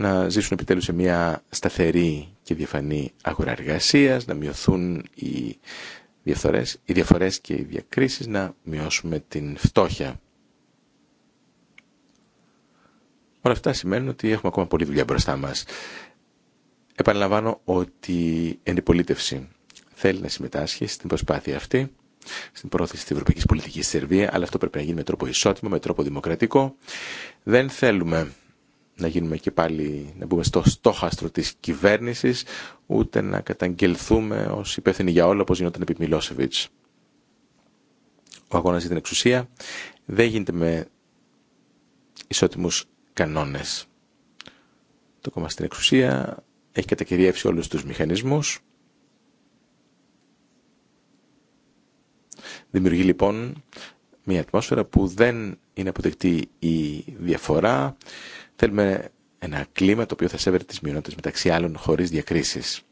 να ζήσουν επιτέλους σε μια σταθερή και διαφανή αγορά εργασία, να μειωθούν οι διαφορές, οι διαφορές και οι διακρίσεις, να μειώσουμε την φτώχεια. Όλα αυτά σημαίνουν ότι έχουμε ακόμα πολλή δουλειά μπροστά μας. Επαναλαμβάνω ότι η αντιπολίτευση θέλει να συμμετάσχει στην προσπάθεια αυτή, στην πρόθεση της ευρωπαϊκής πολιτικής Σερβία, αλλά αυτό πρέπει να γίνει με τρόπο ισότιμο, με τρόπο δημοκρατικό. Δεν θέλουμε να γίνουμε και πάλι, να μπούμε στο στόχαστρο της κυβέρνησης, ούτε να καταγγελθούμε ως υπεύθυνοι για όλα όπως γινόταν επί Μιλόσεβιτς. Ο αγώνας για την εξουσία δεν γίνεται με ισότιμους κανόνες. Το κόμμα στην εξουσία έχει κατακυριεύσει όλους τους μηχανισμούς. Δημιουργεί λοιπόν μια ατμόσφαιρα που δεν είναι αποτεκτή η διαφορά, Θέλουμε ένα κλίμα το οποίο θα σέβεται τις μειονότητες μεταξύ άλλων χωρίς διακρίσεις.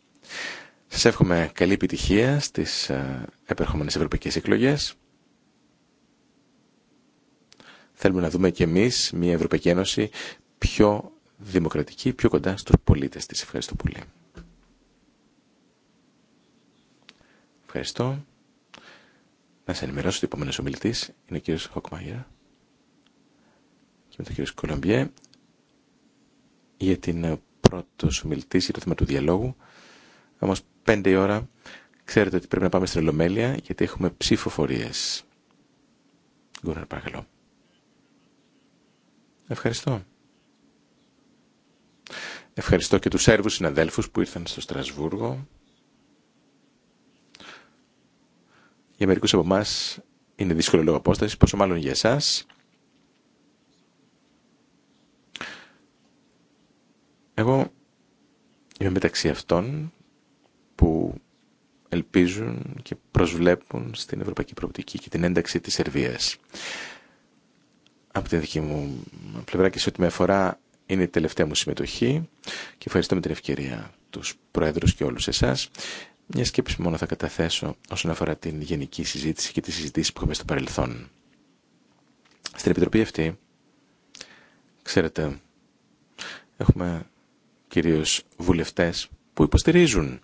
Σας εύχομαι καλή επιτυχία στις ε, επερχόμενες ευρωπαϊκές εκλογές. Θέλουμε να δούμε και εμείς μια Ευρωπαϊκή Ένωση πιο δημοκρατική, πιο κοντά στους πολίτες της. Ευχαριστώ πολύ. Ευχαριστώ. Να σε ενημερώσω ότι ο επόμενος ομιλητή είναι ο κύριο Χοκμάγερα και με ο κύριο Κολομπιέ για την ε, πρώτο ομιλητή για το θέμα του διαλόγου. Όμω, πέντε η ώρα ξέρετε ότι πρέπει να πάμε στην Ολομέλεια γιατί έχουμε ψηφοφορίε. Γκούναρ, παρακαλώ. Ευχαριστώ. Ευχαριστώ και τους Σέρβους συναδέλφους που ήρθαν στο Στρασβούργο. Για μερικούς από εμά είναι δύσκολο λόγω απόσταση, πόσο μάλλον για εσάς. Εγώ είμαι μεταξύ αυτών που ελπίζουν και προσβλέπουν στην ευρωπαϊκή προοπτική και την ένταξη της Σερβίας. Από την δική μου πλευρά και σε ό,τι με αφορά είναι η τελευταία μου συμμετοχή και ευχαριστώ με την ευκαιρία τους Προέδρους και όλους εσάς. Μια σκέψη μόνο θα καταθέσω όσον αφορά την γενική συζήτηση και τις συζητήσεις που είχαμε στο παρελθόν. Στην Επιτροπή αυτή, ξέρετε, έχουμε κυρίως βουλευτές που υποστηρίζουν,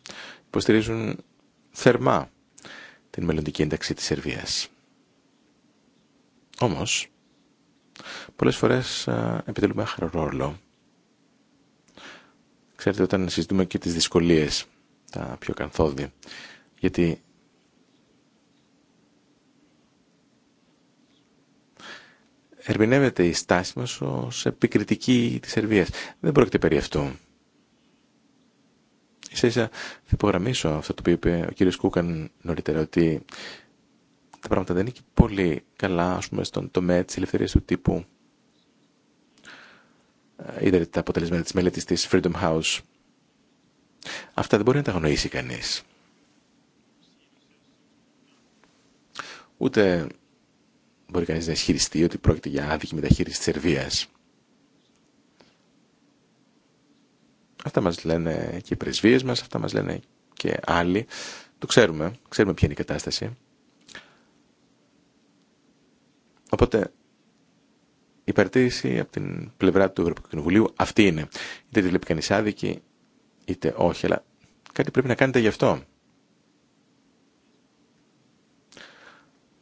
υποστηρίζουν θερμά την μελλοντική ένταξη της Σερβίας. Όμως, πολλές φορές επιτελούμε άχαρο ρόλο. Ξέρετε, όταν συζητούμε και τις δυσκολίες, τα πιο κανθόδη, γιατί ερμηνεύεται η στάση μας ως επικριτική της Σερβίας. Δεν πρόκειται περί αυτού. Ίσα ίσα θα υπογραμμίσω αυτό το οποίο είπε ο κύριος Κούκαν νωρίτερα, ότι τα πράγματα δεν είναι και πολύ καλά, ας πούμε, στον τομέα της ελευθερίας του τύπου. Ε, είδατε τα αποτελέσματα της μελέτης της Freedom House. Αυτά δεν μπορεί να τα γνωρίσει κανείς. Ούτε μπορεί κανείς να ισχυριστεί ότι πρόκειται για άδικη μεταχείριση της Σερβίας. Αυτά μας λένε και οι πρεσβείες μας, αυτά μας λένε και άλλοι. Το ξέρουμε, ξέρουμε ποια είναι η κατάσταση. Οπότε η παρατήρηση από την πλευρά του Ευρωπαϊκού Κοινοβουλίου αυτή είναι. Είτε τη βλέπει κανείς άδικη, είτε όχι, αλλά κάτι πρέπει να κάνετε γι' αυτό.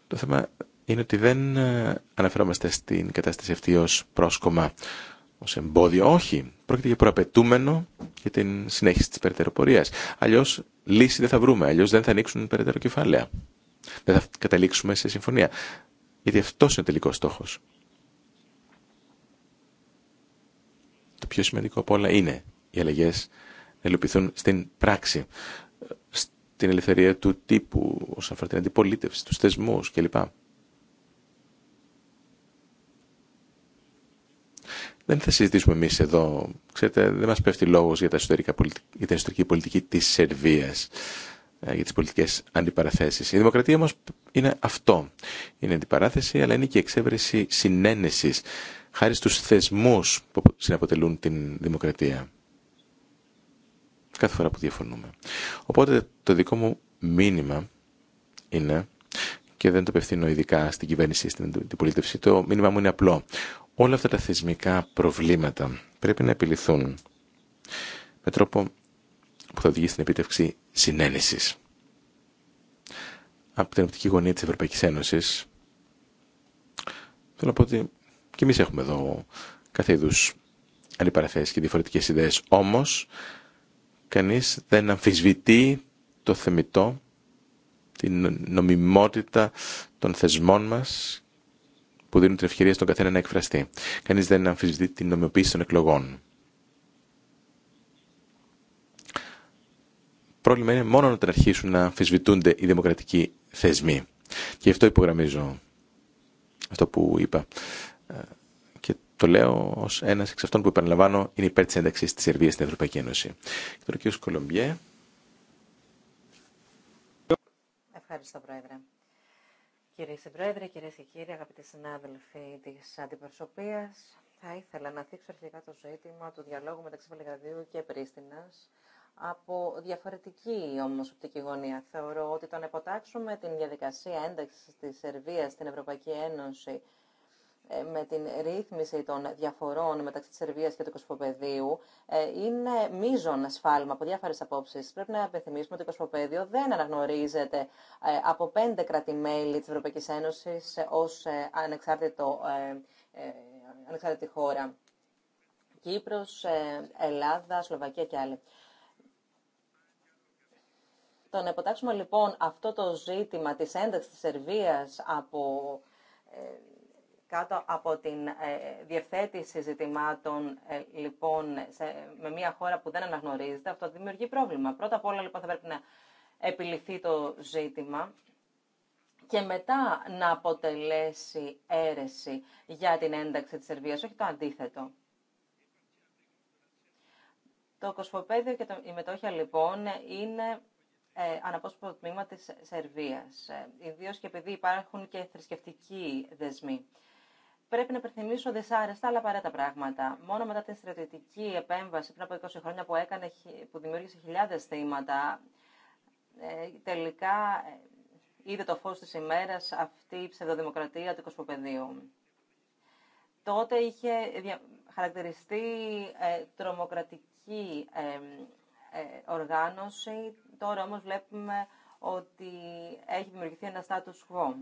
Το θέμα είναι ότι δεν ε, αναφερόμαστε στην κατάσταση αυτή ως πρόσκομα, ως εμπόδιο. Όχι, πρόκειται για προαπαιτούμενο για την συνέχιση τη περαιτέρω πορεία. Αλλιώ λύση δεν θα βρούμε, αλλιώ δεν θα ανοίξουν περαιτέρω κεφάλαια. Δεν θα καταλήξουμε σε συμφωνία. Γιατί αυτό είναι ο τελικό στόχο. Το πιο σημαντικό από όλα είναι οι αλλαγέ να ελοπιθούν στην πράξη, στην ελευθερία του τύπου, όσον αφορά την αντιπολίτευση, του θεσμού κλπ. Δεν θα συζητήσουμε εμεί εδώ. Ξέρετε, δεν μα πέφτει λόγο για, για την ιστορική πολιτική τη Σερβία, ε, για τι πολιτικέ αντιπαραθέσει. Η δημοκρατία όμω είναι αυτό. Είναι αντιπαράθεση, αλλά είναι και εξέβρεση συνένεση χάρη στου θεσμού που συναποτελούν την δημοκρατία. Κάθε φορά που διαφωνούμε. Οπότε το δικό μου μήνυμα είναι και δεν το απευθύνω ειδικά στην κυβέρνηση ή στην αντιπολίτευση. Το μήνυμά μου είναι απλό. Όλα αυτά τα θεσμικά προβλήματα πρέπει να επιληθούν με τρόπο που θα οδηγήσει στην επίτευξη συνένεσης. Από την οπτική γωνία της Ευρωπαϊκής Ένωσης θέλω να πω ότι και εμείς έχουμε εδώ κάθε είδου αντιπαραθέσεις και διαφορετικές ιδέες. Όμως, κανείς δεν αμφισβητεί το θεμητό, την νομιμότητα των θεσμών μας που δίνουν την ευκαιρία στον καθένα να εκφραστεί. Κανείς δεν αμφισβητεί την νομιοποίηση των εκλογών. Πρόβλημα είναι μόνο όταν αρχίσουν να αμφισβητούνται οι δημοκρατικοί θεσμοί. Και γι' αυτό υπογραμμίζω αυτό που είπα. Ε, και το λέω ως ένας εξ αυτών που επαναλαμβάνω είναι υπέρ τη ένταξη της Σερβία στην Ευρωπαϊκή Ένωση. Και Κολομπιέ. Ευχαριστώ, Πρόεδρε. Κύριε Συμπρόεδρε, κυρίε και κύριοι, αγαπητοί συνάδελφοι τη Αντιπροσωπεία, θα ήθελα να θίξω αρχικά το ζήτημα του διαλόγου μεταξύ Βελγαδίου και Πρίστινα από διαφορετική όμω οπτική γωνία. Θεωρώ ότι το να υποτάξουμε την διαδικασία ένταξη τη Σερβία στην Ευρωπαϊκή Ένωση ε, με την ρύθμιση των διαφορών μεταξύ τη Σερβίας και του Κοσμοπεδίου ε, είναι μείζον ασφάλμα από διάφορε απόψει. Πρέπει να επιθυμήσουμε ότι το Κοσμοπέδιο δεν αναγνωρίζεται ε, από πέντε κράτη-μέλη της Ευρωπαϊκής Ένωσης ως ανεξάρτητη χώρα. Κύπρος, Ελλάδα, Σλοβακία και άλλοι. Το να λοιπόν αυτό το ζήτημα της ένταξης της Σερβίας από κάτω από την ε, διευθέτηση ζητημάτων ε, λοιπόν σε, με μια χώρα που δεν αναγνωρίζεται, αυτό δημιουργεί πρόβλημα. Πρώτα απ' όλα λοιπόν θα πρέπει να επιληθεί το ζήτημα και μετά να αποτελέσει αίρεση για την ένταξη της Σερβίας, όχι το αντίθετο. Το κοσμοπέδιο και η μετόχια λοιπόν είναι ε, τμήμα της Σερβίας, ε, ιδίως και επειδή υπάρχουν και θρησκευτικοί δεσμοί πρέπει να υπενθυμίσω δυσάρεστα αλλά παρέτα πράγματα. Μόνο μετά την στρατιωτική επέμβαση πριν από 20 χρόνια που, έκανε, που δημιούργησε χιλιάδες θύματα, ε, τελικά ε, είδε το φως της ημέρας αυτή η ψευδοδημοκρατία του κοσμοπεδίου. Τότε είχε χαρακτηριστεί ε, τρομοκρατική οργάνωση, τώρα όμως βλέπουμε ότι έχει δημιουργηθεί ένα status quo.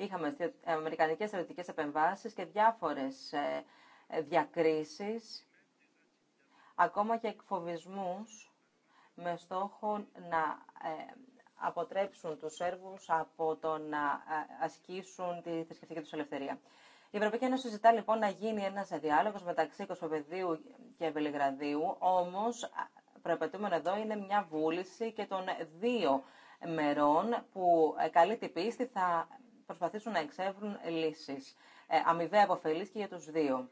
Είχαμε αμερικανικές στρατιωτικές επεμβάσεις και διάφορες ε, διακρίσεις, ακόμα και εκφοβισμούς με στόχο να ε, αποτρέψουν τους Σέρβους από το να ε, ασκήσουν τη θρησκευτική τους ελευθερία. Η Ευρωπαϊκή Ένωση ζητά λοιπόν να γίνει ένας διάλογος μεταξύ Κοσμοπεδίου και Βελιγραδίου, όμως προεπαιτούμενο εδώ είναι μια βούληση και των δύο μερών που καλή την πίστη θα προσπαθήσουν να εξεύρουν λύσεις. Ε, αμοιβαία αποφελής και για τους δύο.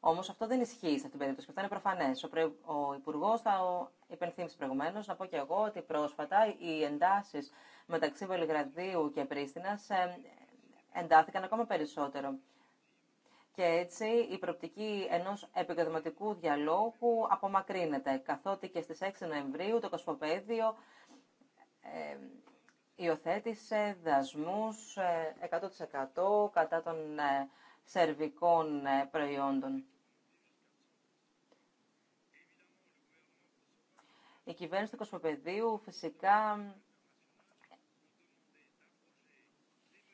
Όμω αυτό δεν ισχύει σε αυτήν την περίπτωση και αυτό είναι προφανέ. Ο, ο Υπουργό θα υπενθύμησε προηγουμένω να πω και εγώ ότι πρόσφατα οι εντάσει μεταξύ Βελιγραδίου και Πρίστινα ε, εντάθηκαν ακόμα περισσότερο. Και έτσι η προπτική ενό επικοδηματικού διαλόγου απομακρύνεται, καθότι και στι 6 Νοεμβρίου το Κοσμοπέδιο ε, υιοθέτησε δασμούς 100% ε, κατά των ε, σερβικών ε, προϊόντων. Η κυβέρνηση του Κοσμοπεδίου φυσικά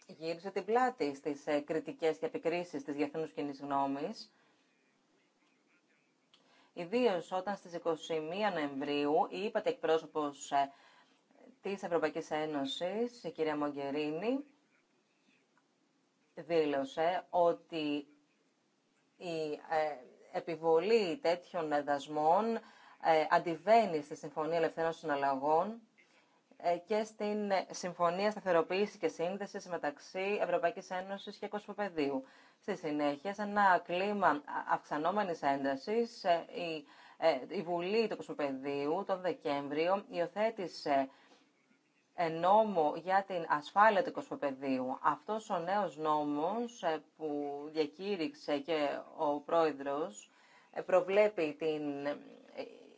γύρισε την πλάτη στις κριτικές και επικρίσεις της διεθνούς κοινής γνώμης, ιδίως όταν στις 21 Νοεμβρίου η είπατε εκπρόσωπος της Ευρωπαϊκής Ένωσης, η κυρία Μογκερίνη, δήλωσε ότι η ε, επιβολή τέτοιων δασμών ε, αντιβαίνει στη Συμφωνία Ελευθερών Συναλλαγών ε, και στην Συμφωνία Σταθεροποίηση και Σύνδεση μεταξύ Ευρωπαϊκής Ένωσης και Κοσμοπεδίου. Στη συνέχεια, σε ένα κλίμα αυξανόμενης έντασης, η Βουλή του Κοσμοπεδίου τον Δεκέμβριο υιοθέτησε ε, νόμο για την ασφάλεια του κοσμοπεδίου. Αυτός ο νέος νόμος ε, που διακήρυξε και ο πρόεδρος ε, προβλέπει την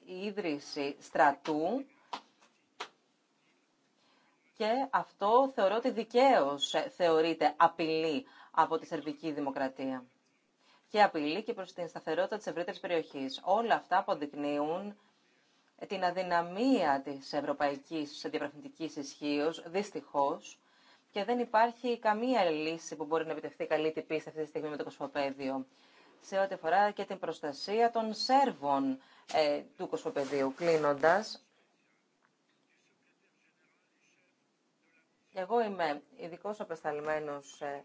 ίδρυση στρατού και αυτό θεωρώ ότι δικαίως θεωρείται απειλή από τη Σερβική Δημοκρατία και απειλή και προς την σταθερότητα της ευρύτερης περιοχής. Όλα αυτά αποδεικνύουν την αδυναμία της ευρωπαϊκής διαπραγματικής ισχύω, δυστυχώς, και δεν υπάρχει καμία λύση που μπορεί να επιτευχθεί καλή τυπή σε αυτή τη στιγμή με το κοσμοπέδιο σε ό,τι αφορά και την προστασία των Σέρβων ε, του κοσμοπεδίου. Κλείνοντας, εγώ είμαι ειδικό απεσταλμένος ε,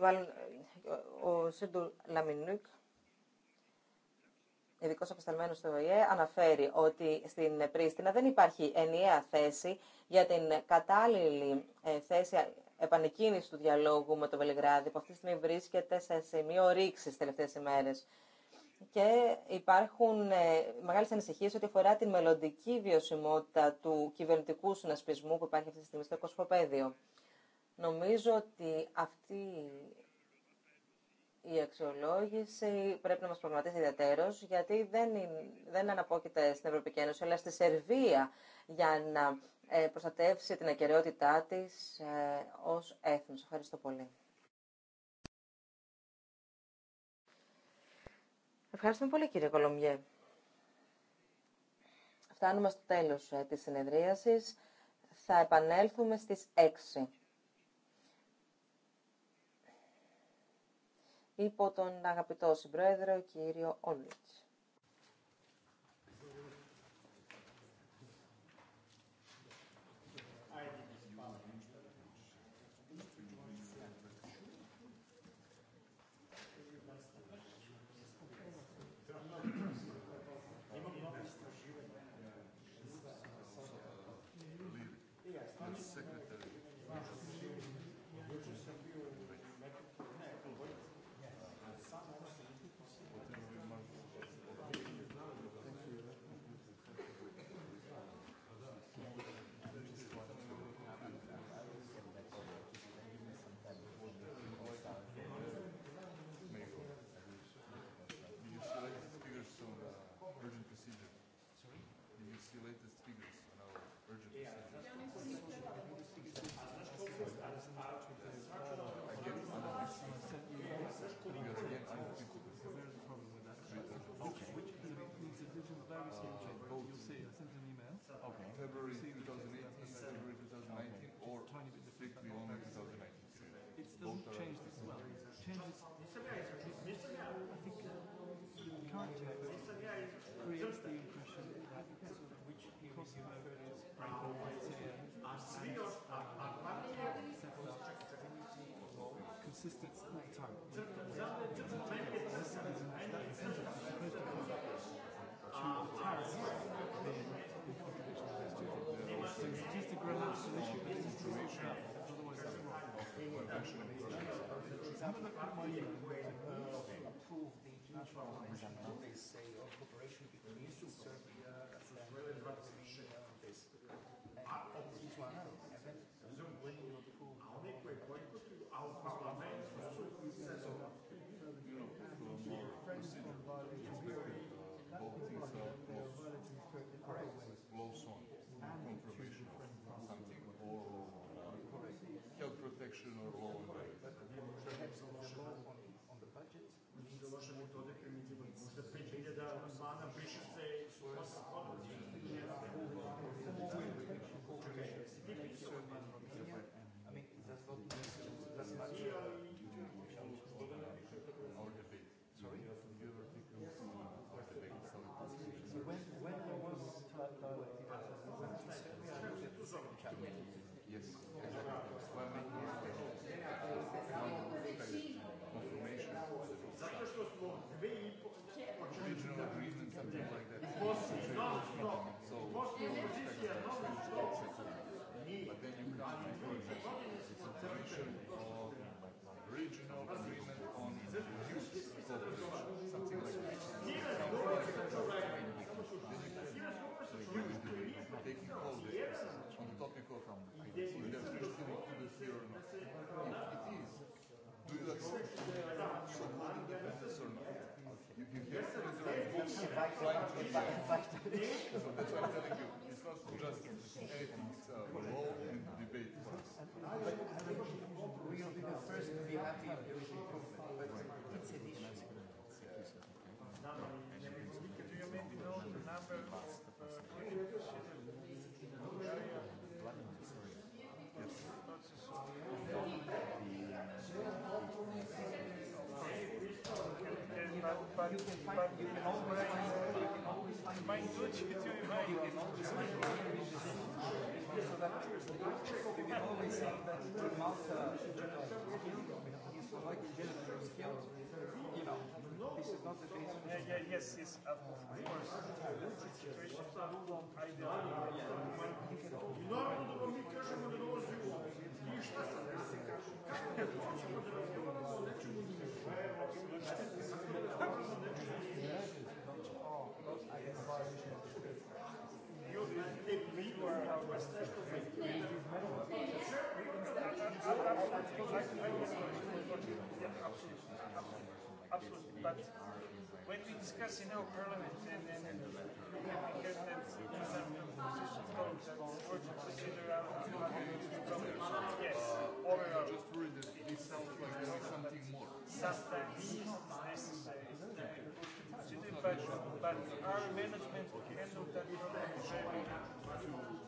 ε ο Σίντου Λαμινούκ ειδικό απεσταλμένο στο ΟΗΕ αναφέρει ότι στην Πρίστινα δεν υπάρχει ενιαία θέση για την κατάλληλη ε, θέση επανεκκίνηση του διαλόγου με το Βελιγράδι, που αυτή τη στιγμή βρίσκεται σε σημείο ρήξη τι τελευταίε ημέρε. Και υπάρχουν ε, μεγάλες ανησυχίες ότι αφορά την μελλοντική βιωσιμότητα του κυβερνητικού συνασπισμού που υπάρχει αυτή τη στιγμή στο κοσμοπέδιο. Νομίζω ότι αυτή η αξιολόγηση πρέπει να μας προβληματίσει ιδιαίτερως, γιατί δεν, δεν αναπόκειται στην Ευρωπαϊκή Ένωση, αλλά στη Σερβία για να ε, προστατεύσει την ακαιρεότητά της ε, ως έθνος. Ευχαριστώ πολύ. Ευχαριστούμε πολύ κύριε Κολομιέ. Φτάνουμε στο τέλος ε, της συνεδρίασης. Θα επανέλθουμε στις 6. υπό τον αγαπητό συμπρόεδρο κύριο Όλιτς. resolution examine approve the international organization. they say That's what you. yes, yes, of course. Не надо было мне кашем на нос его. И что с этим? Как это вообще можно разговаривать? Зачем мы не можем? Absolutely. But when we discuss in our parliament and then we have that Yes, overall. it. sounds something more. Sometimes but, but our management handled that very well.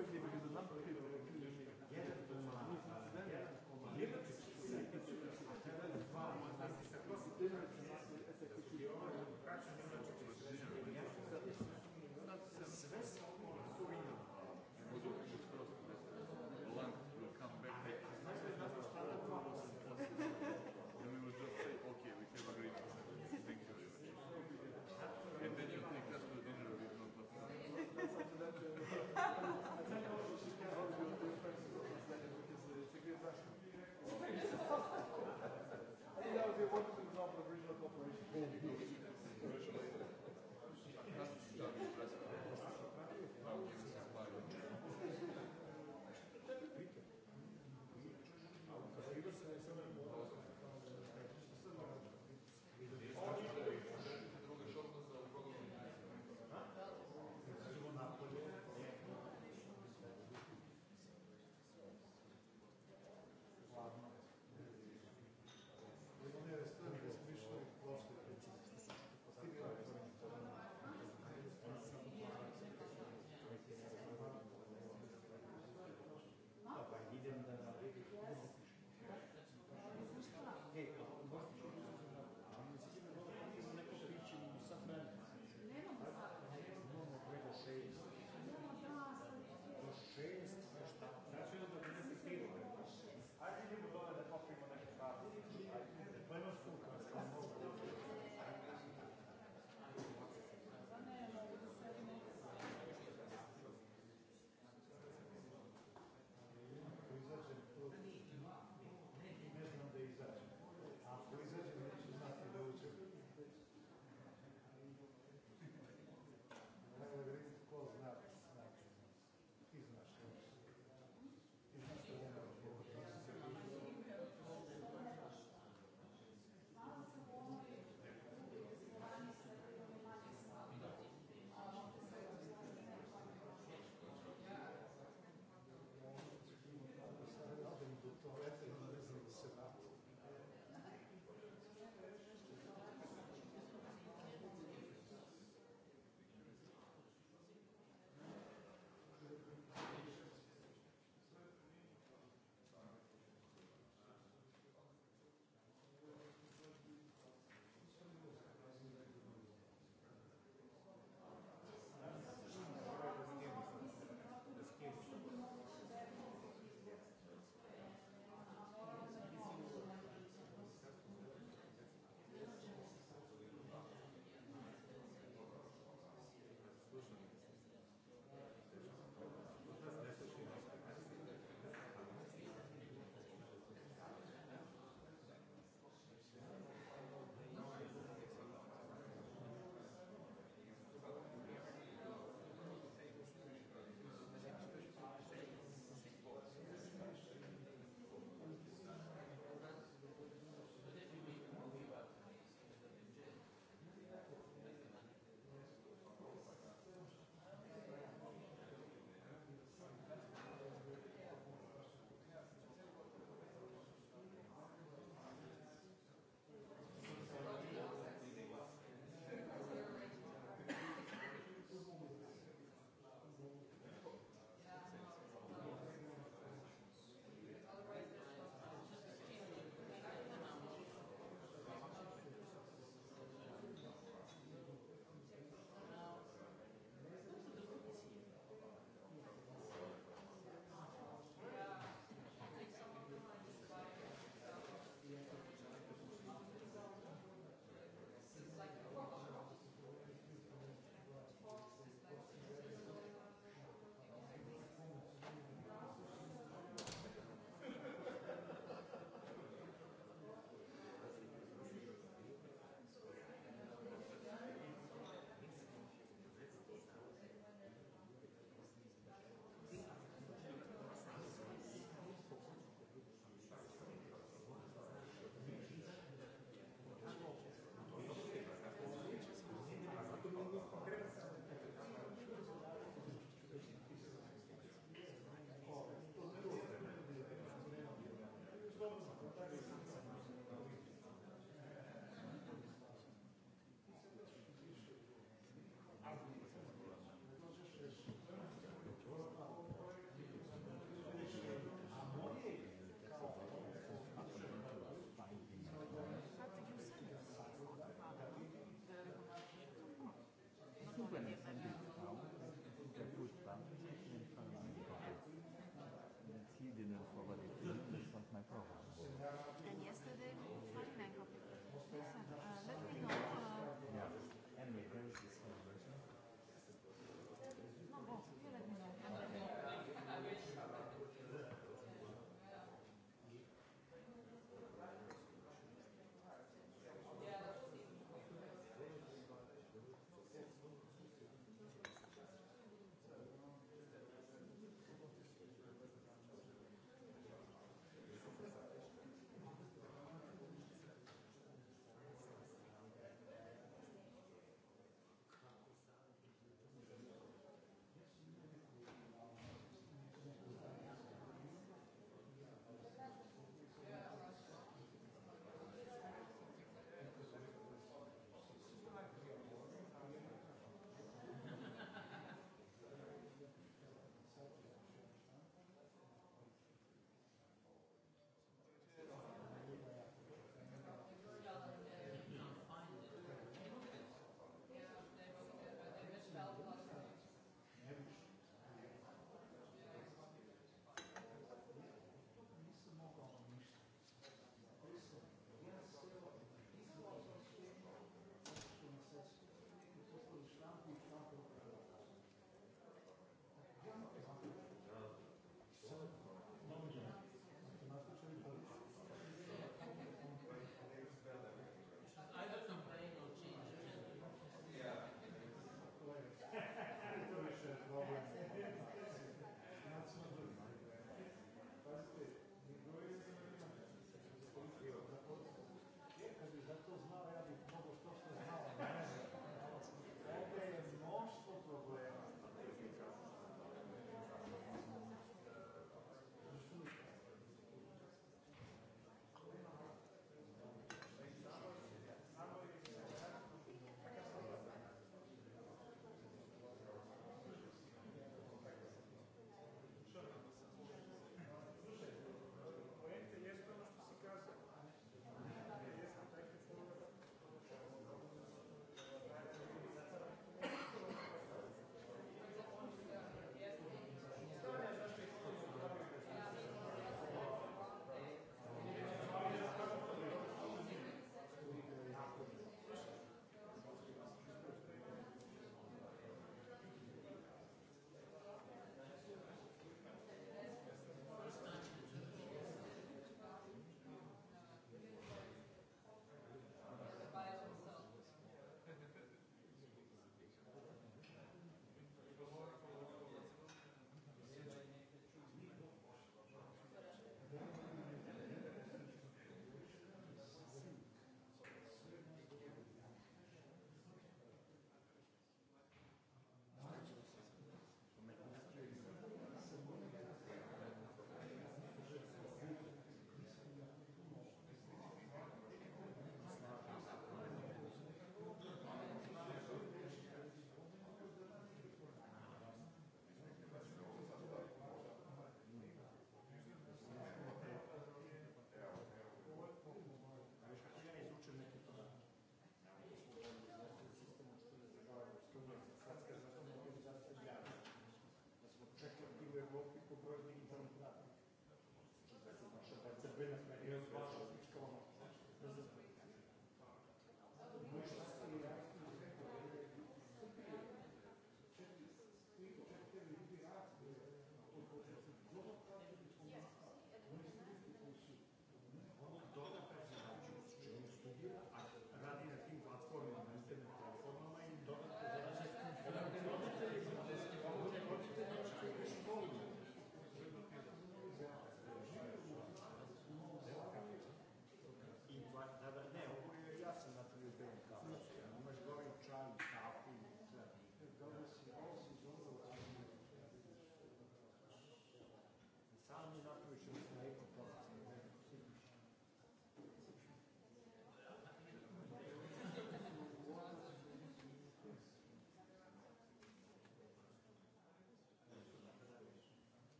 Gracias. Deus, vós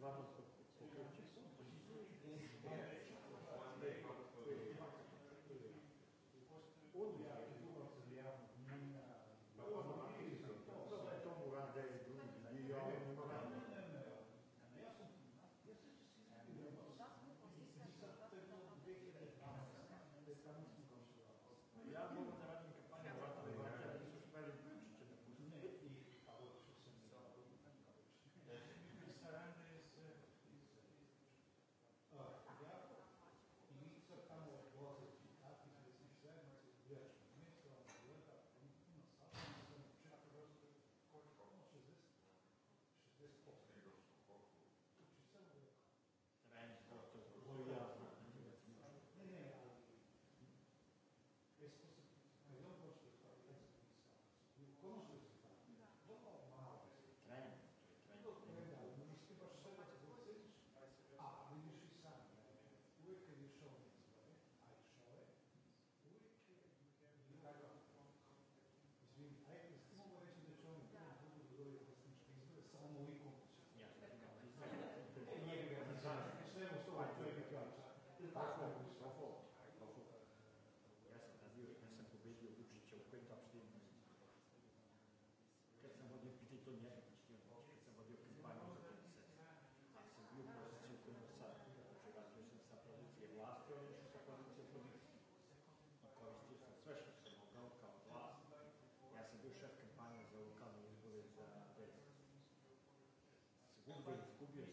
Vamos.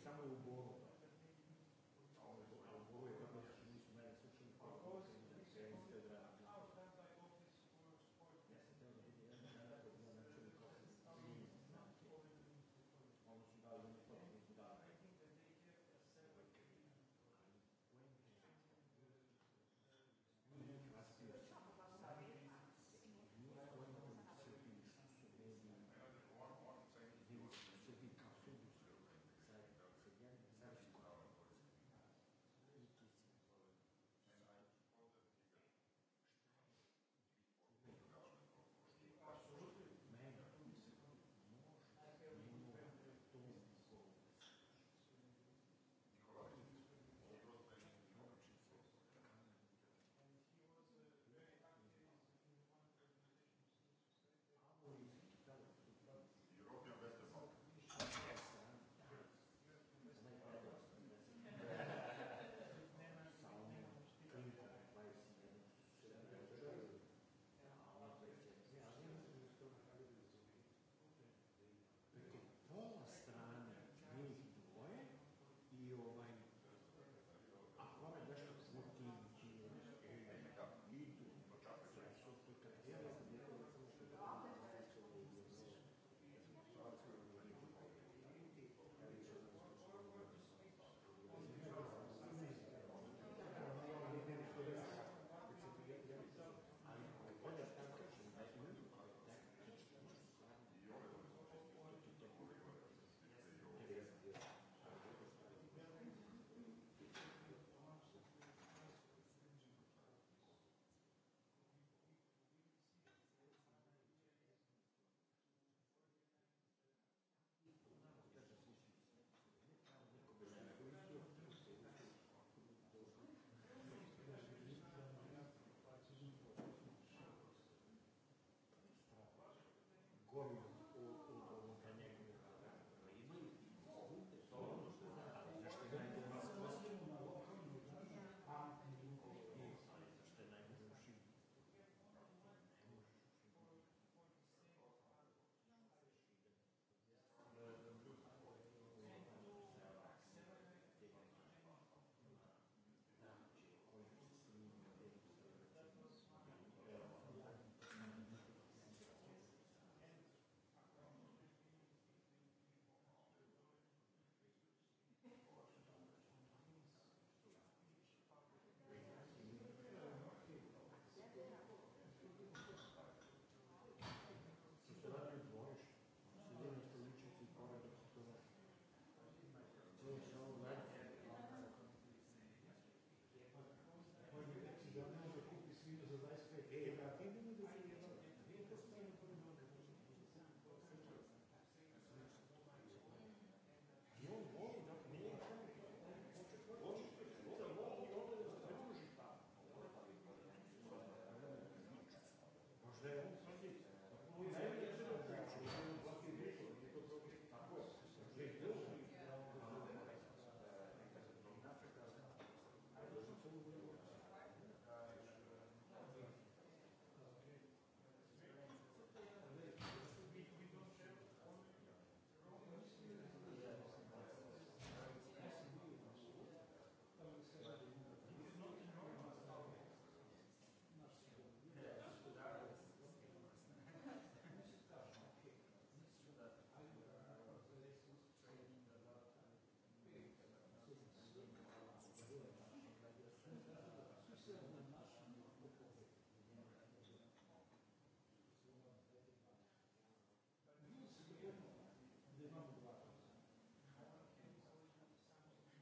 samo u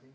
think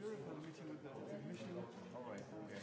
Europe, All right, okay.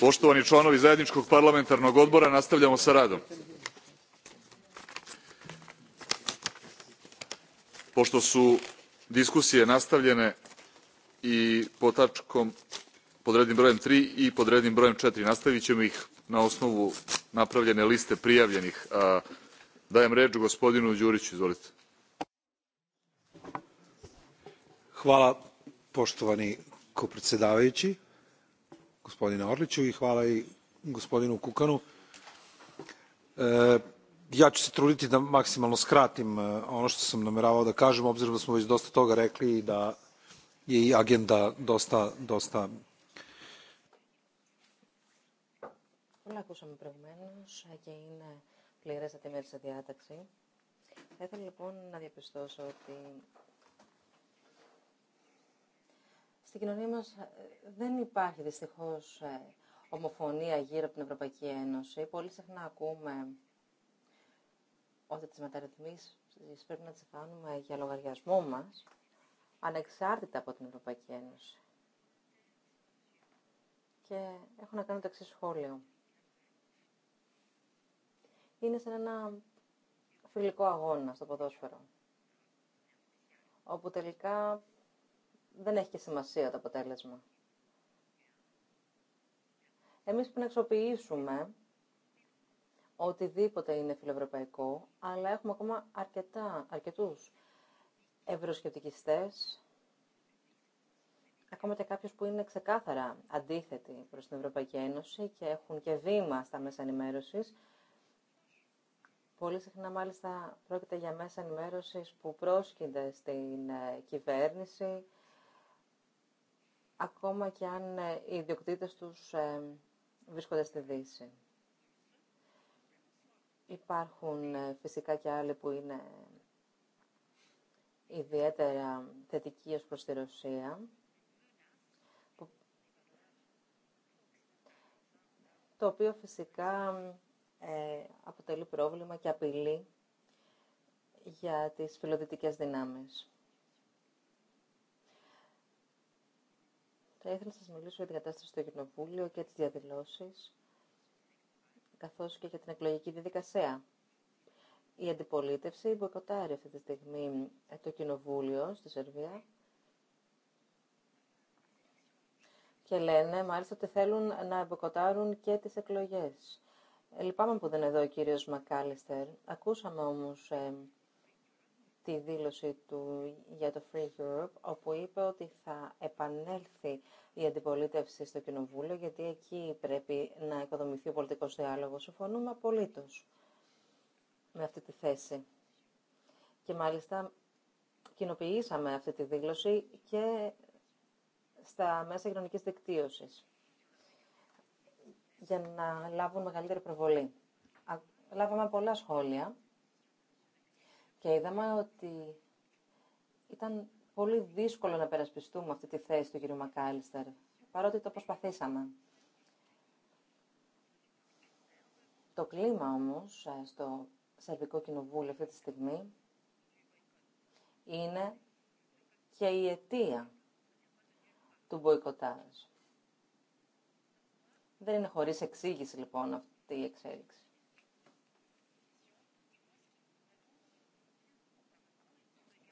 poštovani članovi zajedničkog parlamentarnog odbora nastavljamo sa radom pošto su diskusije nastavljene i po tačkom pod rednim brojem 3 i pod rednim brojem četiri nastavićemo ih na osnovu napravljene liste prijavljenih dajem reč gospodinu đuriću izvolite hvala poštovani kopredsedavajući gospodina Orliću i hvala i gospodinu Kukanu. Ja ću se truditi da maksimalno skratim ono što sam nameravao da kažem, obzirom da smo već dosta toga rekli i da je i agenda dosta, dosta Πολλά ακούσαμε προηγουμένω και είναι πληρέστατη μέρη στη διάταξη. Θα ήθελα λοιπόν να διαπιστώσω ότι στην κοινωνία μας ε, δεν υπάρχει δυστυχώς ε, ομοφωνία γύρω από την Ευρωπαϊκή Ένωση. Πολύ συχνά ακούμε ότι τις μεταρρυθμίσει πρέπει να τι κάνουμε για λογαριασμό μας, ανεξάρτητα από την Ευρωπαϊκή Ένωση. Και έχω να κάνω το εξή σχόλιο. Είναι σαν ένα φιλικό αγώνα στο ποδόσφαιρο, όπου τελικά δεν έχει και σημασία το αποτέλεσμα. Εμείς πρέπει να αξιοποιήσουμε οτιδήποτε είναι φιλοευρωπαϊκό, αλλά έχουμε ακόμα αρκετά, αρκετούς ευρωσκεπτικιστές, ακόμα και κάποιους που είναι ξεκάθαρα αντίθετοι προς την Ευρωπαϊκή Ένωση και έχουν και βήμα στα μέσα ενημέρωσης. Πολύ συχνά μάλιστα πρόκειται για μέσα ενημέρωσης που πρόσκυνται στην ε, κυβέρνηση, ακόμα και αν ε, οι ιδιοκτήτες τους ε, βρίσκονται στη Δύση. Υπάρχουν ε, φυσικά και άλλοι που είναι ιδιαίτερα θετικοί ως προς τη Ρωσία. Το οποίο φυσικά αποτελεί πρόβλημα και απειλή για τις φιλοδυτικές δυνάμεις. Θα ήθελα να σας μιλήσω για την κατάσταση στο Κοινοβούλιο και τις διαδηλώσεις, καθώς και για την εκλογική διαδικασία. Η αντιπολίτευση μποϊκοτάρει αυτή τη στιγμή ε, το Κοινοβούλιο στη Σερβία και λένε μάλιστα ότι θέλουν να μποϊκοτάρουν και τις εκλογές. Ε, λυπάμαι που δεν είναι εδώ ο κύριος Μακάλιστερ. Ακούσαμε όμως ε, τη δήλωση του για το Free Europe, όπου είπε ότι θα επανέλθει η αντιπολίτευση στο Κοινοβούλιο, γιατί εκεί πρέπει να οικοδομηθεί ο πολιτικός διάλογος. Συμφωνούμε απολύτως με αυτή τη θέση. Και μάλιστα κοινοποιήσαμε αυτή τη δήλωση και στα μέσα κοινωνικής δικτύωσης για να λάβουν μεγαλύτερη προβολή. Λάβαμε πολλά σχόλια και είδαμε ότι ήταν πολύ δύσκολο να περασπιστούμε αυτή τη θέση του κ. Μακάλιστερ, παρότι το προσπαθήσαμε. Το κλίμα όμως ε, στο Σερβικό Κοινοβούλιο αυτή τη στιγμή είναι και η αιτία του μποϊκοτάζ. Δεν είναι χωρίς εξήγηση λοιπόν αυτή η εξέλιξη.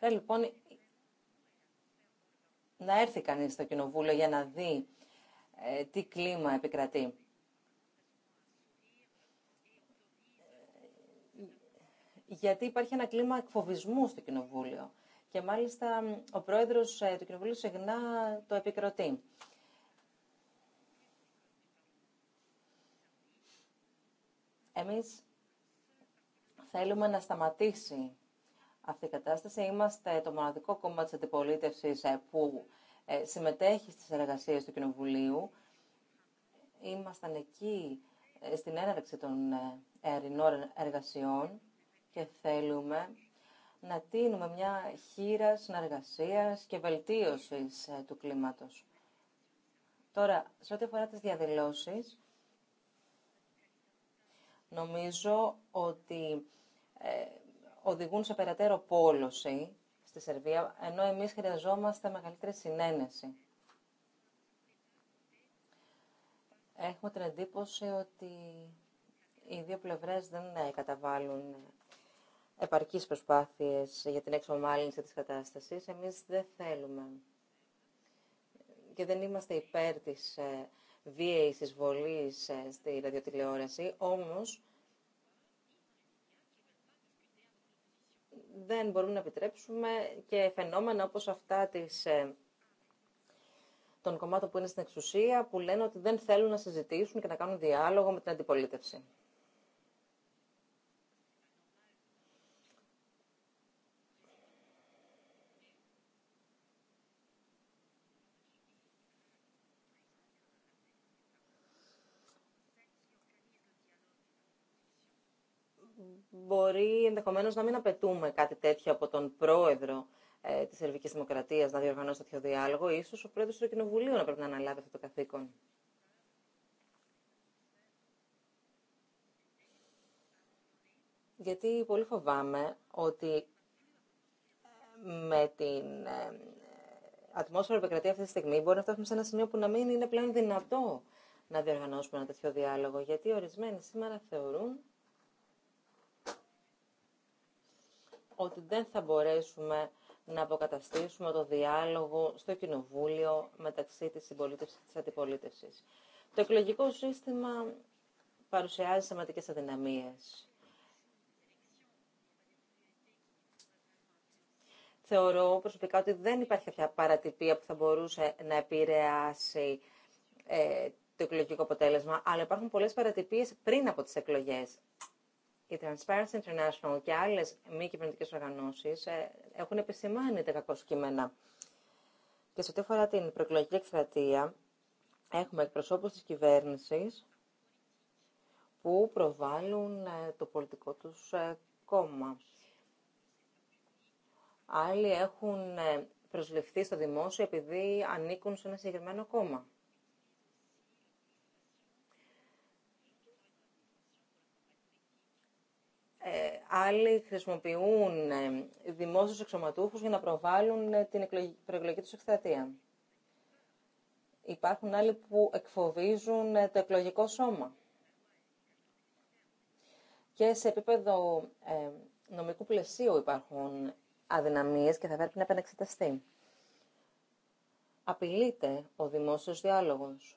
Θέλει λοιπόν να έρθει κανείς στο κοινοβούλιο για να δει ε, τι κλίμα επικρατεί. Γιατί υπάρχει ένα κλίμα εκφοβισμού στο κοινοβούλιο. Και μάλιστα ο πρόεδρος ε, του κοινοβουλίου συχνά το επικροτεί. Εμείς θέλουμε να σταματήσει αυτή η κατάσταση. Είμαστε το μοναδικό κόμμα της αντιπολίτευσης ε, που ε, συμμετέχει στις εργασίες του Κοινοβουλίου. Ήμασταν εκεί ε, στην έναρξη των ερηνών εργασιών και θέλουμε να τίνουμε μια χείρα συνεργασίας και βελτίωσης του κλίματος. Τώρα, σε ό,τι αφορά τις διαδηλώσεις, νομίζω ότι οδηγούν σε περαιτέρω πόλωση στη Σερβία, ενώ εμείς χρειαζόμαστε μεγαλύτερη συνένεση. Έχουμε την εντύπωση ότι οι δύο πλευρές δεν ε, καταβάλουν επαρκείς προσπάθειες για την εξομάλυνση της κατάστασης. Εμείς δεν θέλουμε και δεν είμαστε υπέρ της ε, βίαιης εισβολής ε, στη ραδιοτηλεόραση, όμως δεν μπορούμε να επιτρέψουμε και φαινόμενα όπως αυτά της, ε, των κομμάτων που είναι στην εξουσία που λένε ότι δεν θέλουν να συζητήσουν και να κάνουν διάλογο με την αντιπολίτευση. μπορεί ενδεχομένως να μην απαιτούμε κάτι τέτοιο από τον πρόεδρο ε, της Σερβικής Δημοκρατίας να διοργανώσει τέτοιο διάλογο. Ίσως ο πρόεδρος του Κοινοβουλίου να πρέπει να αναλάβει αυτό το καθήκον. Γιατί πολύ φοβάμαι ότι με την ε, ατμόσφαιρα που επικρατεί αυτή τη στιγμή μπορεί να φτάσουμε σε ένα σημείο που να μην είναι πλέον δυνατό να διοργανώσουμε ένα τέτοιο διάλογο. Γιατί ορισμένοι σήμερα θεωρούν ότι δεν θα μπορέσουμε να αποκαταστήσουμε το διάλογο στο Κοινοβούλιο μεταξύ της συμπολίτευσης και της αντιπολίτευσης. Το εκλογικό σύστημα παρουσιάζει σημαντικές αδυναμίες. Θεωρώ προσωπικά ότι δεν υπάρχει κάποια παρατυπία που θα μπορούσε να επηρεάσει ε, το εκλογικό αποτέλεσμα, αλλά υπάρχουν πολλές παρατυπίες πριν από τις εκλογές. Η Transparency International και άλλε μη κυβερνητικέ οργανώσει ε, έχουν επισημάνει τα κακό κείμενα. Και σε ό,τι αφορά την προεκλογική εκστρατεία, έχουμε εκπροσώπους της κυβέρνησης που προβάλλουν ε, το πολιτικό τους ε, κόμμα. Άλλοι έχουν προσληφθεί στο δημόσιο επειδή ανήκουν σε ένα συγκεκριμένο κόμμα. άλλοι χρησιμοποιούν ε, δημόσιους εξωματούχους για να προβάλλουν ε, την προεκλογική τους εκστρατεία. Υπάρχουν άλλοι που εκφοβίζουν ε, το εκλογικό σώμα. Και σε επίπεδο νομικού πλαισίου υπάρχουν αδυναμίες και θα πρέπει να επανεξεταστεί. Απειλείται ο δημόσιος διάλογος.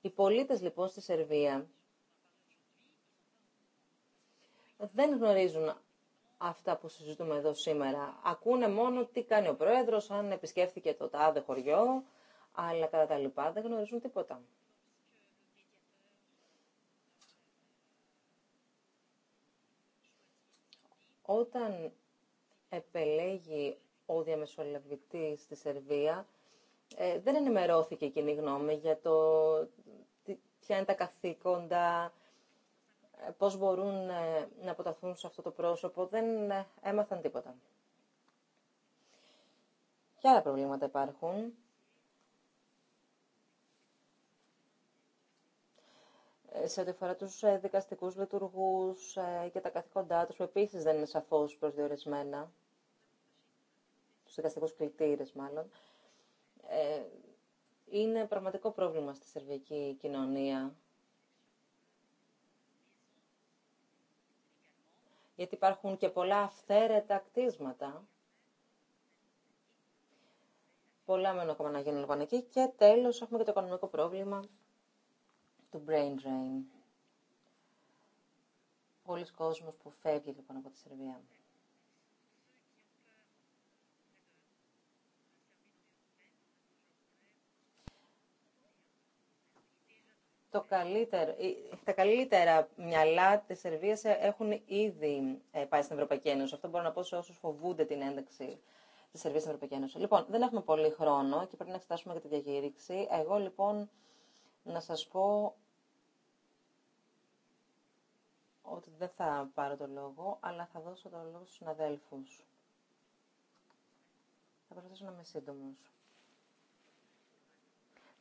Οι πολίτες λοιπόν στη Σερβία δεν γνωρίζουν αυτά που συζητούμε εδώ σήμερα. Ακούνε μόνο τι κάνει ο πρόεδρος, αν επισκέφθηκε το τάδε χωριό, αλλά κατά τα λοιπά δεν γνωρίζουν τίποτα. Όταν επελέγει ο διαμεσολαβητής στη Σερβία, ε, δεν ενημερώθηκε η κοινή γνώμη για το τι, ποια είναι τα καθήκοντα, ε, πώς μπορούν ε, να αποταθούν σε αυτό το πρόσωπο, δεν ε, έμαθαν τίποτα. Και άλλα προβλήματα υπάρχουν. Σε ό,τι αφορά τους δικαστικούς λειτουργούς και τα καθήκοντά τους, που επίσης δεν είναι σαφώς προσδιορισμένα, τους δικαστικούς κλητήρες μάλλον, είναι πραγματικό πρόβλημα στη σερβική κοινωνία γιατί υπάρχουν και πολλά αυθαίρετα κτίσματα. Πολλά μένουν ακόμα να γίνουν λοιπόν εκεί. Και τέλος έχουμε και το οικονομικό πρόβλημα του brain drain. Πολλοί κόσμος που φεύγει λοιπόν από τη Σερβία. Το καλύτερο, τα καλύτερα μυαλά τη σερβία ε, έχουν ήδη ε, πάει στην Ευρωπαϊκή Ένωση. Αυτό μπορώ να πω σε όσου φοβούνται την ένταξη τη Σερβία στην Ευρωπαϊκή Ένωση. Λοιπόν, δεν έχουμε πολύ χρόνο και πρέπει να εξετάσουμε και τη διακήρυξη. Εγώ λοιπόν να σας πω ότι δεν θα πάρω το λόγο, αλλά θα δώσω το λόγο στους συναδέλφους. Θα προσπαθήσω να είμαι σύντομος.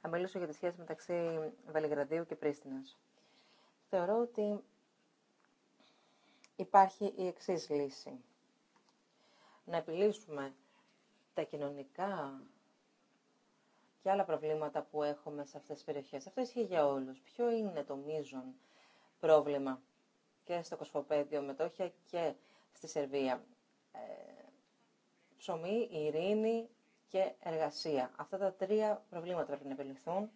Θα μιλήσω για τη σχέση μεταξύ Βελιγραδίου και Πρίστινας. Θεωρώ ότι υπάρχει η εξή λύση. Να επιλύσουμε τα κοινωνικά και άλλα προβλήματα που έχουμε σε αυτές τις περιοχές. Αυτό ισχύει για όλους. Ποιο είναι το μείζον πρόβλημα και στο Κοσμοπέδιο Μετόχια και στη Σερβία. Ε, ψωμί, ειρήνη, και εργασία. Αυτά τα τρία προβλήματα πρέπει να επιληθούν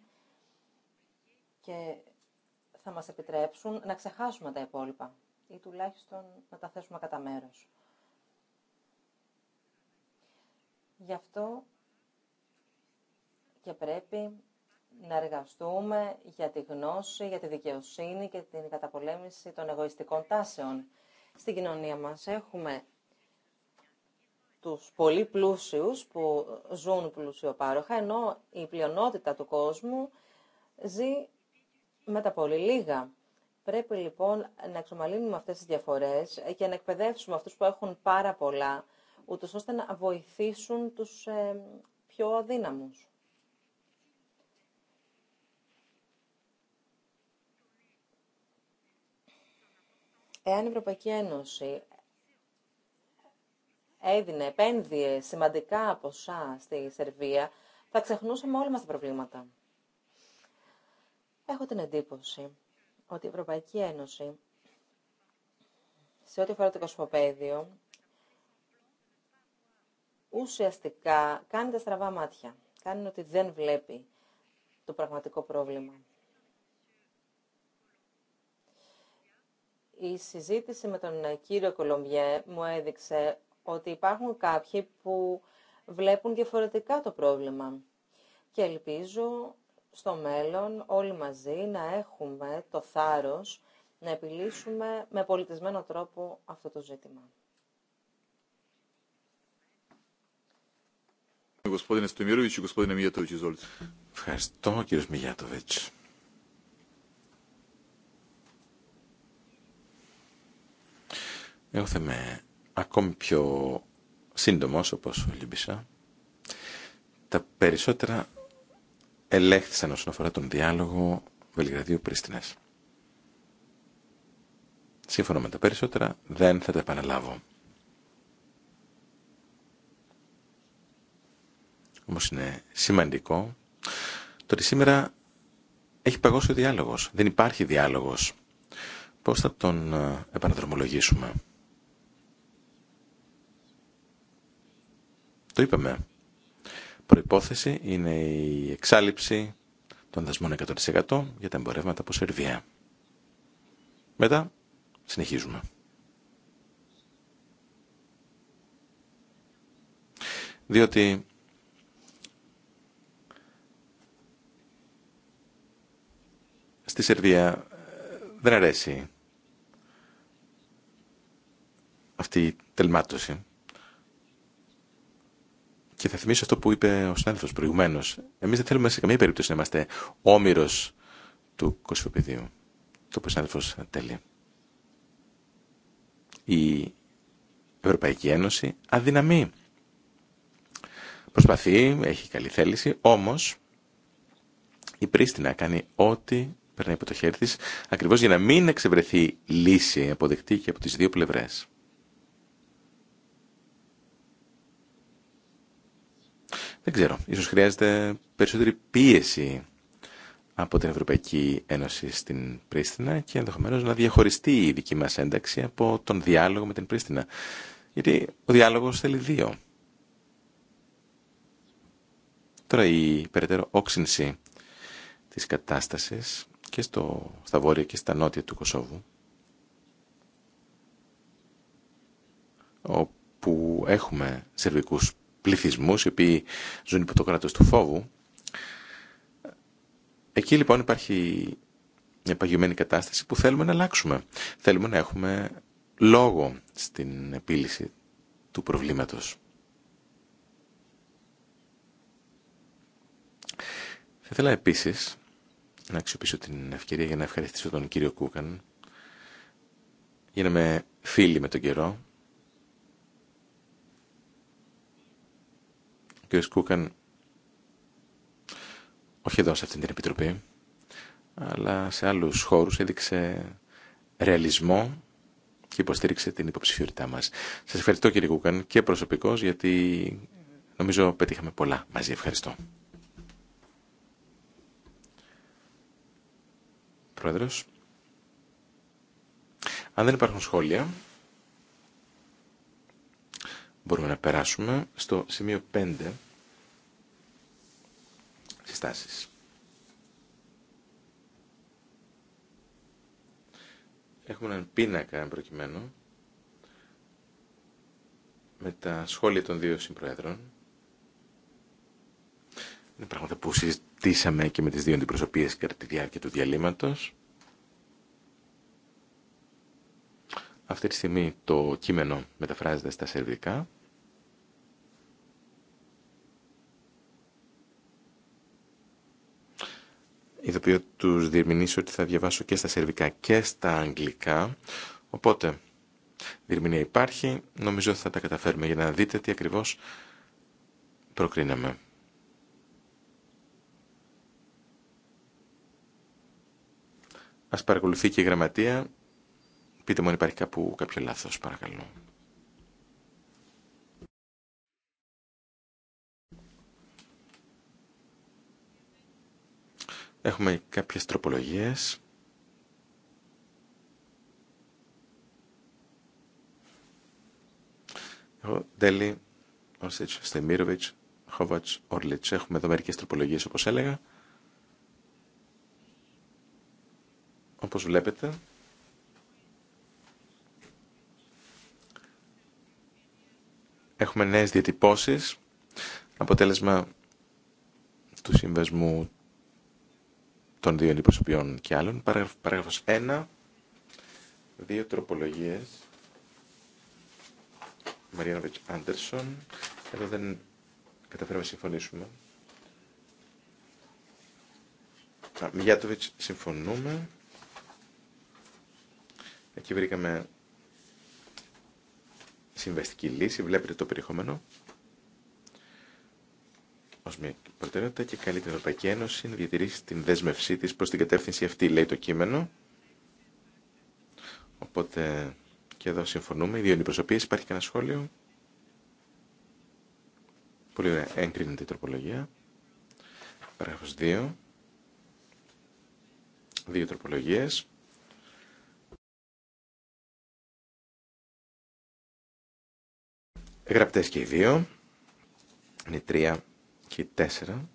και θα μας επιτρέψουν να ξεχάσουμε τα υπόλοιπα ή τουλάχιστον να τα θέσουμε κατά μέρος. Γι' αυτό και πρέπει να εργαστούμε για τη γνώση, για τη δικαιοσύνη και την καταπολέμηση των εγωιστικών τάσεων. Στην κοινωνία μας έχουμε τους πολύ πλούσιους που ζουν πλουσιοπάροχα, ενώ η πλειονότητα του κόσμου ζει με τα πολύ λίγα. Πρέπει λοιπόν να εξομαλύνουμε αυτές τις διαφορές και να εκπαιδεύσουμε αυτούς που έχουν πάρα πολλά, ούτως ώστε να βοηθήσουν τους ε, πιο αδύναμους. Εάν η Ευρωπαϊκή Ένωση έδινε, επένδυε σημαντικά ποσά στη Σερβία, θα ξεχνούσαμε όλα μας τα προβλήματα. Έχω την εντύπωση ότι η Ευρωπαϊκή Ένωση, σε ό,τι αφορά το κοσμοπαίδιο, ουσιαστικά κάνει τα στραβά μάτια. Κάνει ότι δεν βλέπει το πραγματικό πρόβλημα. Η συζήτηση με τον κύριο Κολομπιέ μου έδειξε ότι υπάρχουν κάποιοι που βλέπουν διαφορετικά το πρόβλημα. Και ελπίζω στο μέλλον όλοι μαζί να έχουμε το θάρρος να επιλύσουμε με πολιτισμένο τρόπο αυτό το ζήτημα. Ευχαριστώ κύριος Μιγιάτοβιτς. Εγώ θα είμαι ακόμη πιο σύντομος όπως Λιμπισσά, Τα περισσότερα ελέγχθησαν όσον αφορά τον διάλογο Βελιγραδίου-Πρίστινες. Σύμφωνα με τα περισσότερα δεν θα τα επαναλάβω. Όμως είναι σημαντικό το ότι σήμερα έχει παγώσει ο διάλογος. Δεν υπάρχει διάλογος. Πώς θα τον ε, επαναδρομολογήσουμε. Το είπαμε. Προϋπόθεση είναι η εξάλληψη των δασμών 100% για τα εμπορεύματα από Σερβία. Μετά συνεχίζουμε. Διότι στη Σερβία ε, δεν αρέσει αυτή η τελμάτωση. Και θα θυμίσω αυτό που είπε ο συνάδελφος προηγουμένως. Εμείς δεν θέλουμε σε καμία περίπτωση να είμαστε όμοιρος του κοσμοπεδίου. Το που ο συνάδελφος τέλει. Η Ευρωπαϊκή Ένωση αδυναμεί. Προσπαθεί, έχει καλή θέληση, όμως η Πρίστινα κάνει ό,τι περνάει από το χέρι της, ακριβώς για να μην εξευρεθεί λύση αποδεκτή και από τις δύο πλευρές. Δεν ξέρω. Ίσως χρειάζεται περισσότερη πίεση από την Ευρωπαϊκή Ένωση στην Πρίστινα και ενδεχομένως να διαχωριστεί η δική μας ένταξη από τον διάλογο με την Πρίστινα. Γιατί ο διάλογος θέλει δύο. Τώρα η περαιτέρω όξυνση της κατάστασης και στο, στα βόρεια και στα νότια του Κωσόβου όπου έχουμε σερβικούς πληθυσμούς οι οποίοι ζουν υπό το κράτος του φόβου. Εκεί λοιπόν υπάρχει μια παγιωμένη κατάσταση που θέλουμε να αλλάξουμε. Θέλουμε να έχουμε λόγο στην επίλυση του προβλήματος. Θα ήθελα επίσης να αξιοποιήσω την ευκαιρία για να ευχαριστήσω τον κύριο Κούκαν. Γίναμε φίλοι με τον καιρό. κ. Κούκαν, όχι εδώ σε αυτήν την επιτροπή, αλλά σε άλλους χώρους έδειξε ρεαλισμό και υποστήριξε την υποψηφιότητά μας. Σας ευχαριστώ κύριε Κούκαν και προσωπικώς γιατί νομίζω πετύχαμε πολλά μαζί. Ευχαριστώ. Πρόεδρος. Αν δεν υπάρχουν σχόλια, Μπορούμε να περάσουμε στο σημείο 5 συστάσεις. Έχουμε έναν πίνακα εν προκειμένου με τα σχόλια των δύο συμπροέδρων. Είναι πράγματα που συζητήσαμε και με τις δύο αντιπροσωπείες κατά τη διάρκεια του διαλύματος. Αυτή τη στιγμή το κείμενο μεταφράζεται στα σερβικά. ειδοποιώ τους διερμηνείς ότι θα διαβάσω και στα σερβικά και στα αγγλικά. Οπότε, διερμηνία υπάρχει, νομίζω θα τα καταφέρουμε για να δείτε τι ακριβώς προκρίναμε. Ας παρακολουθεί και η γραμματεία. Πείτε μου αν υπάρχει κάποιο λάθος, παρακαλώ. Έχουμε κάποιες τροπολογίες. Εγώ, Ντέλη, Ορσίτς, Στεμίροβιτς, Χόβατς, Ορλίτς. Έχουμε εδώ μερικές τροπολογίες όπως έλεγα. Όπως βλέπετε, έχουμε νέες διατυπώσεις αποτέλεσμα του συμβεσμού των δύο αντιπροσωπιών και άλλων. Παράγραφος 1, δύο τροπολογίες. Μαρινά Άντερσον. Εδώ δεν καταφέραμε να συμφωνήσουμε. Μιγιάτοβιτς συμφωνούμε. Εκεί βρήκαμε συμβαστική λύση, βλέπετε το περιεχόμενο. Ω μια προτεραιότητα και καλεί την Ευρωπαϊκή Ένωση να διατηρήσει την δέσμευσή τη προ την κατεύθυνση αυτή, λέει το κείμενο. Οπότε και εδώ συμφωνούμε. Οι δύο αντιπροσωπείε. Υπάρχει κανένα σχόλιο. Πολύ ωραία. Έγκρινεται η τροπολογία. Παράγραφος 2. Δύο τροπολογίες. Γραπτές και οι δύο. Είναι τρία και τέσσερα,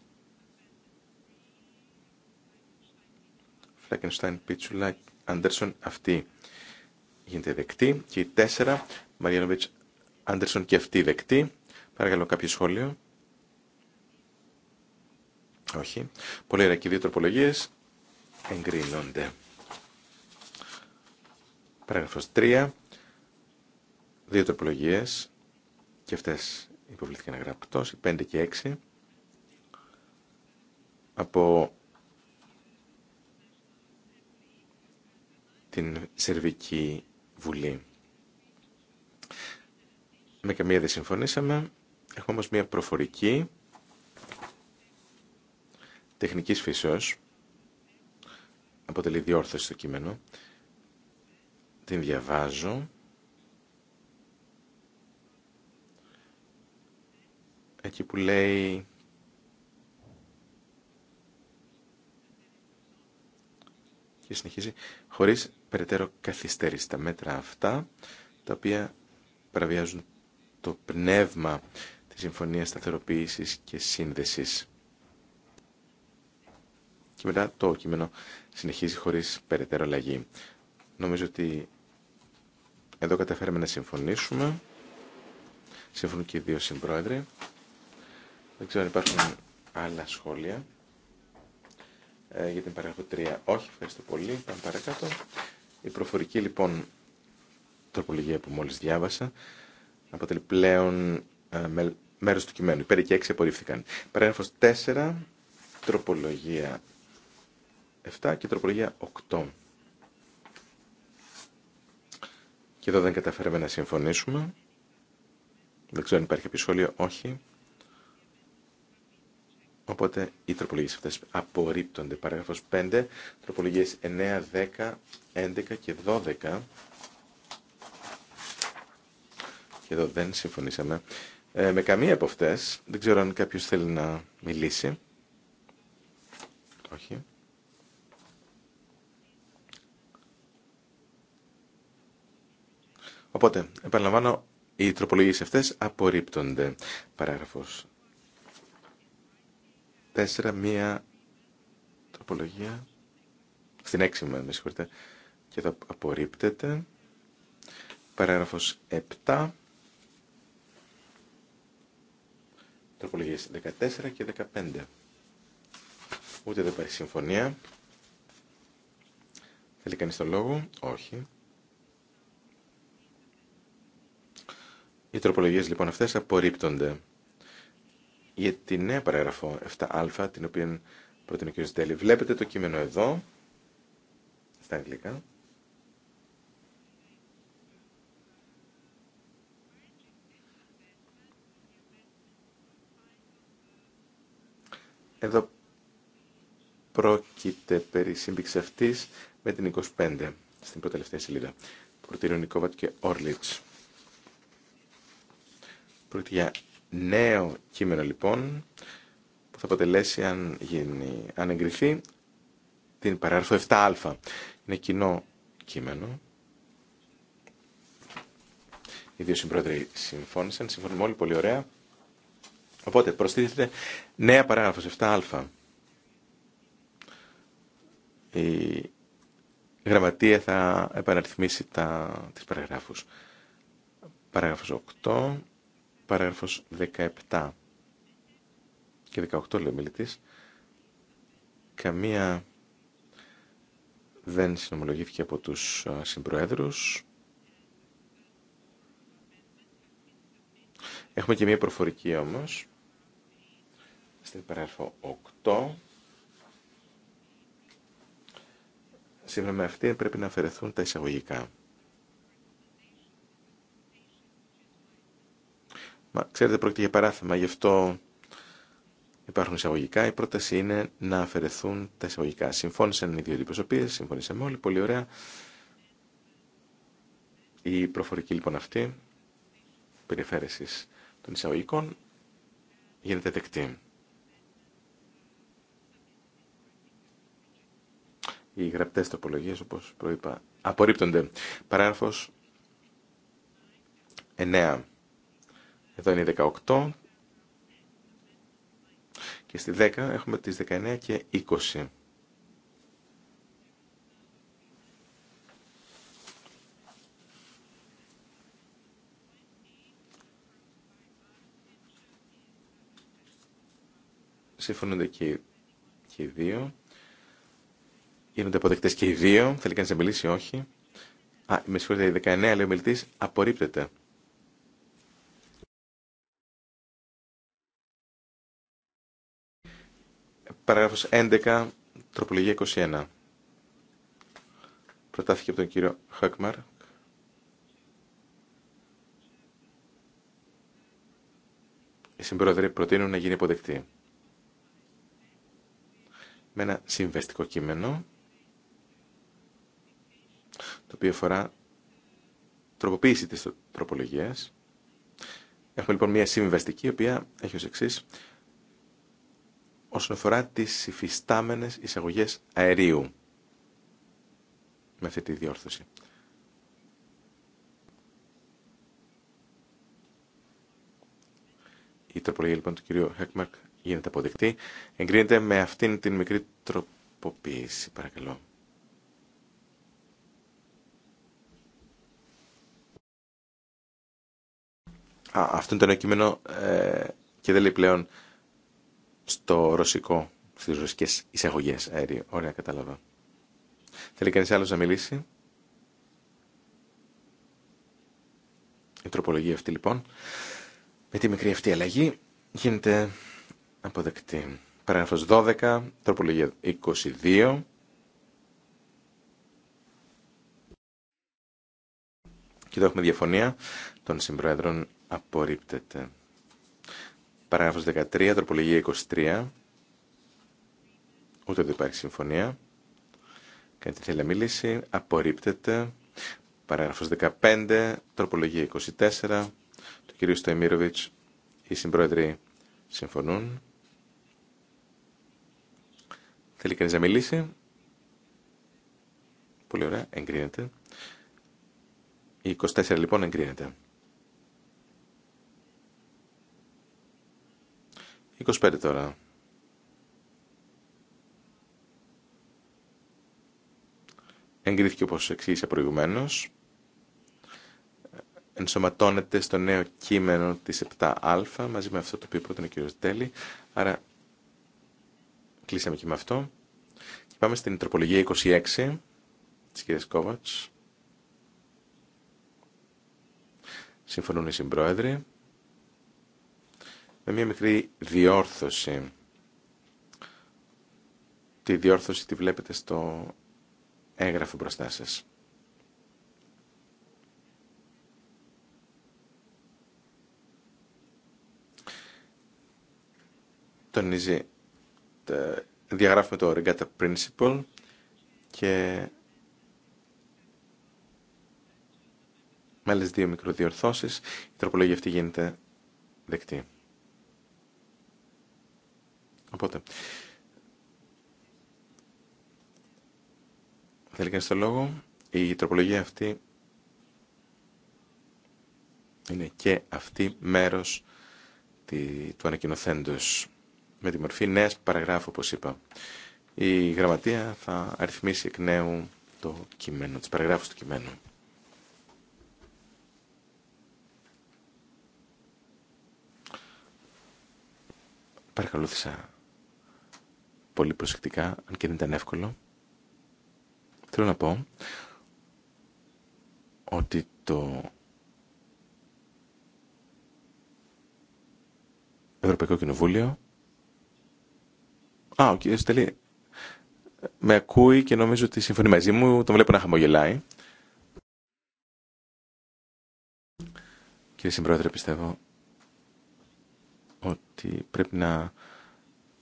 Φλέκενστάιν, Πίτσουλα, Άντερσον, αυτή γίνεται δεκτή. Και η τέσσερα, Μαριανοβίτς, Άντερσον και αυτή δεκτή. Παρακαλώ κάποιο σχόλιο. Όχι. Πολύ ωραία και οι δύο τροπολογίες εγκρίνονται. Παράγραφος 3. Δύο τροπολογίες και αυτές υποβλήθηκαν γραπτός, οι 5 και 6 από την Σερβική Βουλή. Με καμία δεν συμφωνήσαμε. Έχουμε όμως μία προφορική τεχνικής φύσεως. Αποτελεί διόρθωση στο κείμενο. Την διαβάζω. Εκεί που λέει και συνεχίζει χωρίς περαιτέρω καθυστέρηση. Τα μέτρα αυτά, τα οποία παραβιάζουν το πνεύμα της Συμφωνίας Σταθεροποίησης και Σύνδεσης. Και μετά το κείμενο συνεχίζει χωρίς περαιτέρω αλλαγή. Νομίζω ότι εδώ καταφέραμε να συμφωνήσουμε. Συμφωνούν και οι δύο συμπρόεδροι. Δεν ξέρω αν υπάρχουν άλλα σχόλια ε, για την παράγραφο 3. Όχι, ευχαριστώ πολύ. Πάμε παρακάτω. Η προφορική λοιπόν τροπολογία που μόλις διάβασα αποτελεί πλέον ε, μέρος του κειμένου. Υπέρ και 6 απορρίφθηκαν. Παράγραφος 4, τροπολογία 7 και τροπολογία 8. Και εδώ δεν καταφέραμε να συμφωνήσουμε. Δεν ξέρω αν υπάρχει επισχόλιο. Όχι. Οπότε οι τροπολογίες αυτές απορρίπτονται. Παράγραφος 5, τροπολογίες 9, 10, 11 και 12. Και εδώ δεν συμφωνήσαμε. Ε, με καμία από αυτές, δεν ξέρω αν κάποιος θέλει να μιλήσει. Όχι. Οπότε, επαναλαμβάνω, οι τροπολογίες αυτές απορρίπτονται. Παράγραφος 4 μία τροπολογία στην 6 με συγχωρείτε και θα απορρίπτεται παράγραφος 7 τροπολογίες 14 και 15 ούτε δεν υπάρχει συμφωνία θέλει κανείς το λόγο όχι οι τροπολογίες λοιπόν αυτές απορρίπτονται για τη νέα παράγραφο 7α, την οποία προτείνει ο κ. Βλέπετε το κείμενο εδώ, στα αγγλικά. Εδώ πρόκειται περί σύμπηξη αυτή με την 25, στην προτελευταία σελίδα. Προτείνουν Νικόβατ και Όρλιτς. Πρόκειται νέο κείμενο λοιπόν που θα αποτελέσει αν, γίνει, αν εγκριθεί την παράγραφο 7α. Είναι κοινό κείμενο. Οι δύο συμπρόεδροι συμφώνησαν, συμφωνούμε όλοι πολύ ωραία. Οπότε προστίθεται νέα παράγραφος 7α. Η γραμματεία θα επαναρρυθμίσει τα, τις παραγράφους. Παράγραφος 8 Παράγραφος 17 και 18 λέει ο μιλητής. Καμία δεν συνομολογήθηκε από τους συμπροέδρους. Έχουμε και μία προφορική όμως. Στην παράγραφο 8. Σύμφωνα με αυτή πρέπει να αφαιρεθούν τα εισαγωγικά. Μα ξέρετε πρόκειται για παράθεμα, γι' αυτό υπάρχουν εισαγωγικά. Η πρόταση είναι να αφαιρεθούν τα εισαγωγικά. Συμφώνησαν οι δύο αντιπροσωπείε, συμφωνήσαμε όλοι, πολύ ωραία. Η προφορική λοιπόν αυτή περιφέρεση των εισαγωγικών γίνεται δεκτή. Οι γραπτές τροπολογίες, όπως προείπα, απορρίπτονται. Παράγραφος 9. Εδώ είναι 18. Και στη 10 έχουμε τις 19 και 20. Συμφωνούνται και, και οι δύο. Γίνονται αποδεκτέ και οι δύο. Θέλει κανεί να μιλήσει, όχι. Α, με συγχωρείτε, η 19 λέει ο μιλητή απορρίπτεται. Παράγραφος 11, τροπολογία 21. Προτάθηκε από τον κύριο Χακμαρ. Οι συμπρόεδροι προτείνουν να γίνει υποδεκτή. Με ένα συμβεστικό κείμενο, το οποίο αφορά τροποποίηση της τροπολογίας. Έχουμε λοιπόν μια συμβαστική, η οποία έχει ως εξής όσον αφορά τις υφιστάμενες εισαγωγές αερίου. Με αυτή τη διόρθωση. Η τροπολογία λοιπόν του κυρίου Χέκμαρκ γίνεται αποδεκτή. Εγκρίνεται με αυτήν την μικρή τροποποίηση, παρακαλώ. Α, αυτό είναι το κείμενο ε, και δεν λέει πλέον στο ρωσικό, στις ρωσικές εισαγωγές αέριο. Ωραία, κατάλαβα. Θέλει κανείς άλλος να μιλήσει. Η τροπολογία αυτή λοιπόν, με τη μικρή αυτή αλλαγή, γίνεται αποδεκτή. Παράγραφος 12, τροπολογία 22. Και εδώ έχουμε διαφωνία των συμπρόεδρων απορρίπτεται. Παράγραφος 13, τροπολογία 23. Ούτε δεν υπάρχει συμφωνία. Κάτι θέλει να μιλήσει. Απορρίπτεται. Παράγραφος 15, τροπολογία 24. το κύριο Στοημίροβιτς, οι συμπρόεδροι συμφωνούν. Θέλει κανείς να μιλήσει. Πολύ ωραία, εγκρίνεται. Η 24 λοιπόν εγκρίνεται. 25 τώρα. Εγκρίθηκε όπως εξήγησε προηγουμένως. Ενσωματώνεται στο νέο κείμενο της 7α μαζί με αυτό το οποίο πρότεινε ο κ. Τέλη. Άρα κλείσαμε και με αυτό. Και πάμε στην τροπολογία 26 της κ. Κόβατς. Συμφωνούν οι συμπρόεδροι με μία μικρή διόρθωση. Τη διόρθωση τη βλέπετε στο έγγραφο μπροστά σας. Τονίζει, διαγράφουμε το Regatta Principle και με άλλες δύο μικροδιορθώσεις η τροπολογία αυτή γίνεται δεκτή. Οπότε, θέλει κανείς το λόγο. Η τροπολογία αυτή είναι και αυτή μέρος του ανακοινοθέντος με τη μορφή νέας παραγράφου, όπως είπα. Η γραμματεία θα αριθμίσει εκ νέου το κείμενο, τις παραγράφους του κειμένου. Παρακαλούθησα πολύ προσεκτικά, αν και δεν ήταν εύκολο. Θέλω να πω ότι το Ευρωπαϊκό Κοινοβούλιο Α, ο κ. Τελή με ακούει και νομίζω ότι συμφωνεί μαζί μου, τον βλέπω να χαμογελάει. Κύριε Συμπρόεδρε, πιστεύω ότι πρέπει να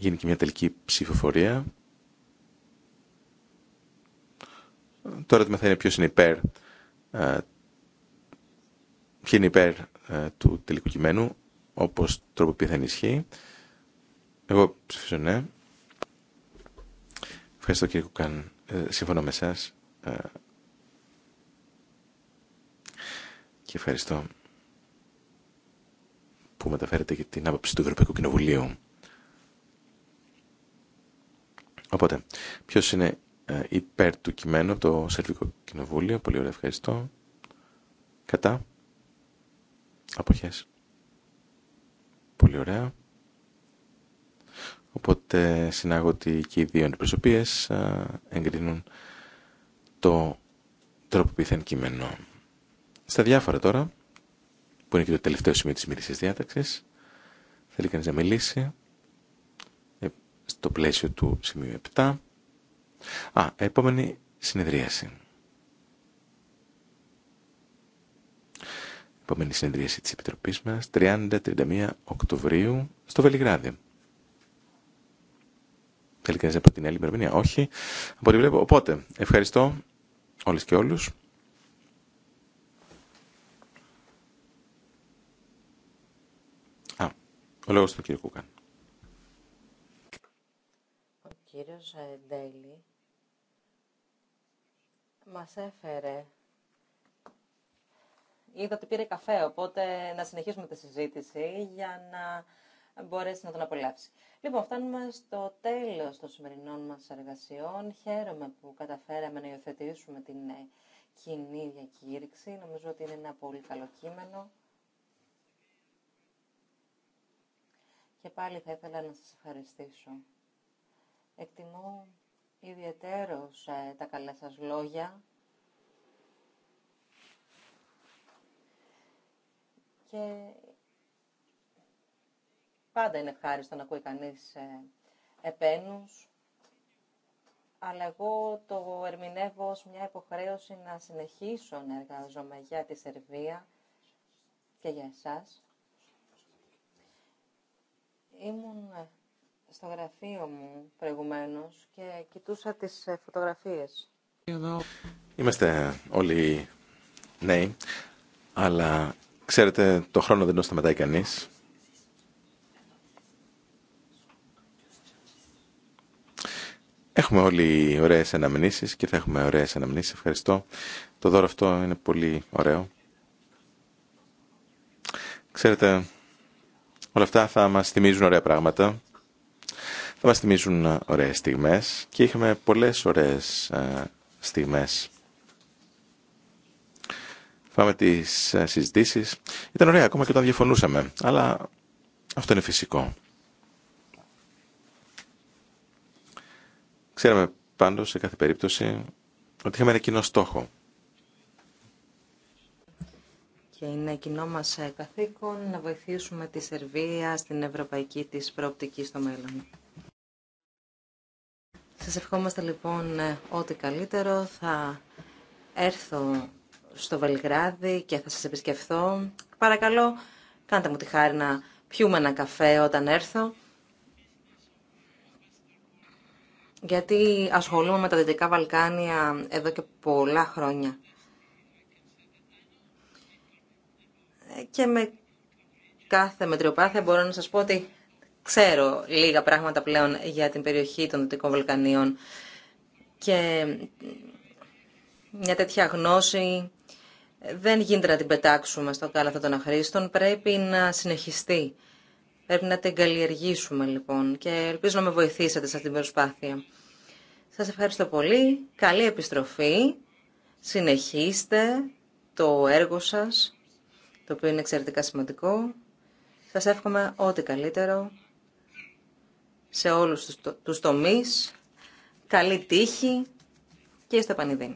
γίνει και μια τελική ψηφοφορία. Το ερώτημα θα είναι ποιος είναι υπέρ, ε, ποιο είναι υπέρ ε, του τελικού κειμένου, όπως τρόπο θα ενισχύει. Εγώ ψηφίζω ναι. Ευχαριστώ κύριε Κουκάν. Ε, Σύμφωνα με εσάς. και ευχαριστώ που μεταφέρετε και την άποψη του Ευρωπαϊκού Κοινοβουλίου. Οπότε, ποιο είναι ε, υπέρ του κειμένου από το Σερβικό Κοινοβούλιο. Πολύ ωραία, ευχαριστώ. Κατά. Αποχές. Πολύ ωραία. Οπότε συνάγω ότι και οι δύο αντιπροσωπείες ε, εγκρίνουν το τρόπο είναι κείμενο. Στα διάφορα τώρα, που είναι και το τελευταίο σημείο της μίλησης διάταξης, θέλει κανείς να μιλήσει στο πλαίσιο του σημείου 7. Α, επόμενη συνεδρίαση. Επόμενη συνεδρίαση της Επιτροπής μας, 30-31 Οκτωβρίου, στο Βελιγράδι. Θέλει κανείς από την άλλη ημερομηνία. Όχι. Από ό,τι βλέπω. Οπότε, ευχαριστώ όλες και όλους. Α, ο λόγος του κ. Κούκαν κύριος ε, Ντέλη μας έφερε. Είδα ότι πήρε καφέ, οπότε να συνεχίσουμε τη συζήτηση για να μπορέσει να τον απολαύσει. Λοιπόν, φτάνουμε στο τέλος των σημερινών μας εργασιών. Χαίρομαι που καταφέραμε να υιοθετήσουμε την ε, κοινή διακήρυξη. Νομίζω ότι είναι ένα πολύ καλό κείμενο. Και πάλι θα ήθελα να σας ευχαριστήσω. Εκτιμώ ιδιαίτερως ε, τα καλά σας λόγια και πάντα είναι ευχάριστο να ακούει κανείς ε, επένους, αλλά εγώ το ερμηνεύω ως μια υποχρέωση να συνεχίσω να εργαζόμαι για τη Σερβία και για εσάς. Ήμουν ε, στο γραφείο μου προηγουμένως και κοιτούσα τις ε, φωτογραφίες. Είμαστε όλοι νέοι, αλλά ξέρετε το χρόνο δεν το σταματάει κανείς. Έχουμε όλοι ωραίες αναμνήσεις και θα έχουμε ωραίες αναμνήσεις. Ευχαριστώ. Το δώρο αυτό είναι πολύ ωραίο. Ξέρετε, όλα αυτά θα μας θυμίζουν ωραία πράγματα θα μας θυμίζουν ε, ωραίες στιγμές και είχαμε πολλές ωραίες ε, στιγμές. Φάμε τις ε, συζητήσεις. Ήταν ωραία ακόμα και όταν διαφωνούσαμε, αλλά αυτό είναι φυσικό. Ξέραμε πάντως σε κάθε περίπτωση ότι είχαμε ένα κοινό στόχο. Και είναι κοινό μα καθήκον να βοηθήσουμε τη Σερβία στην ευρωπαϊκή της προοπτική στο μέλλον. Σας ευχόμαστε λοιπόν ε, ό,τι καλύτερο. Θα έρθω στο Βελιγράδι και θα σας επισκεφθώ. Παρακαλώ, κάντε μου τη χάρη να πιούμε ένα καφέ όταν έρθω. Γιατί ασχολούμαι με τα Δυτικά Βαλκάνια εδώ και πολλά χρόνια. Ε, και με κάθε μετριοπάθεια μπορώ να σας πω ότι ξέρω λίγα πράγματα πλέον για την περιοχή των Δυτικών Βαλκανίων και μια τέτοια γνώση δεν γίνεται να την πετάξουμε στο κάλαθο των αχρήστων, πρέπει να συνεχιστεί. Πρέπει να την καλλιεργήσουμε λοιπόν και ελπίζω να με βοηθήσετε σε αυτή την προσπάθεια. Σας ευχαριστώ πολύ, καλή επιστροφή, συνεχίστε το έργο σας, το οποίο είναι εξαιρετικά σημαντικό. Σας εύχομαι ό,τι καλύτερο σε όλους τους τομείς. Καλή τύχη και στο επανειδήν.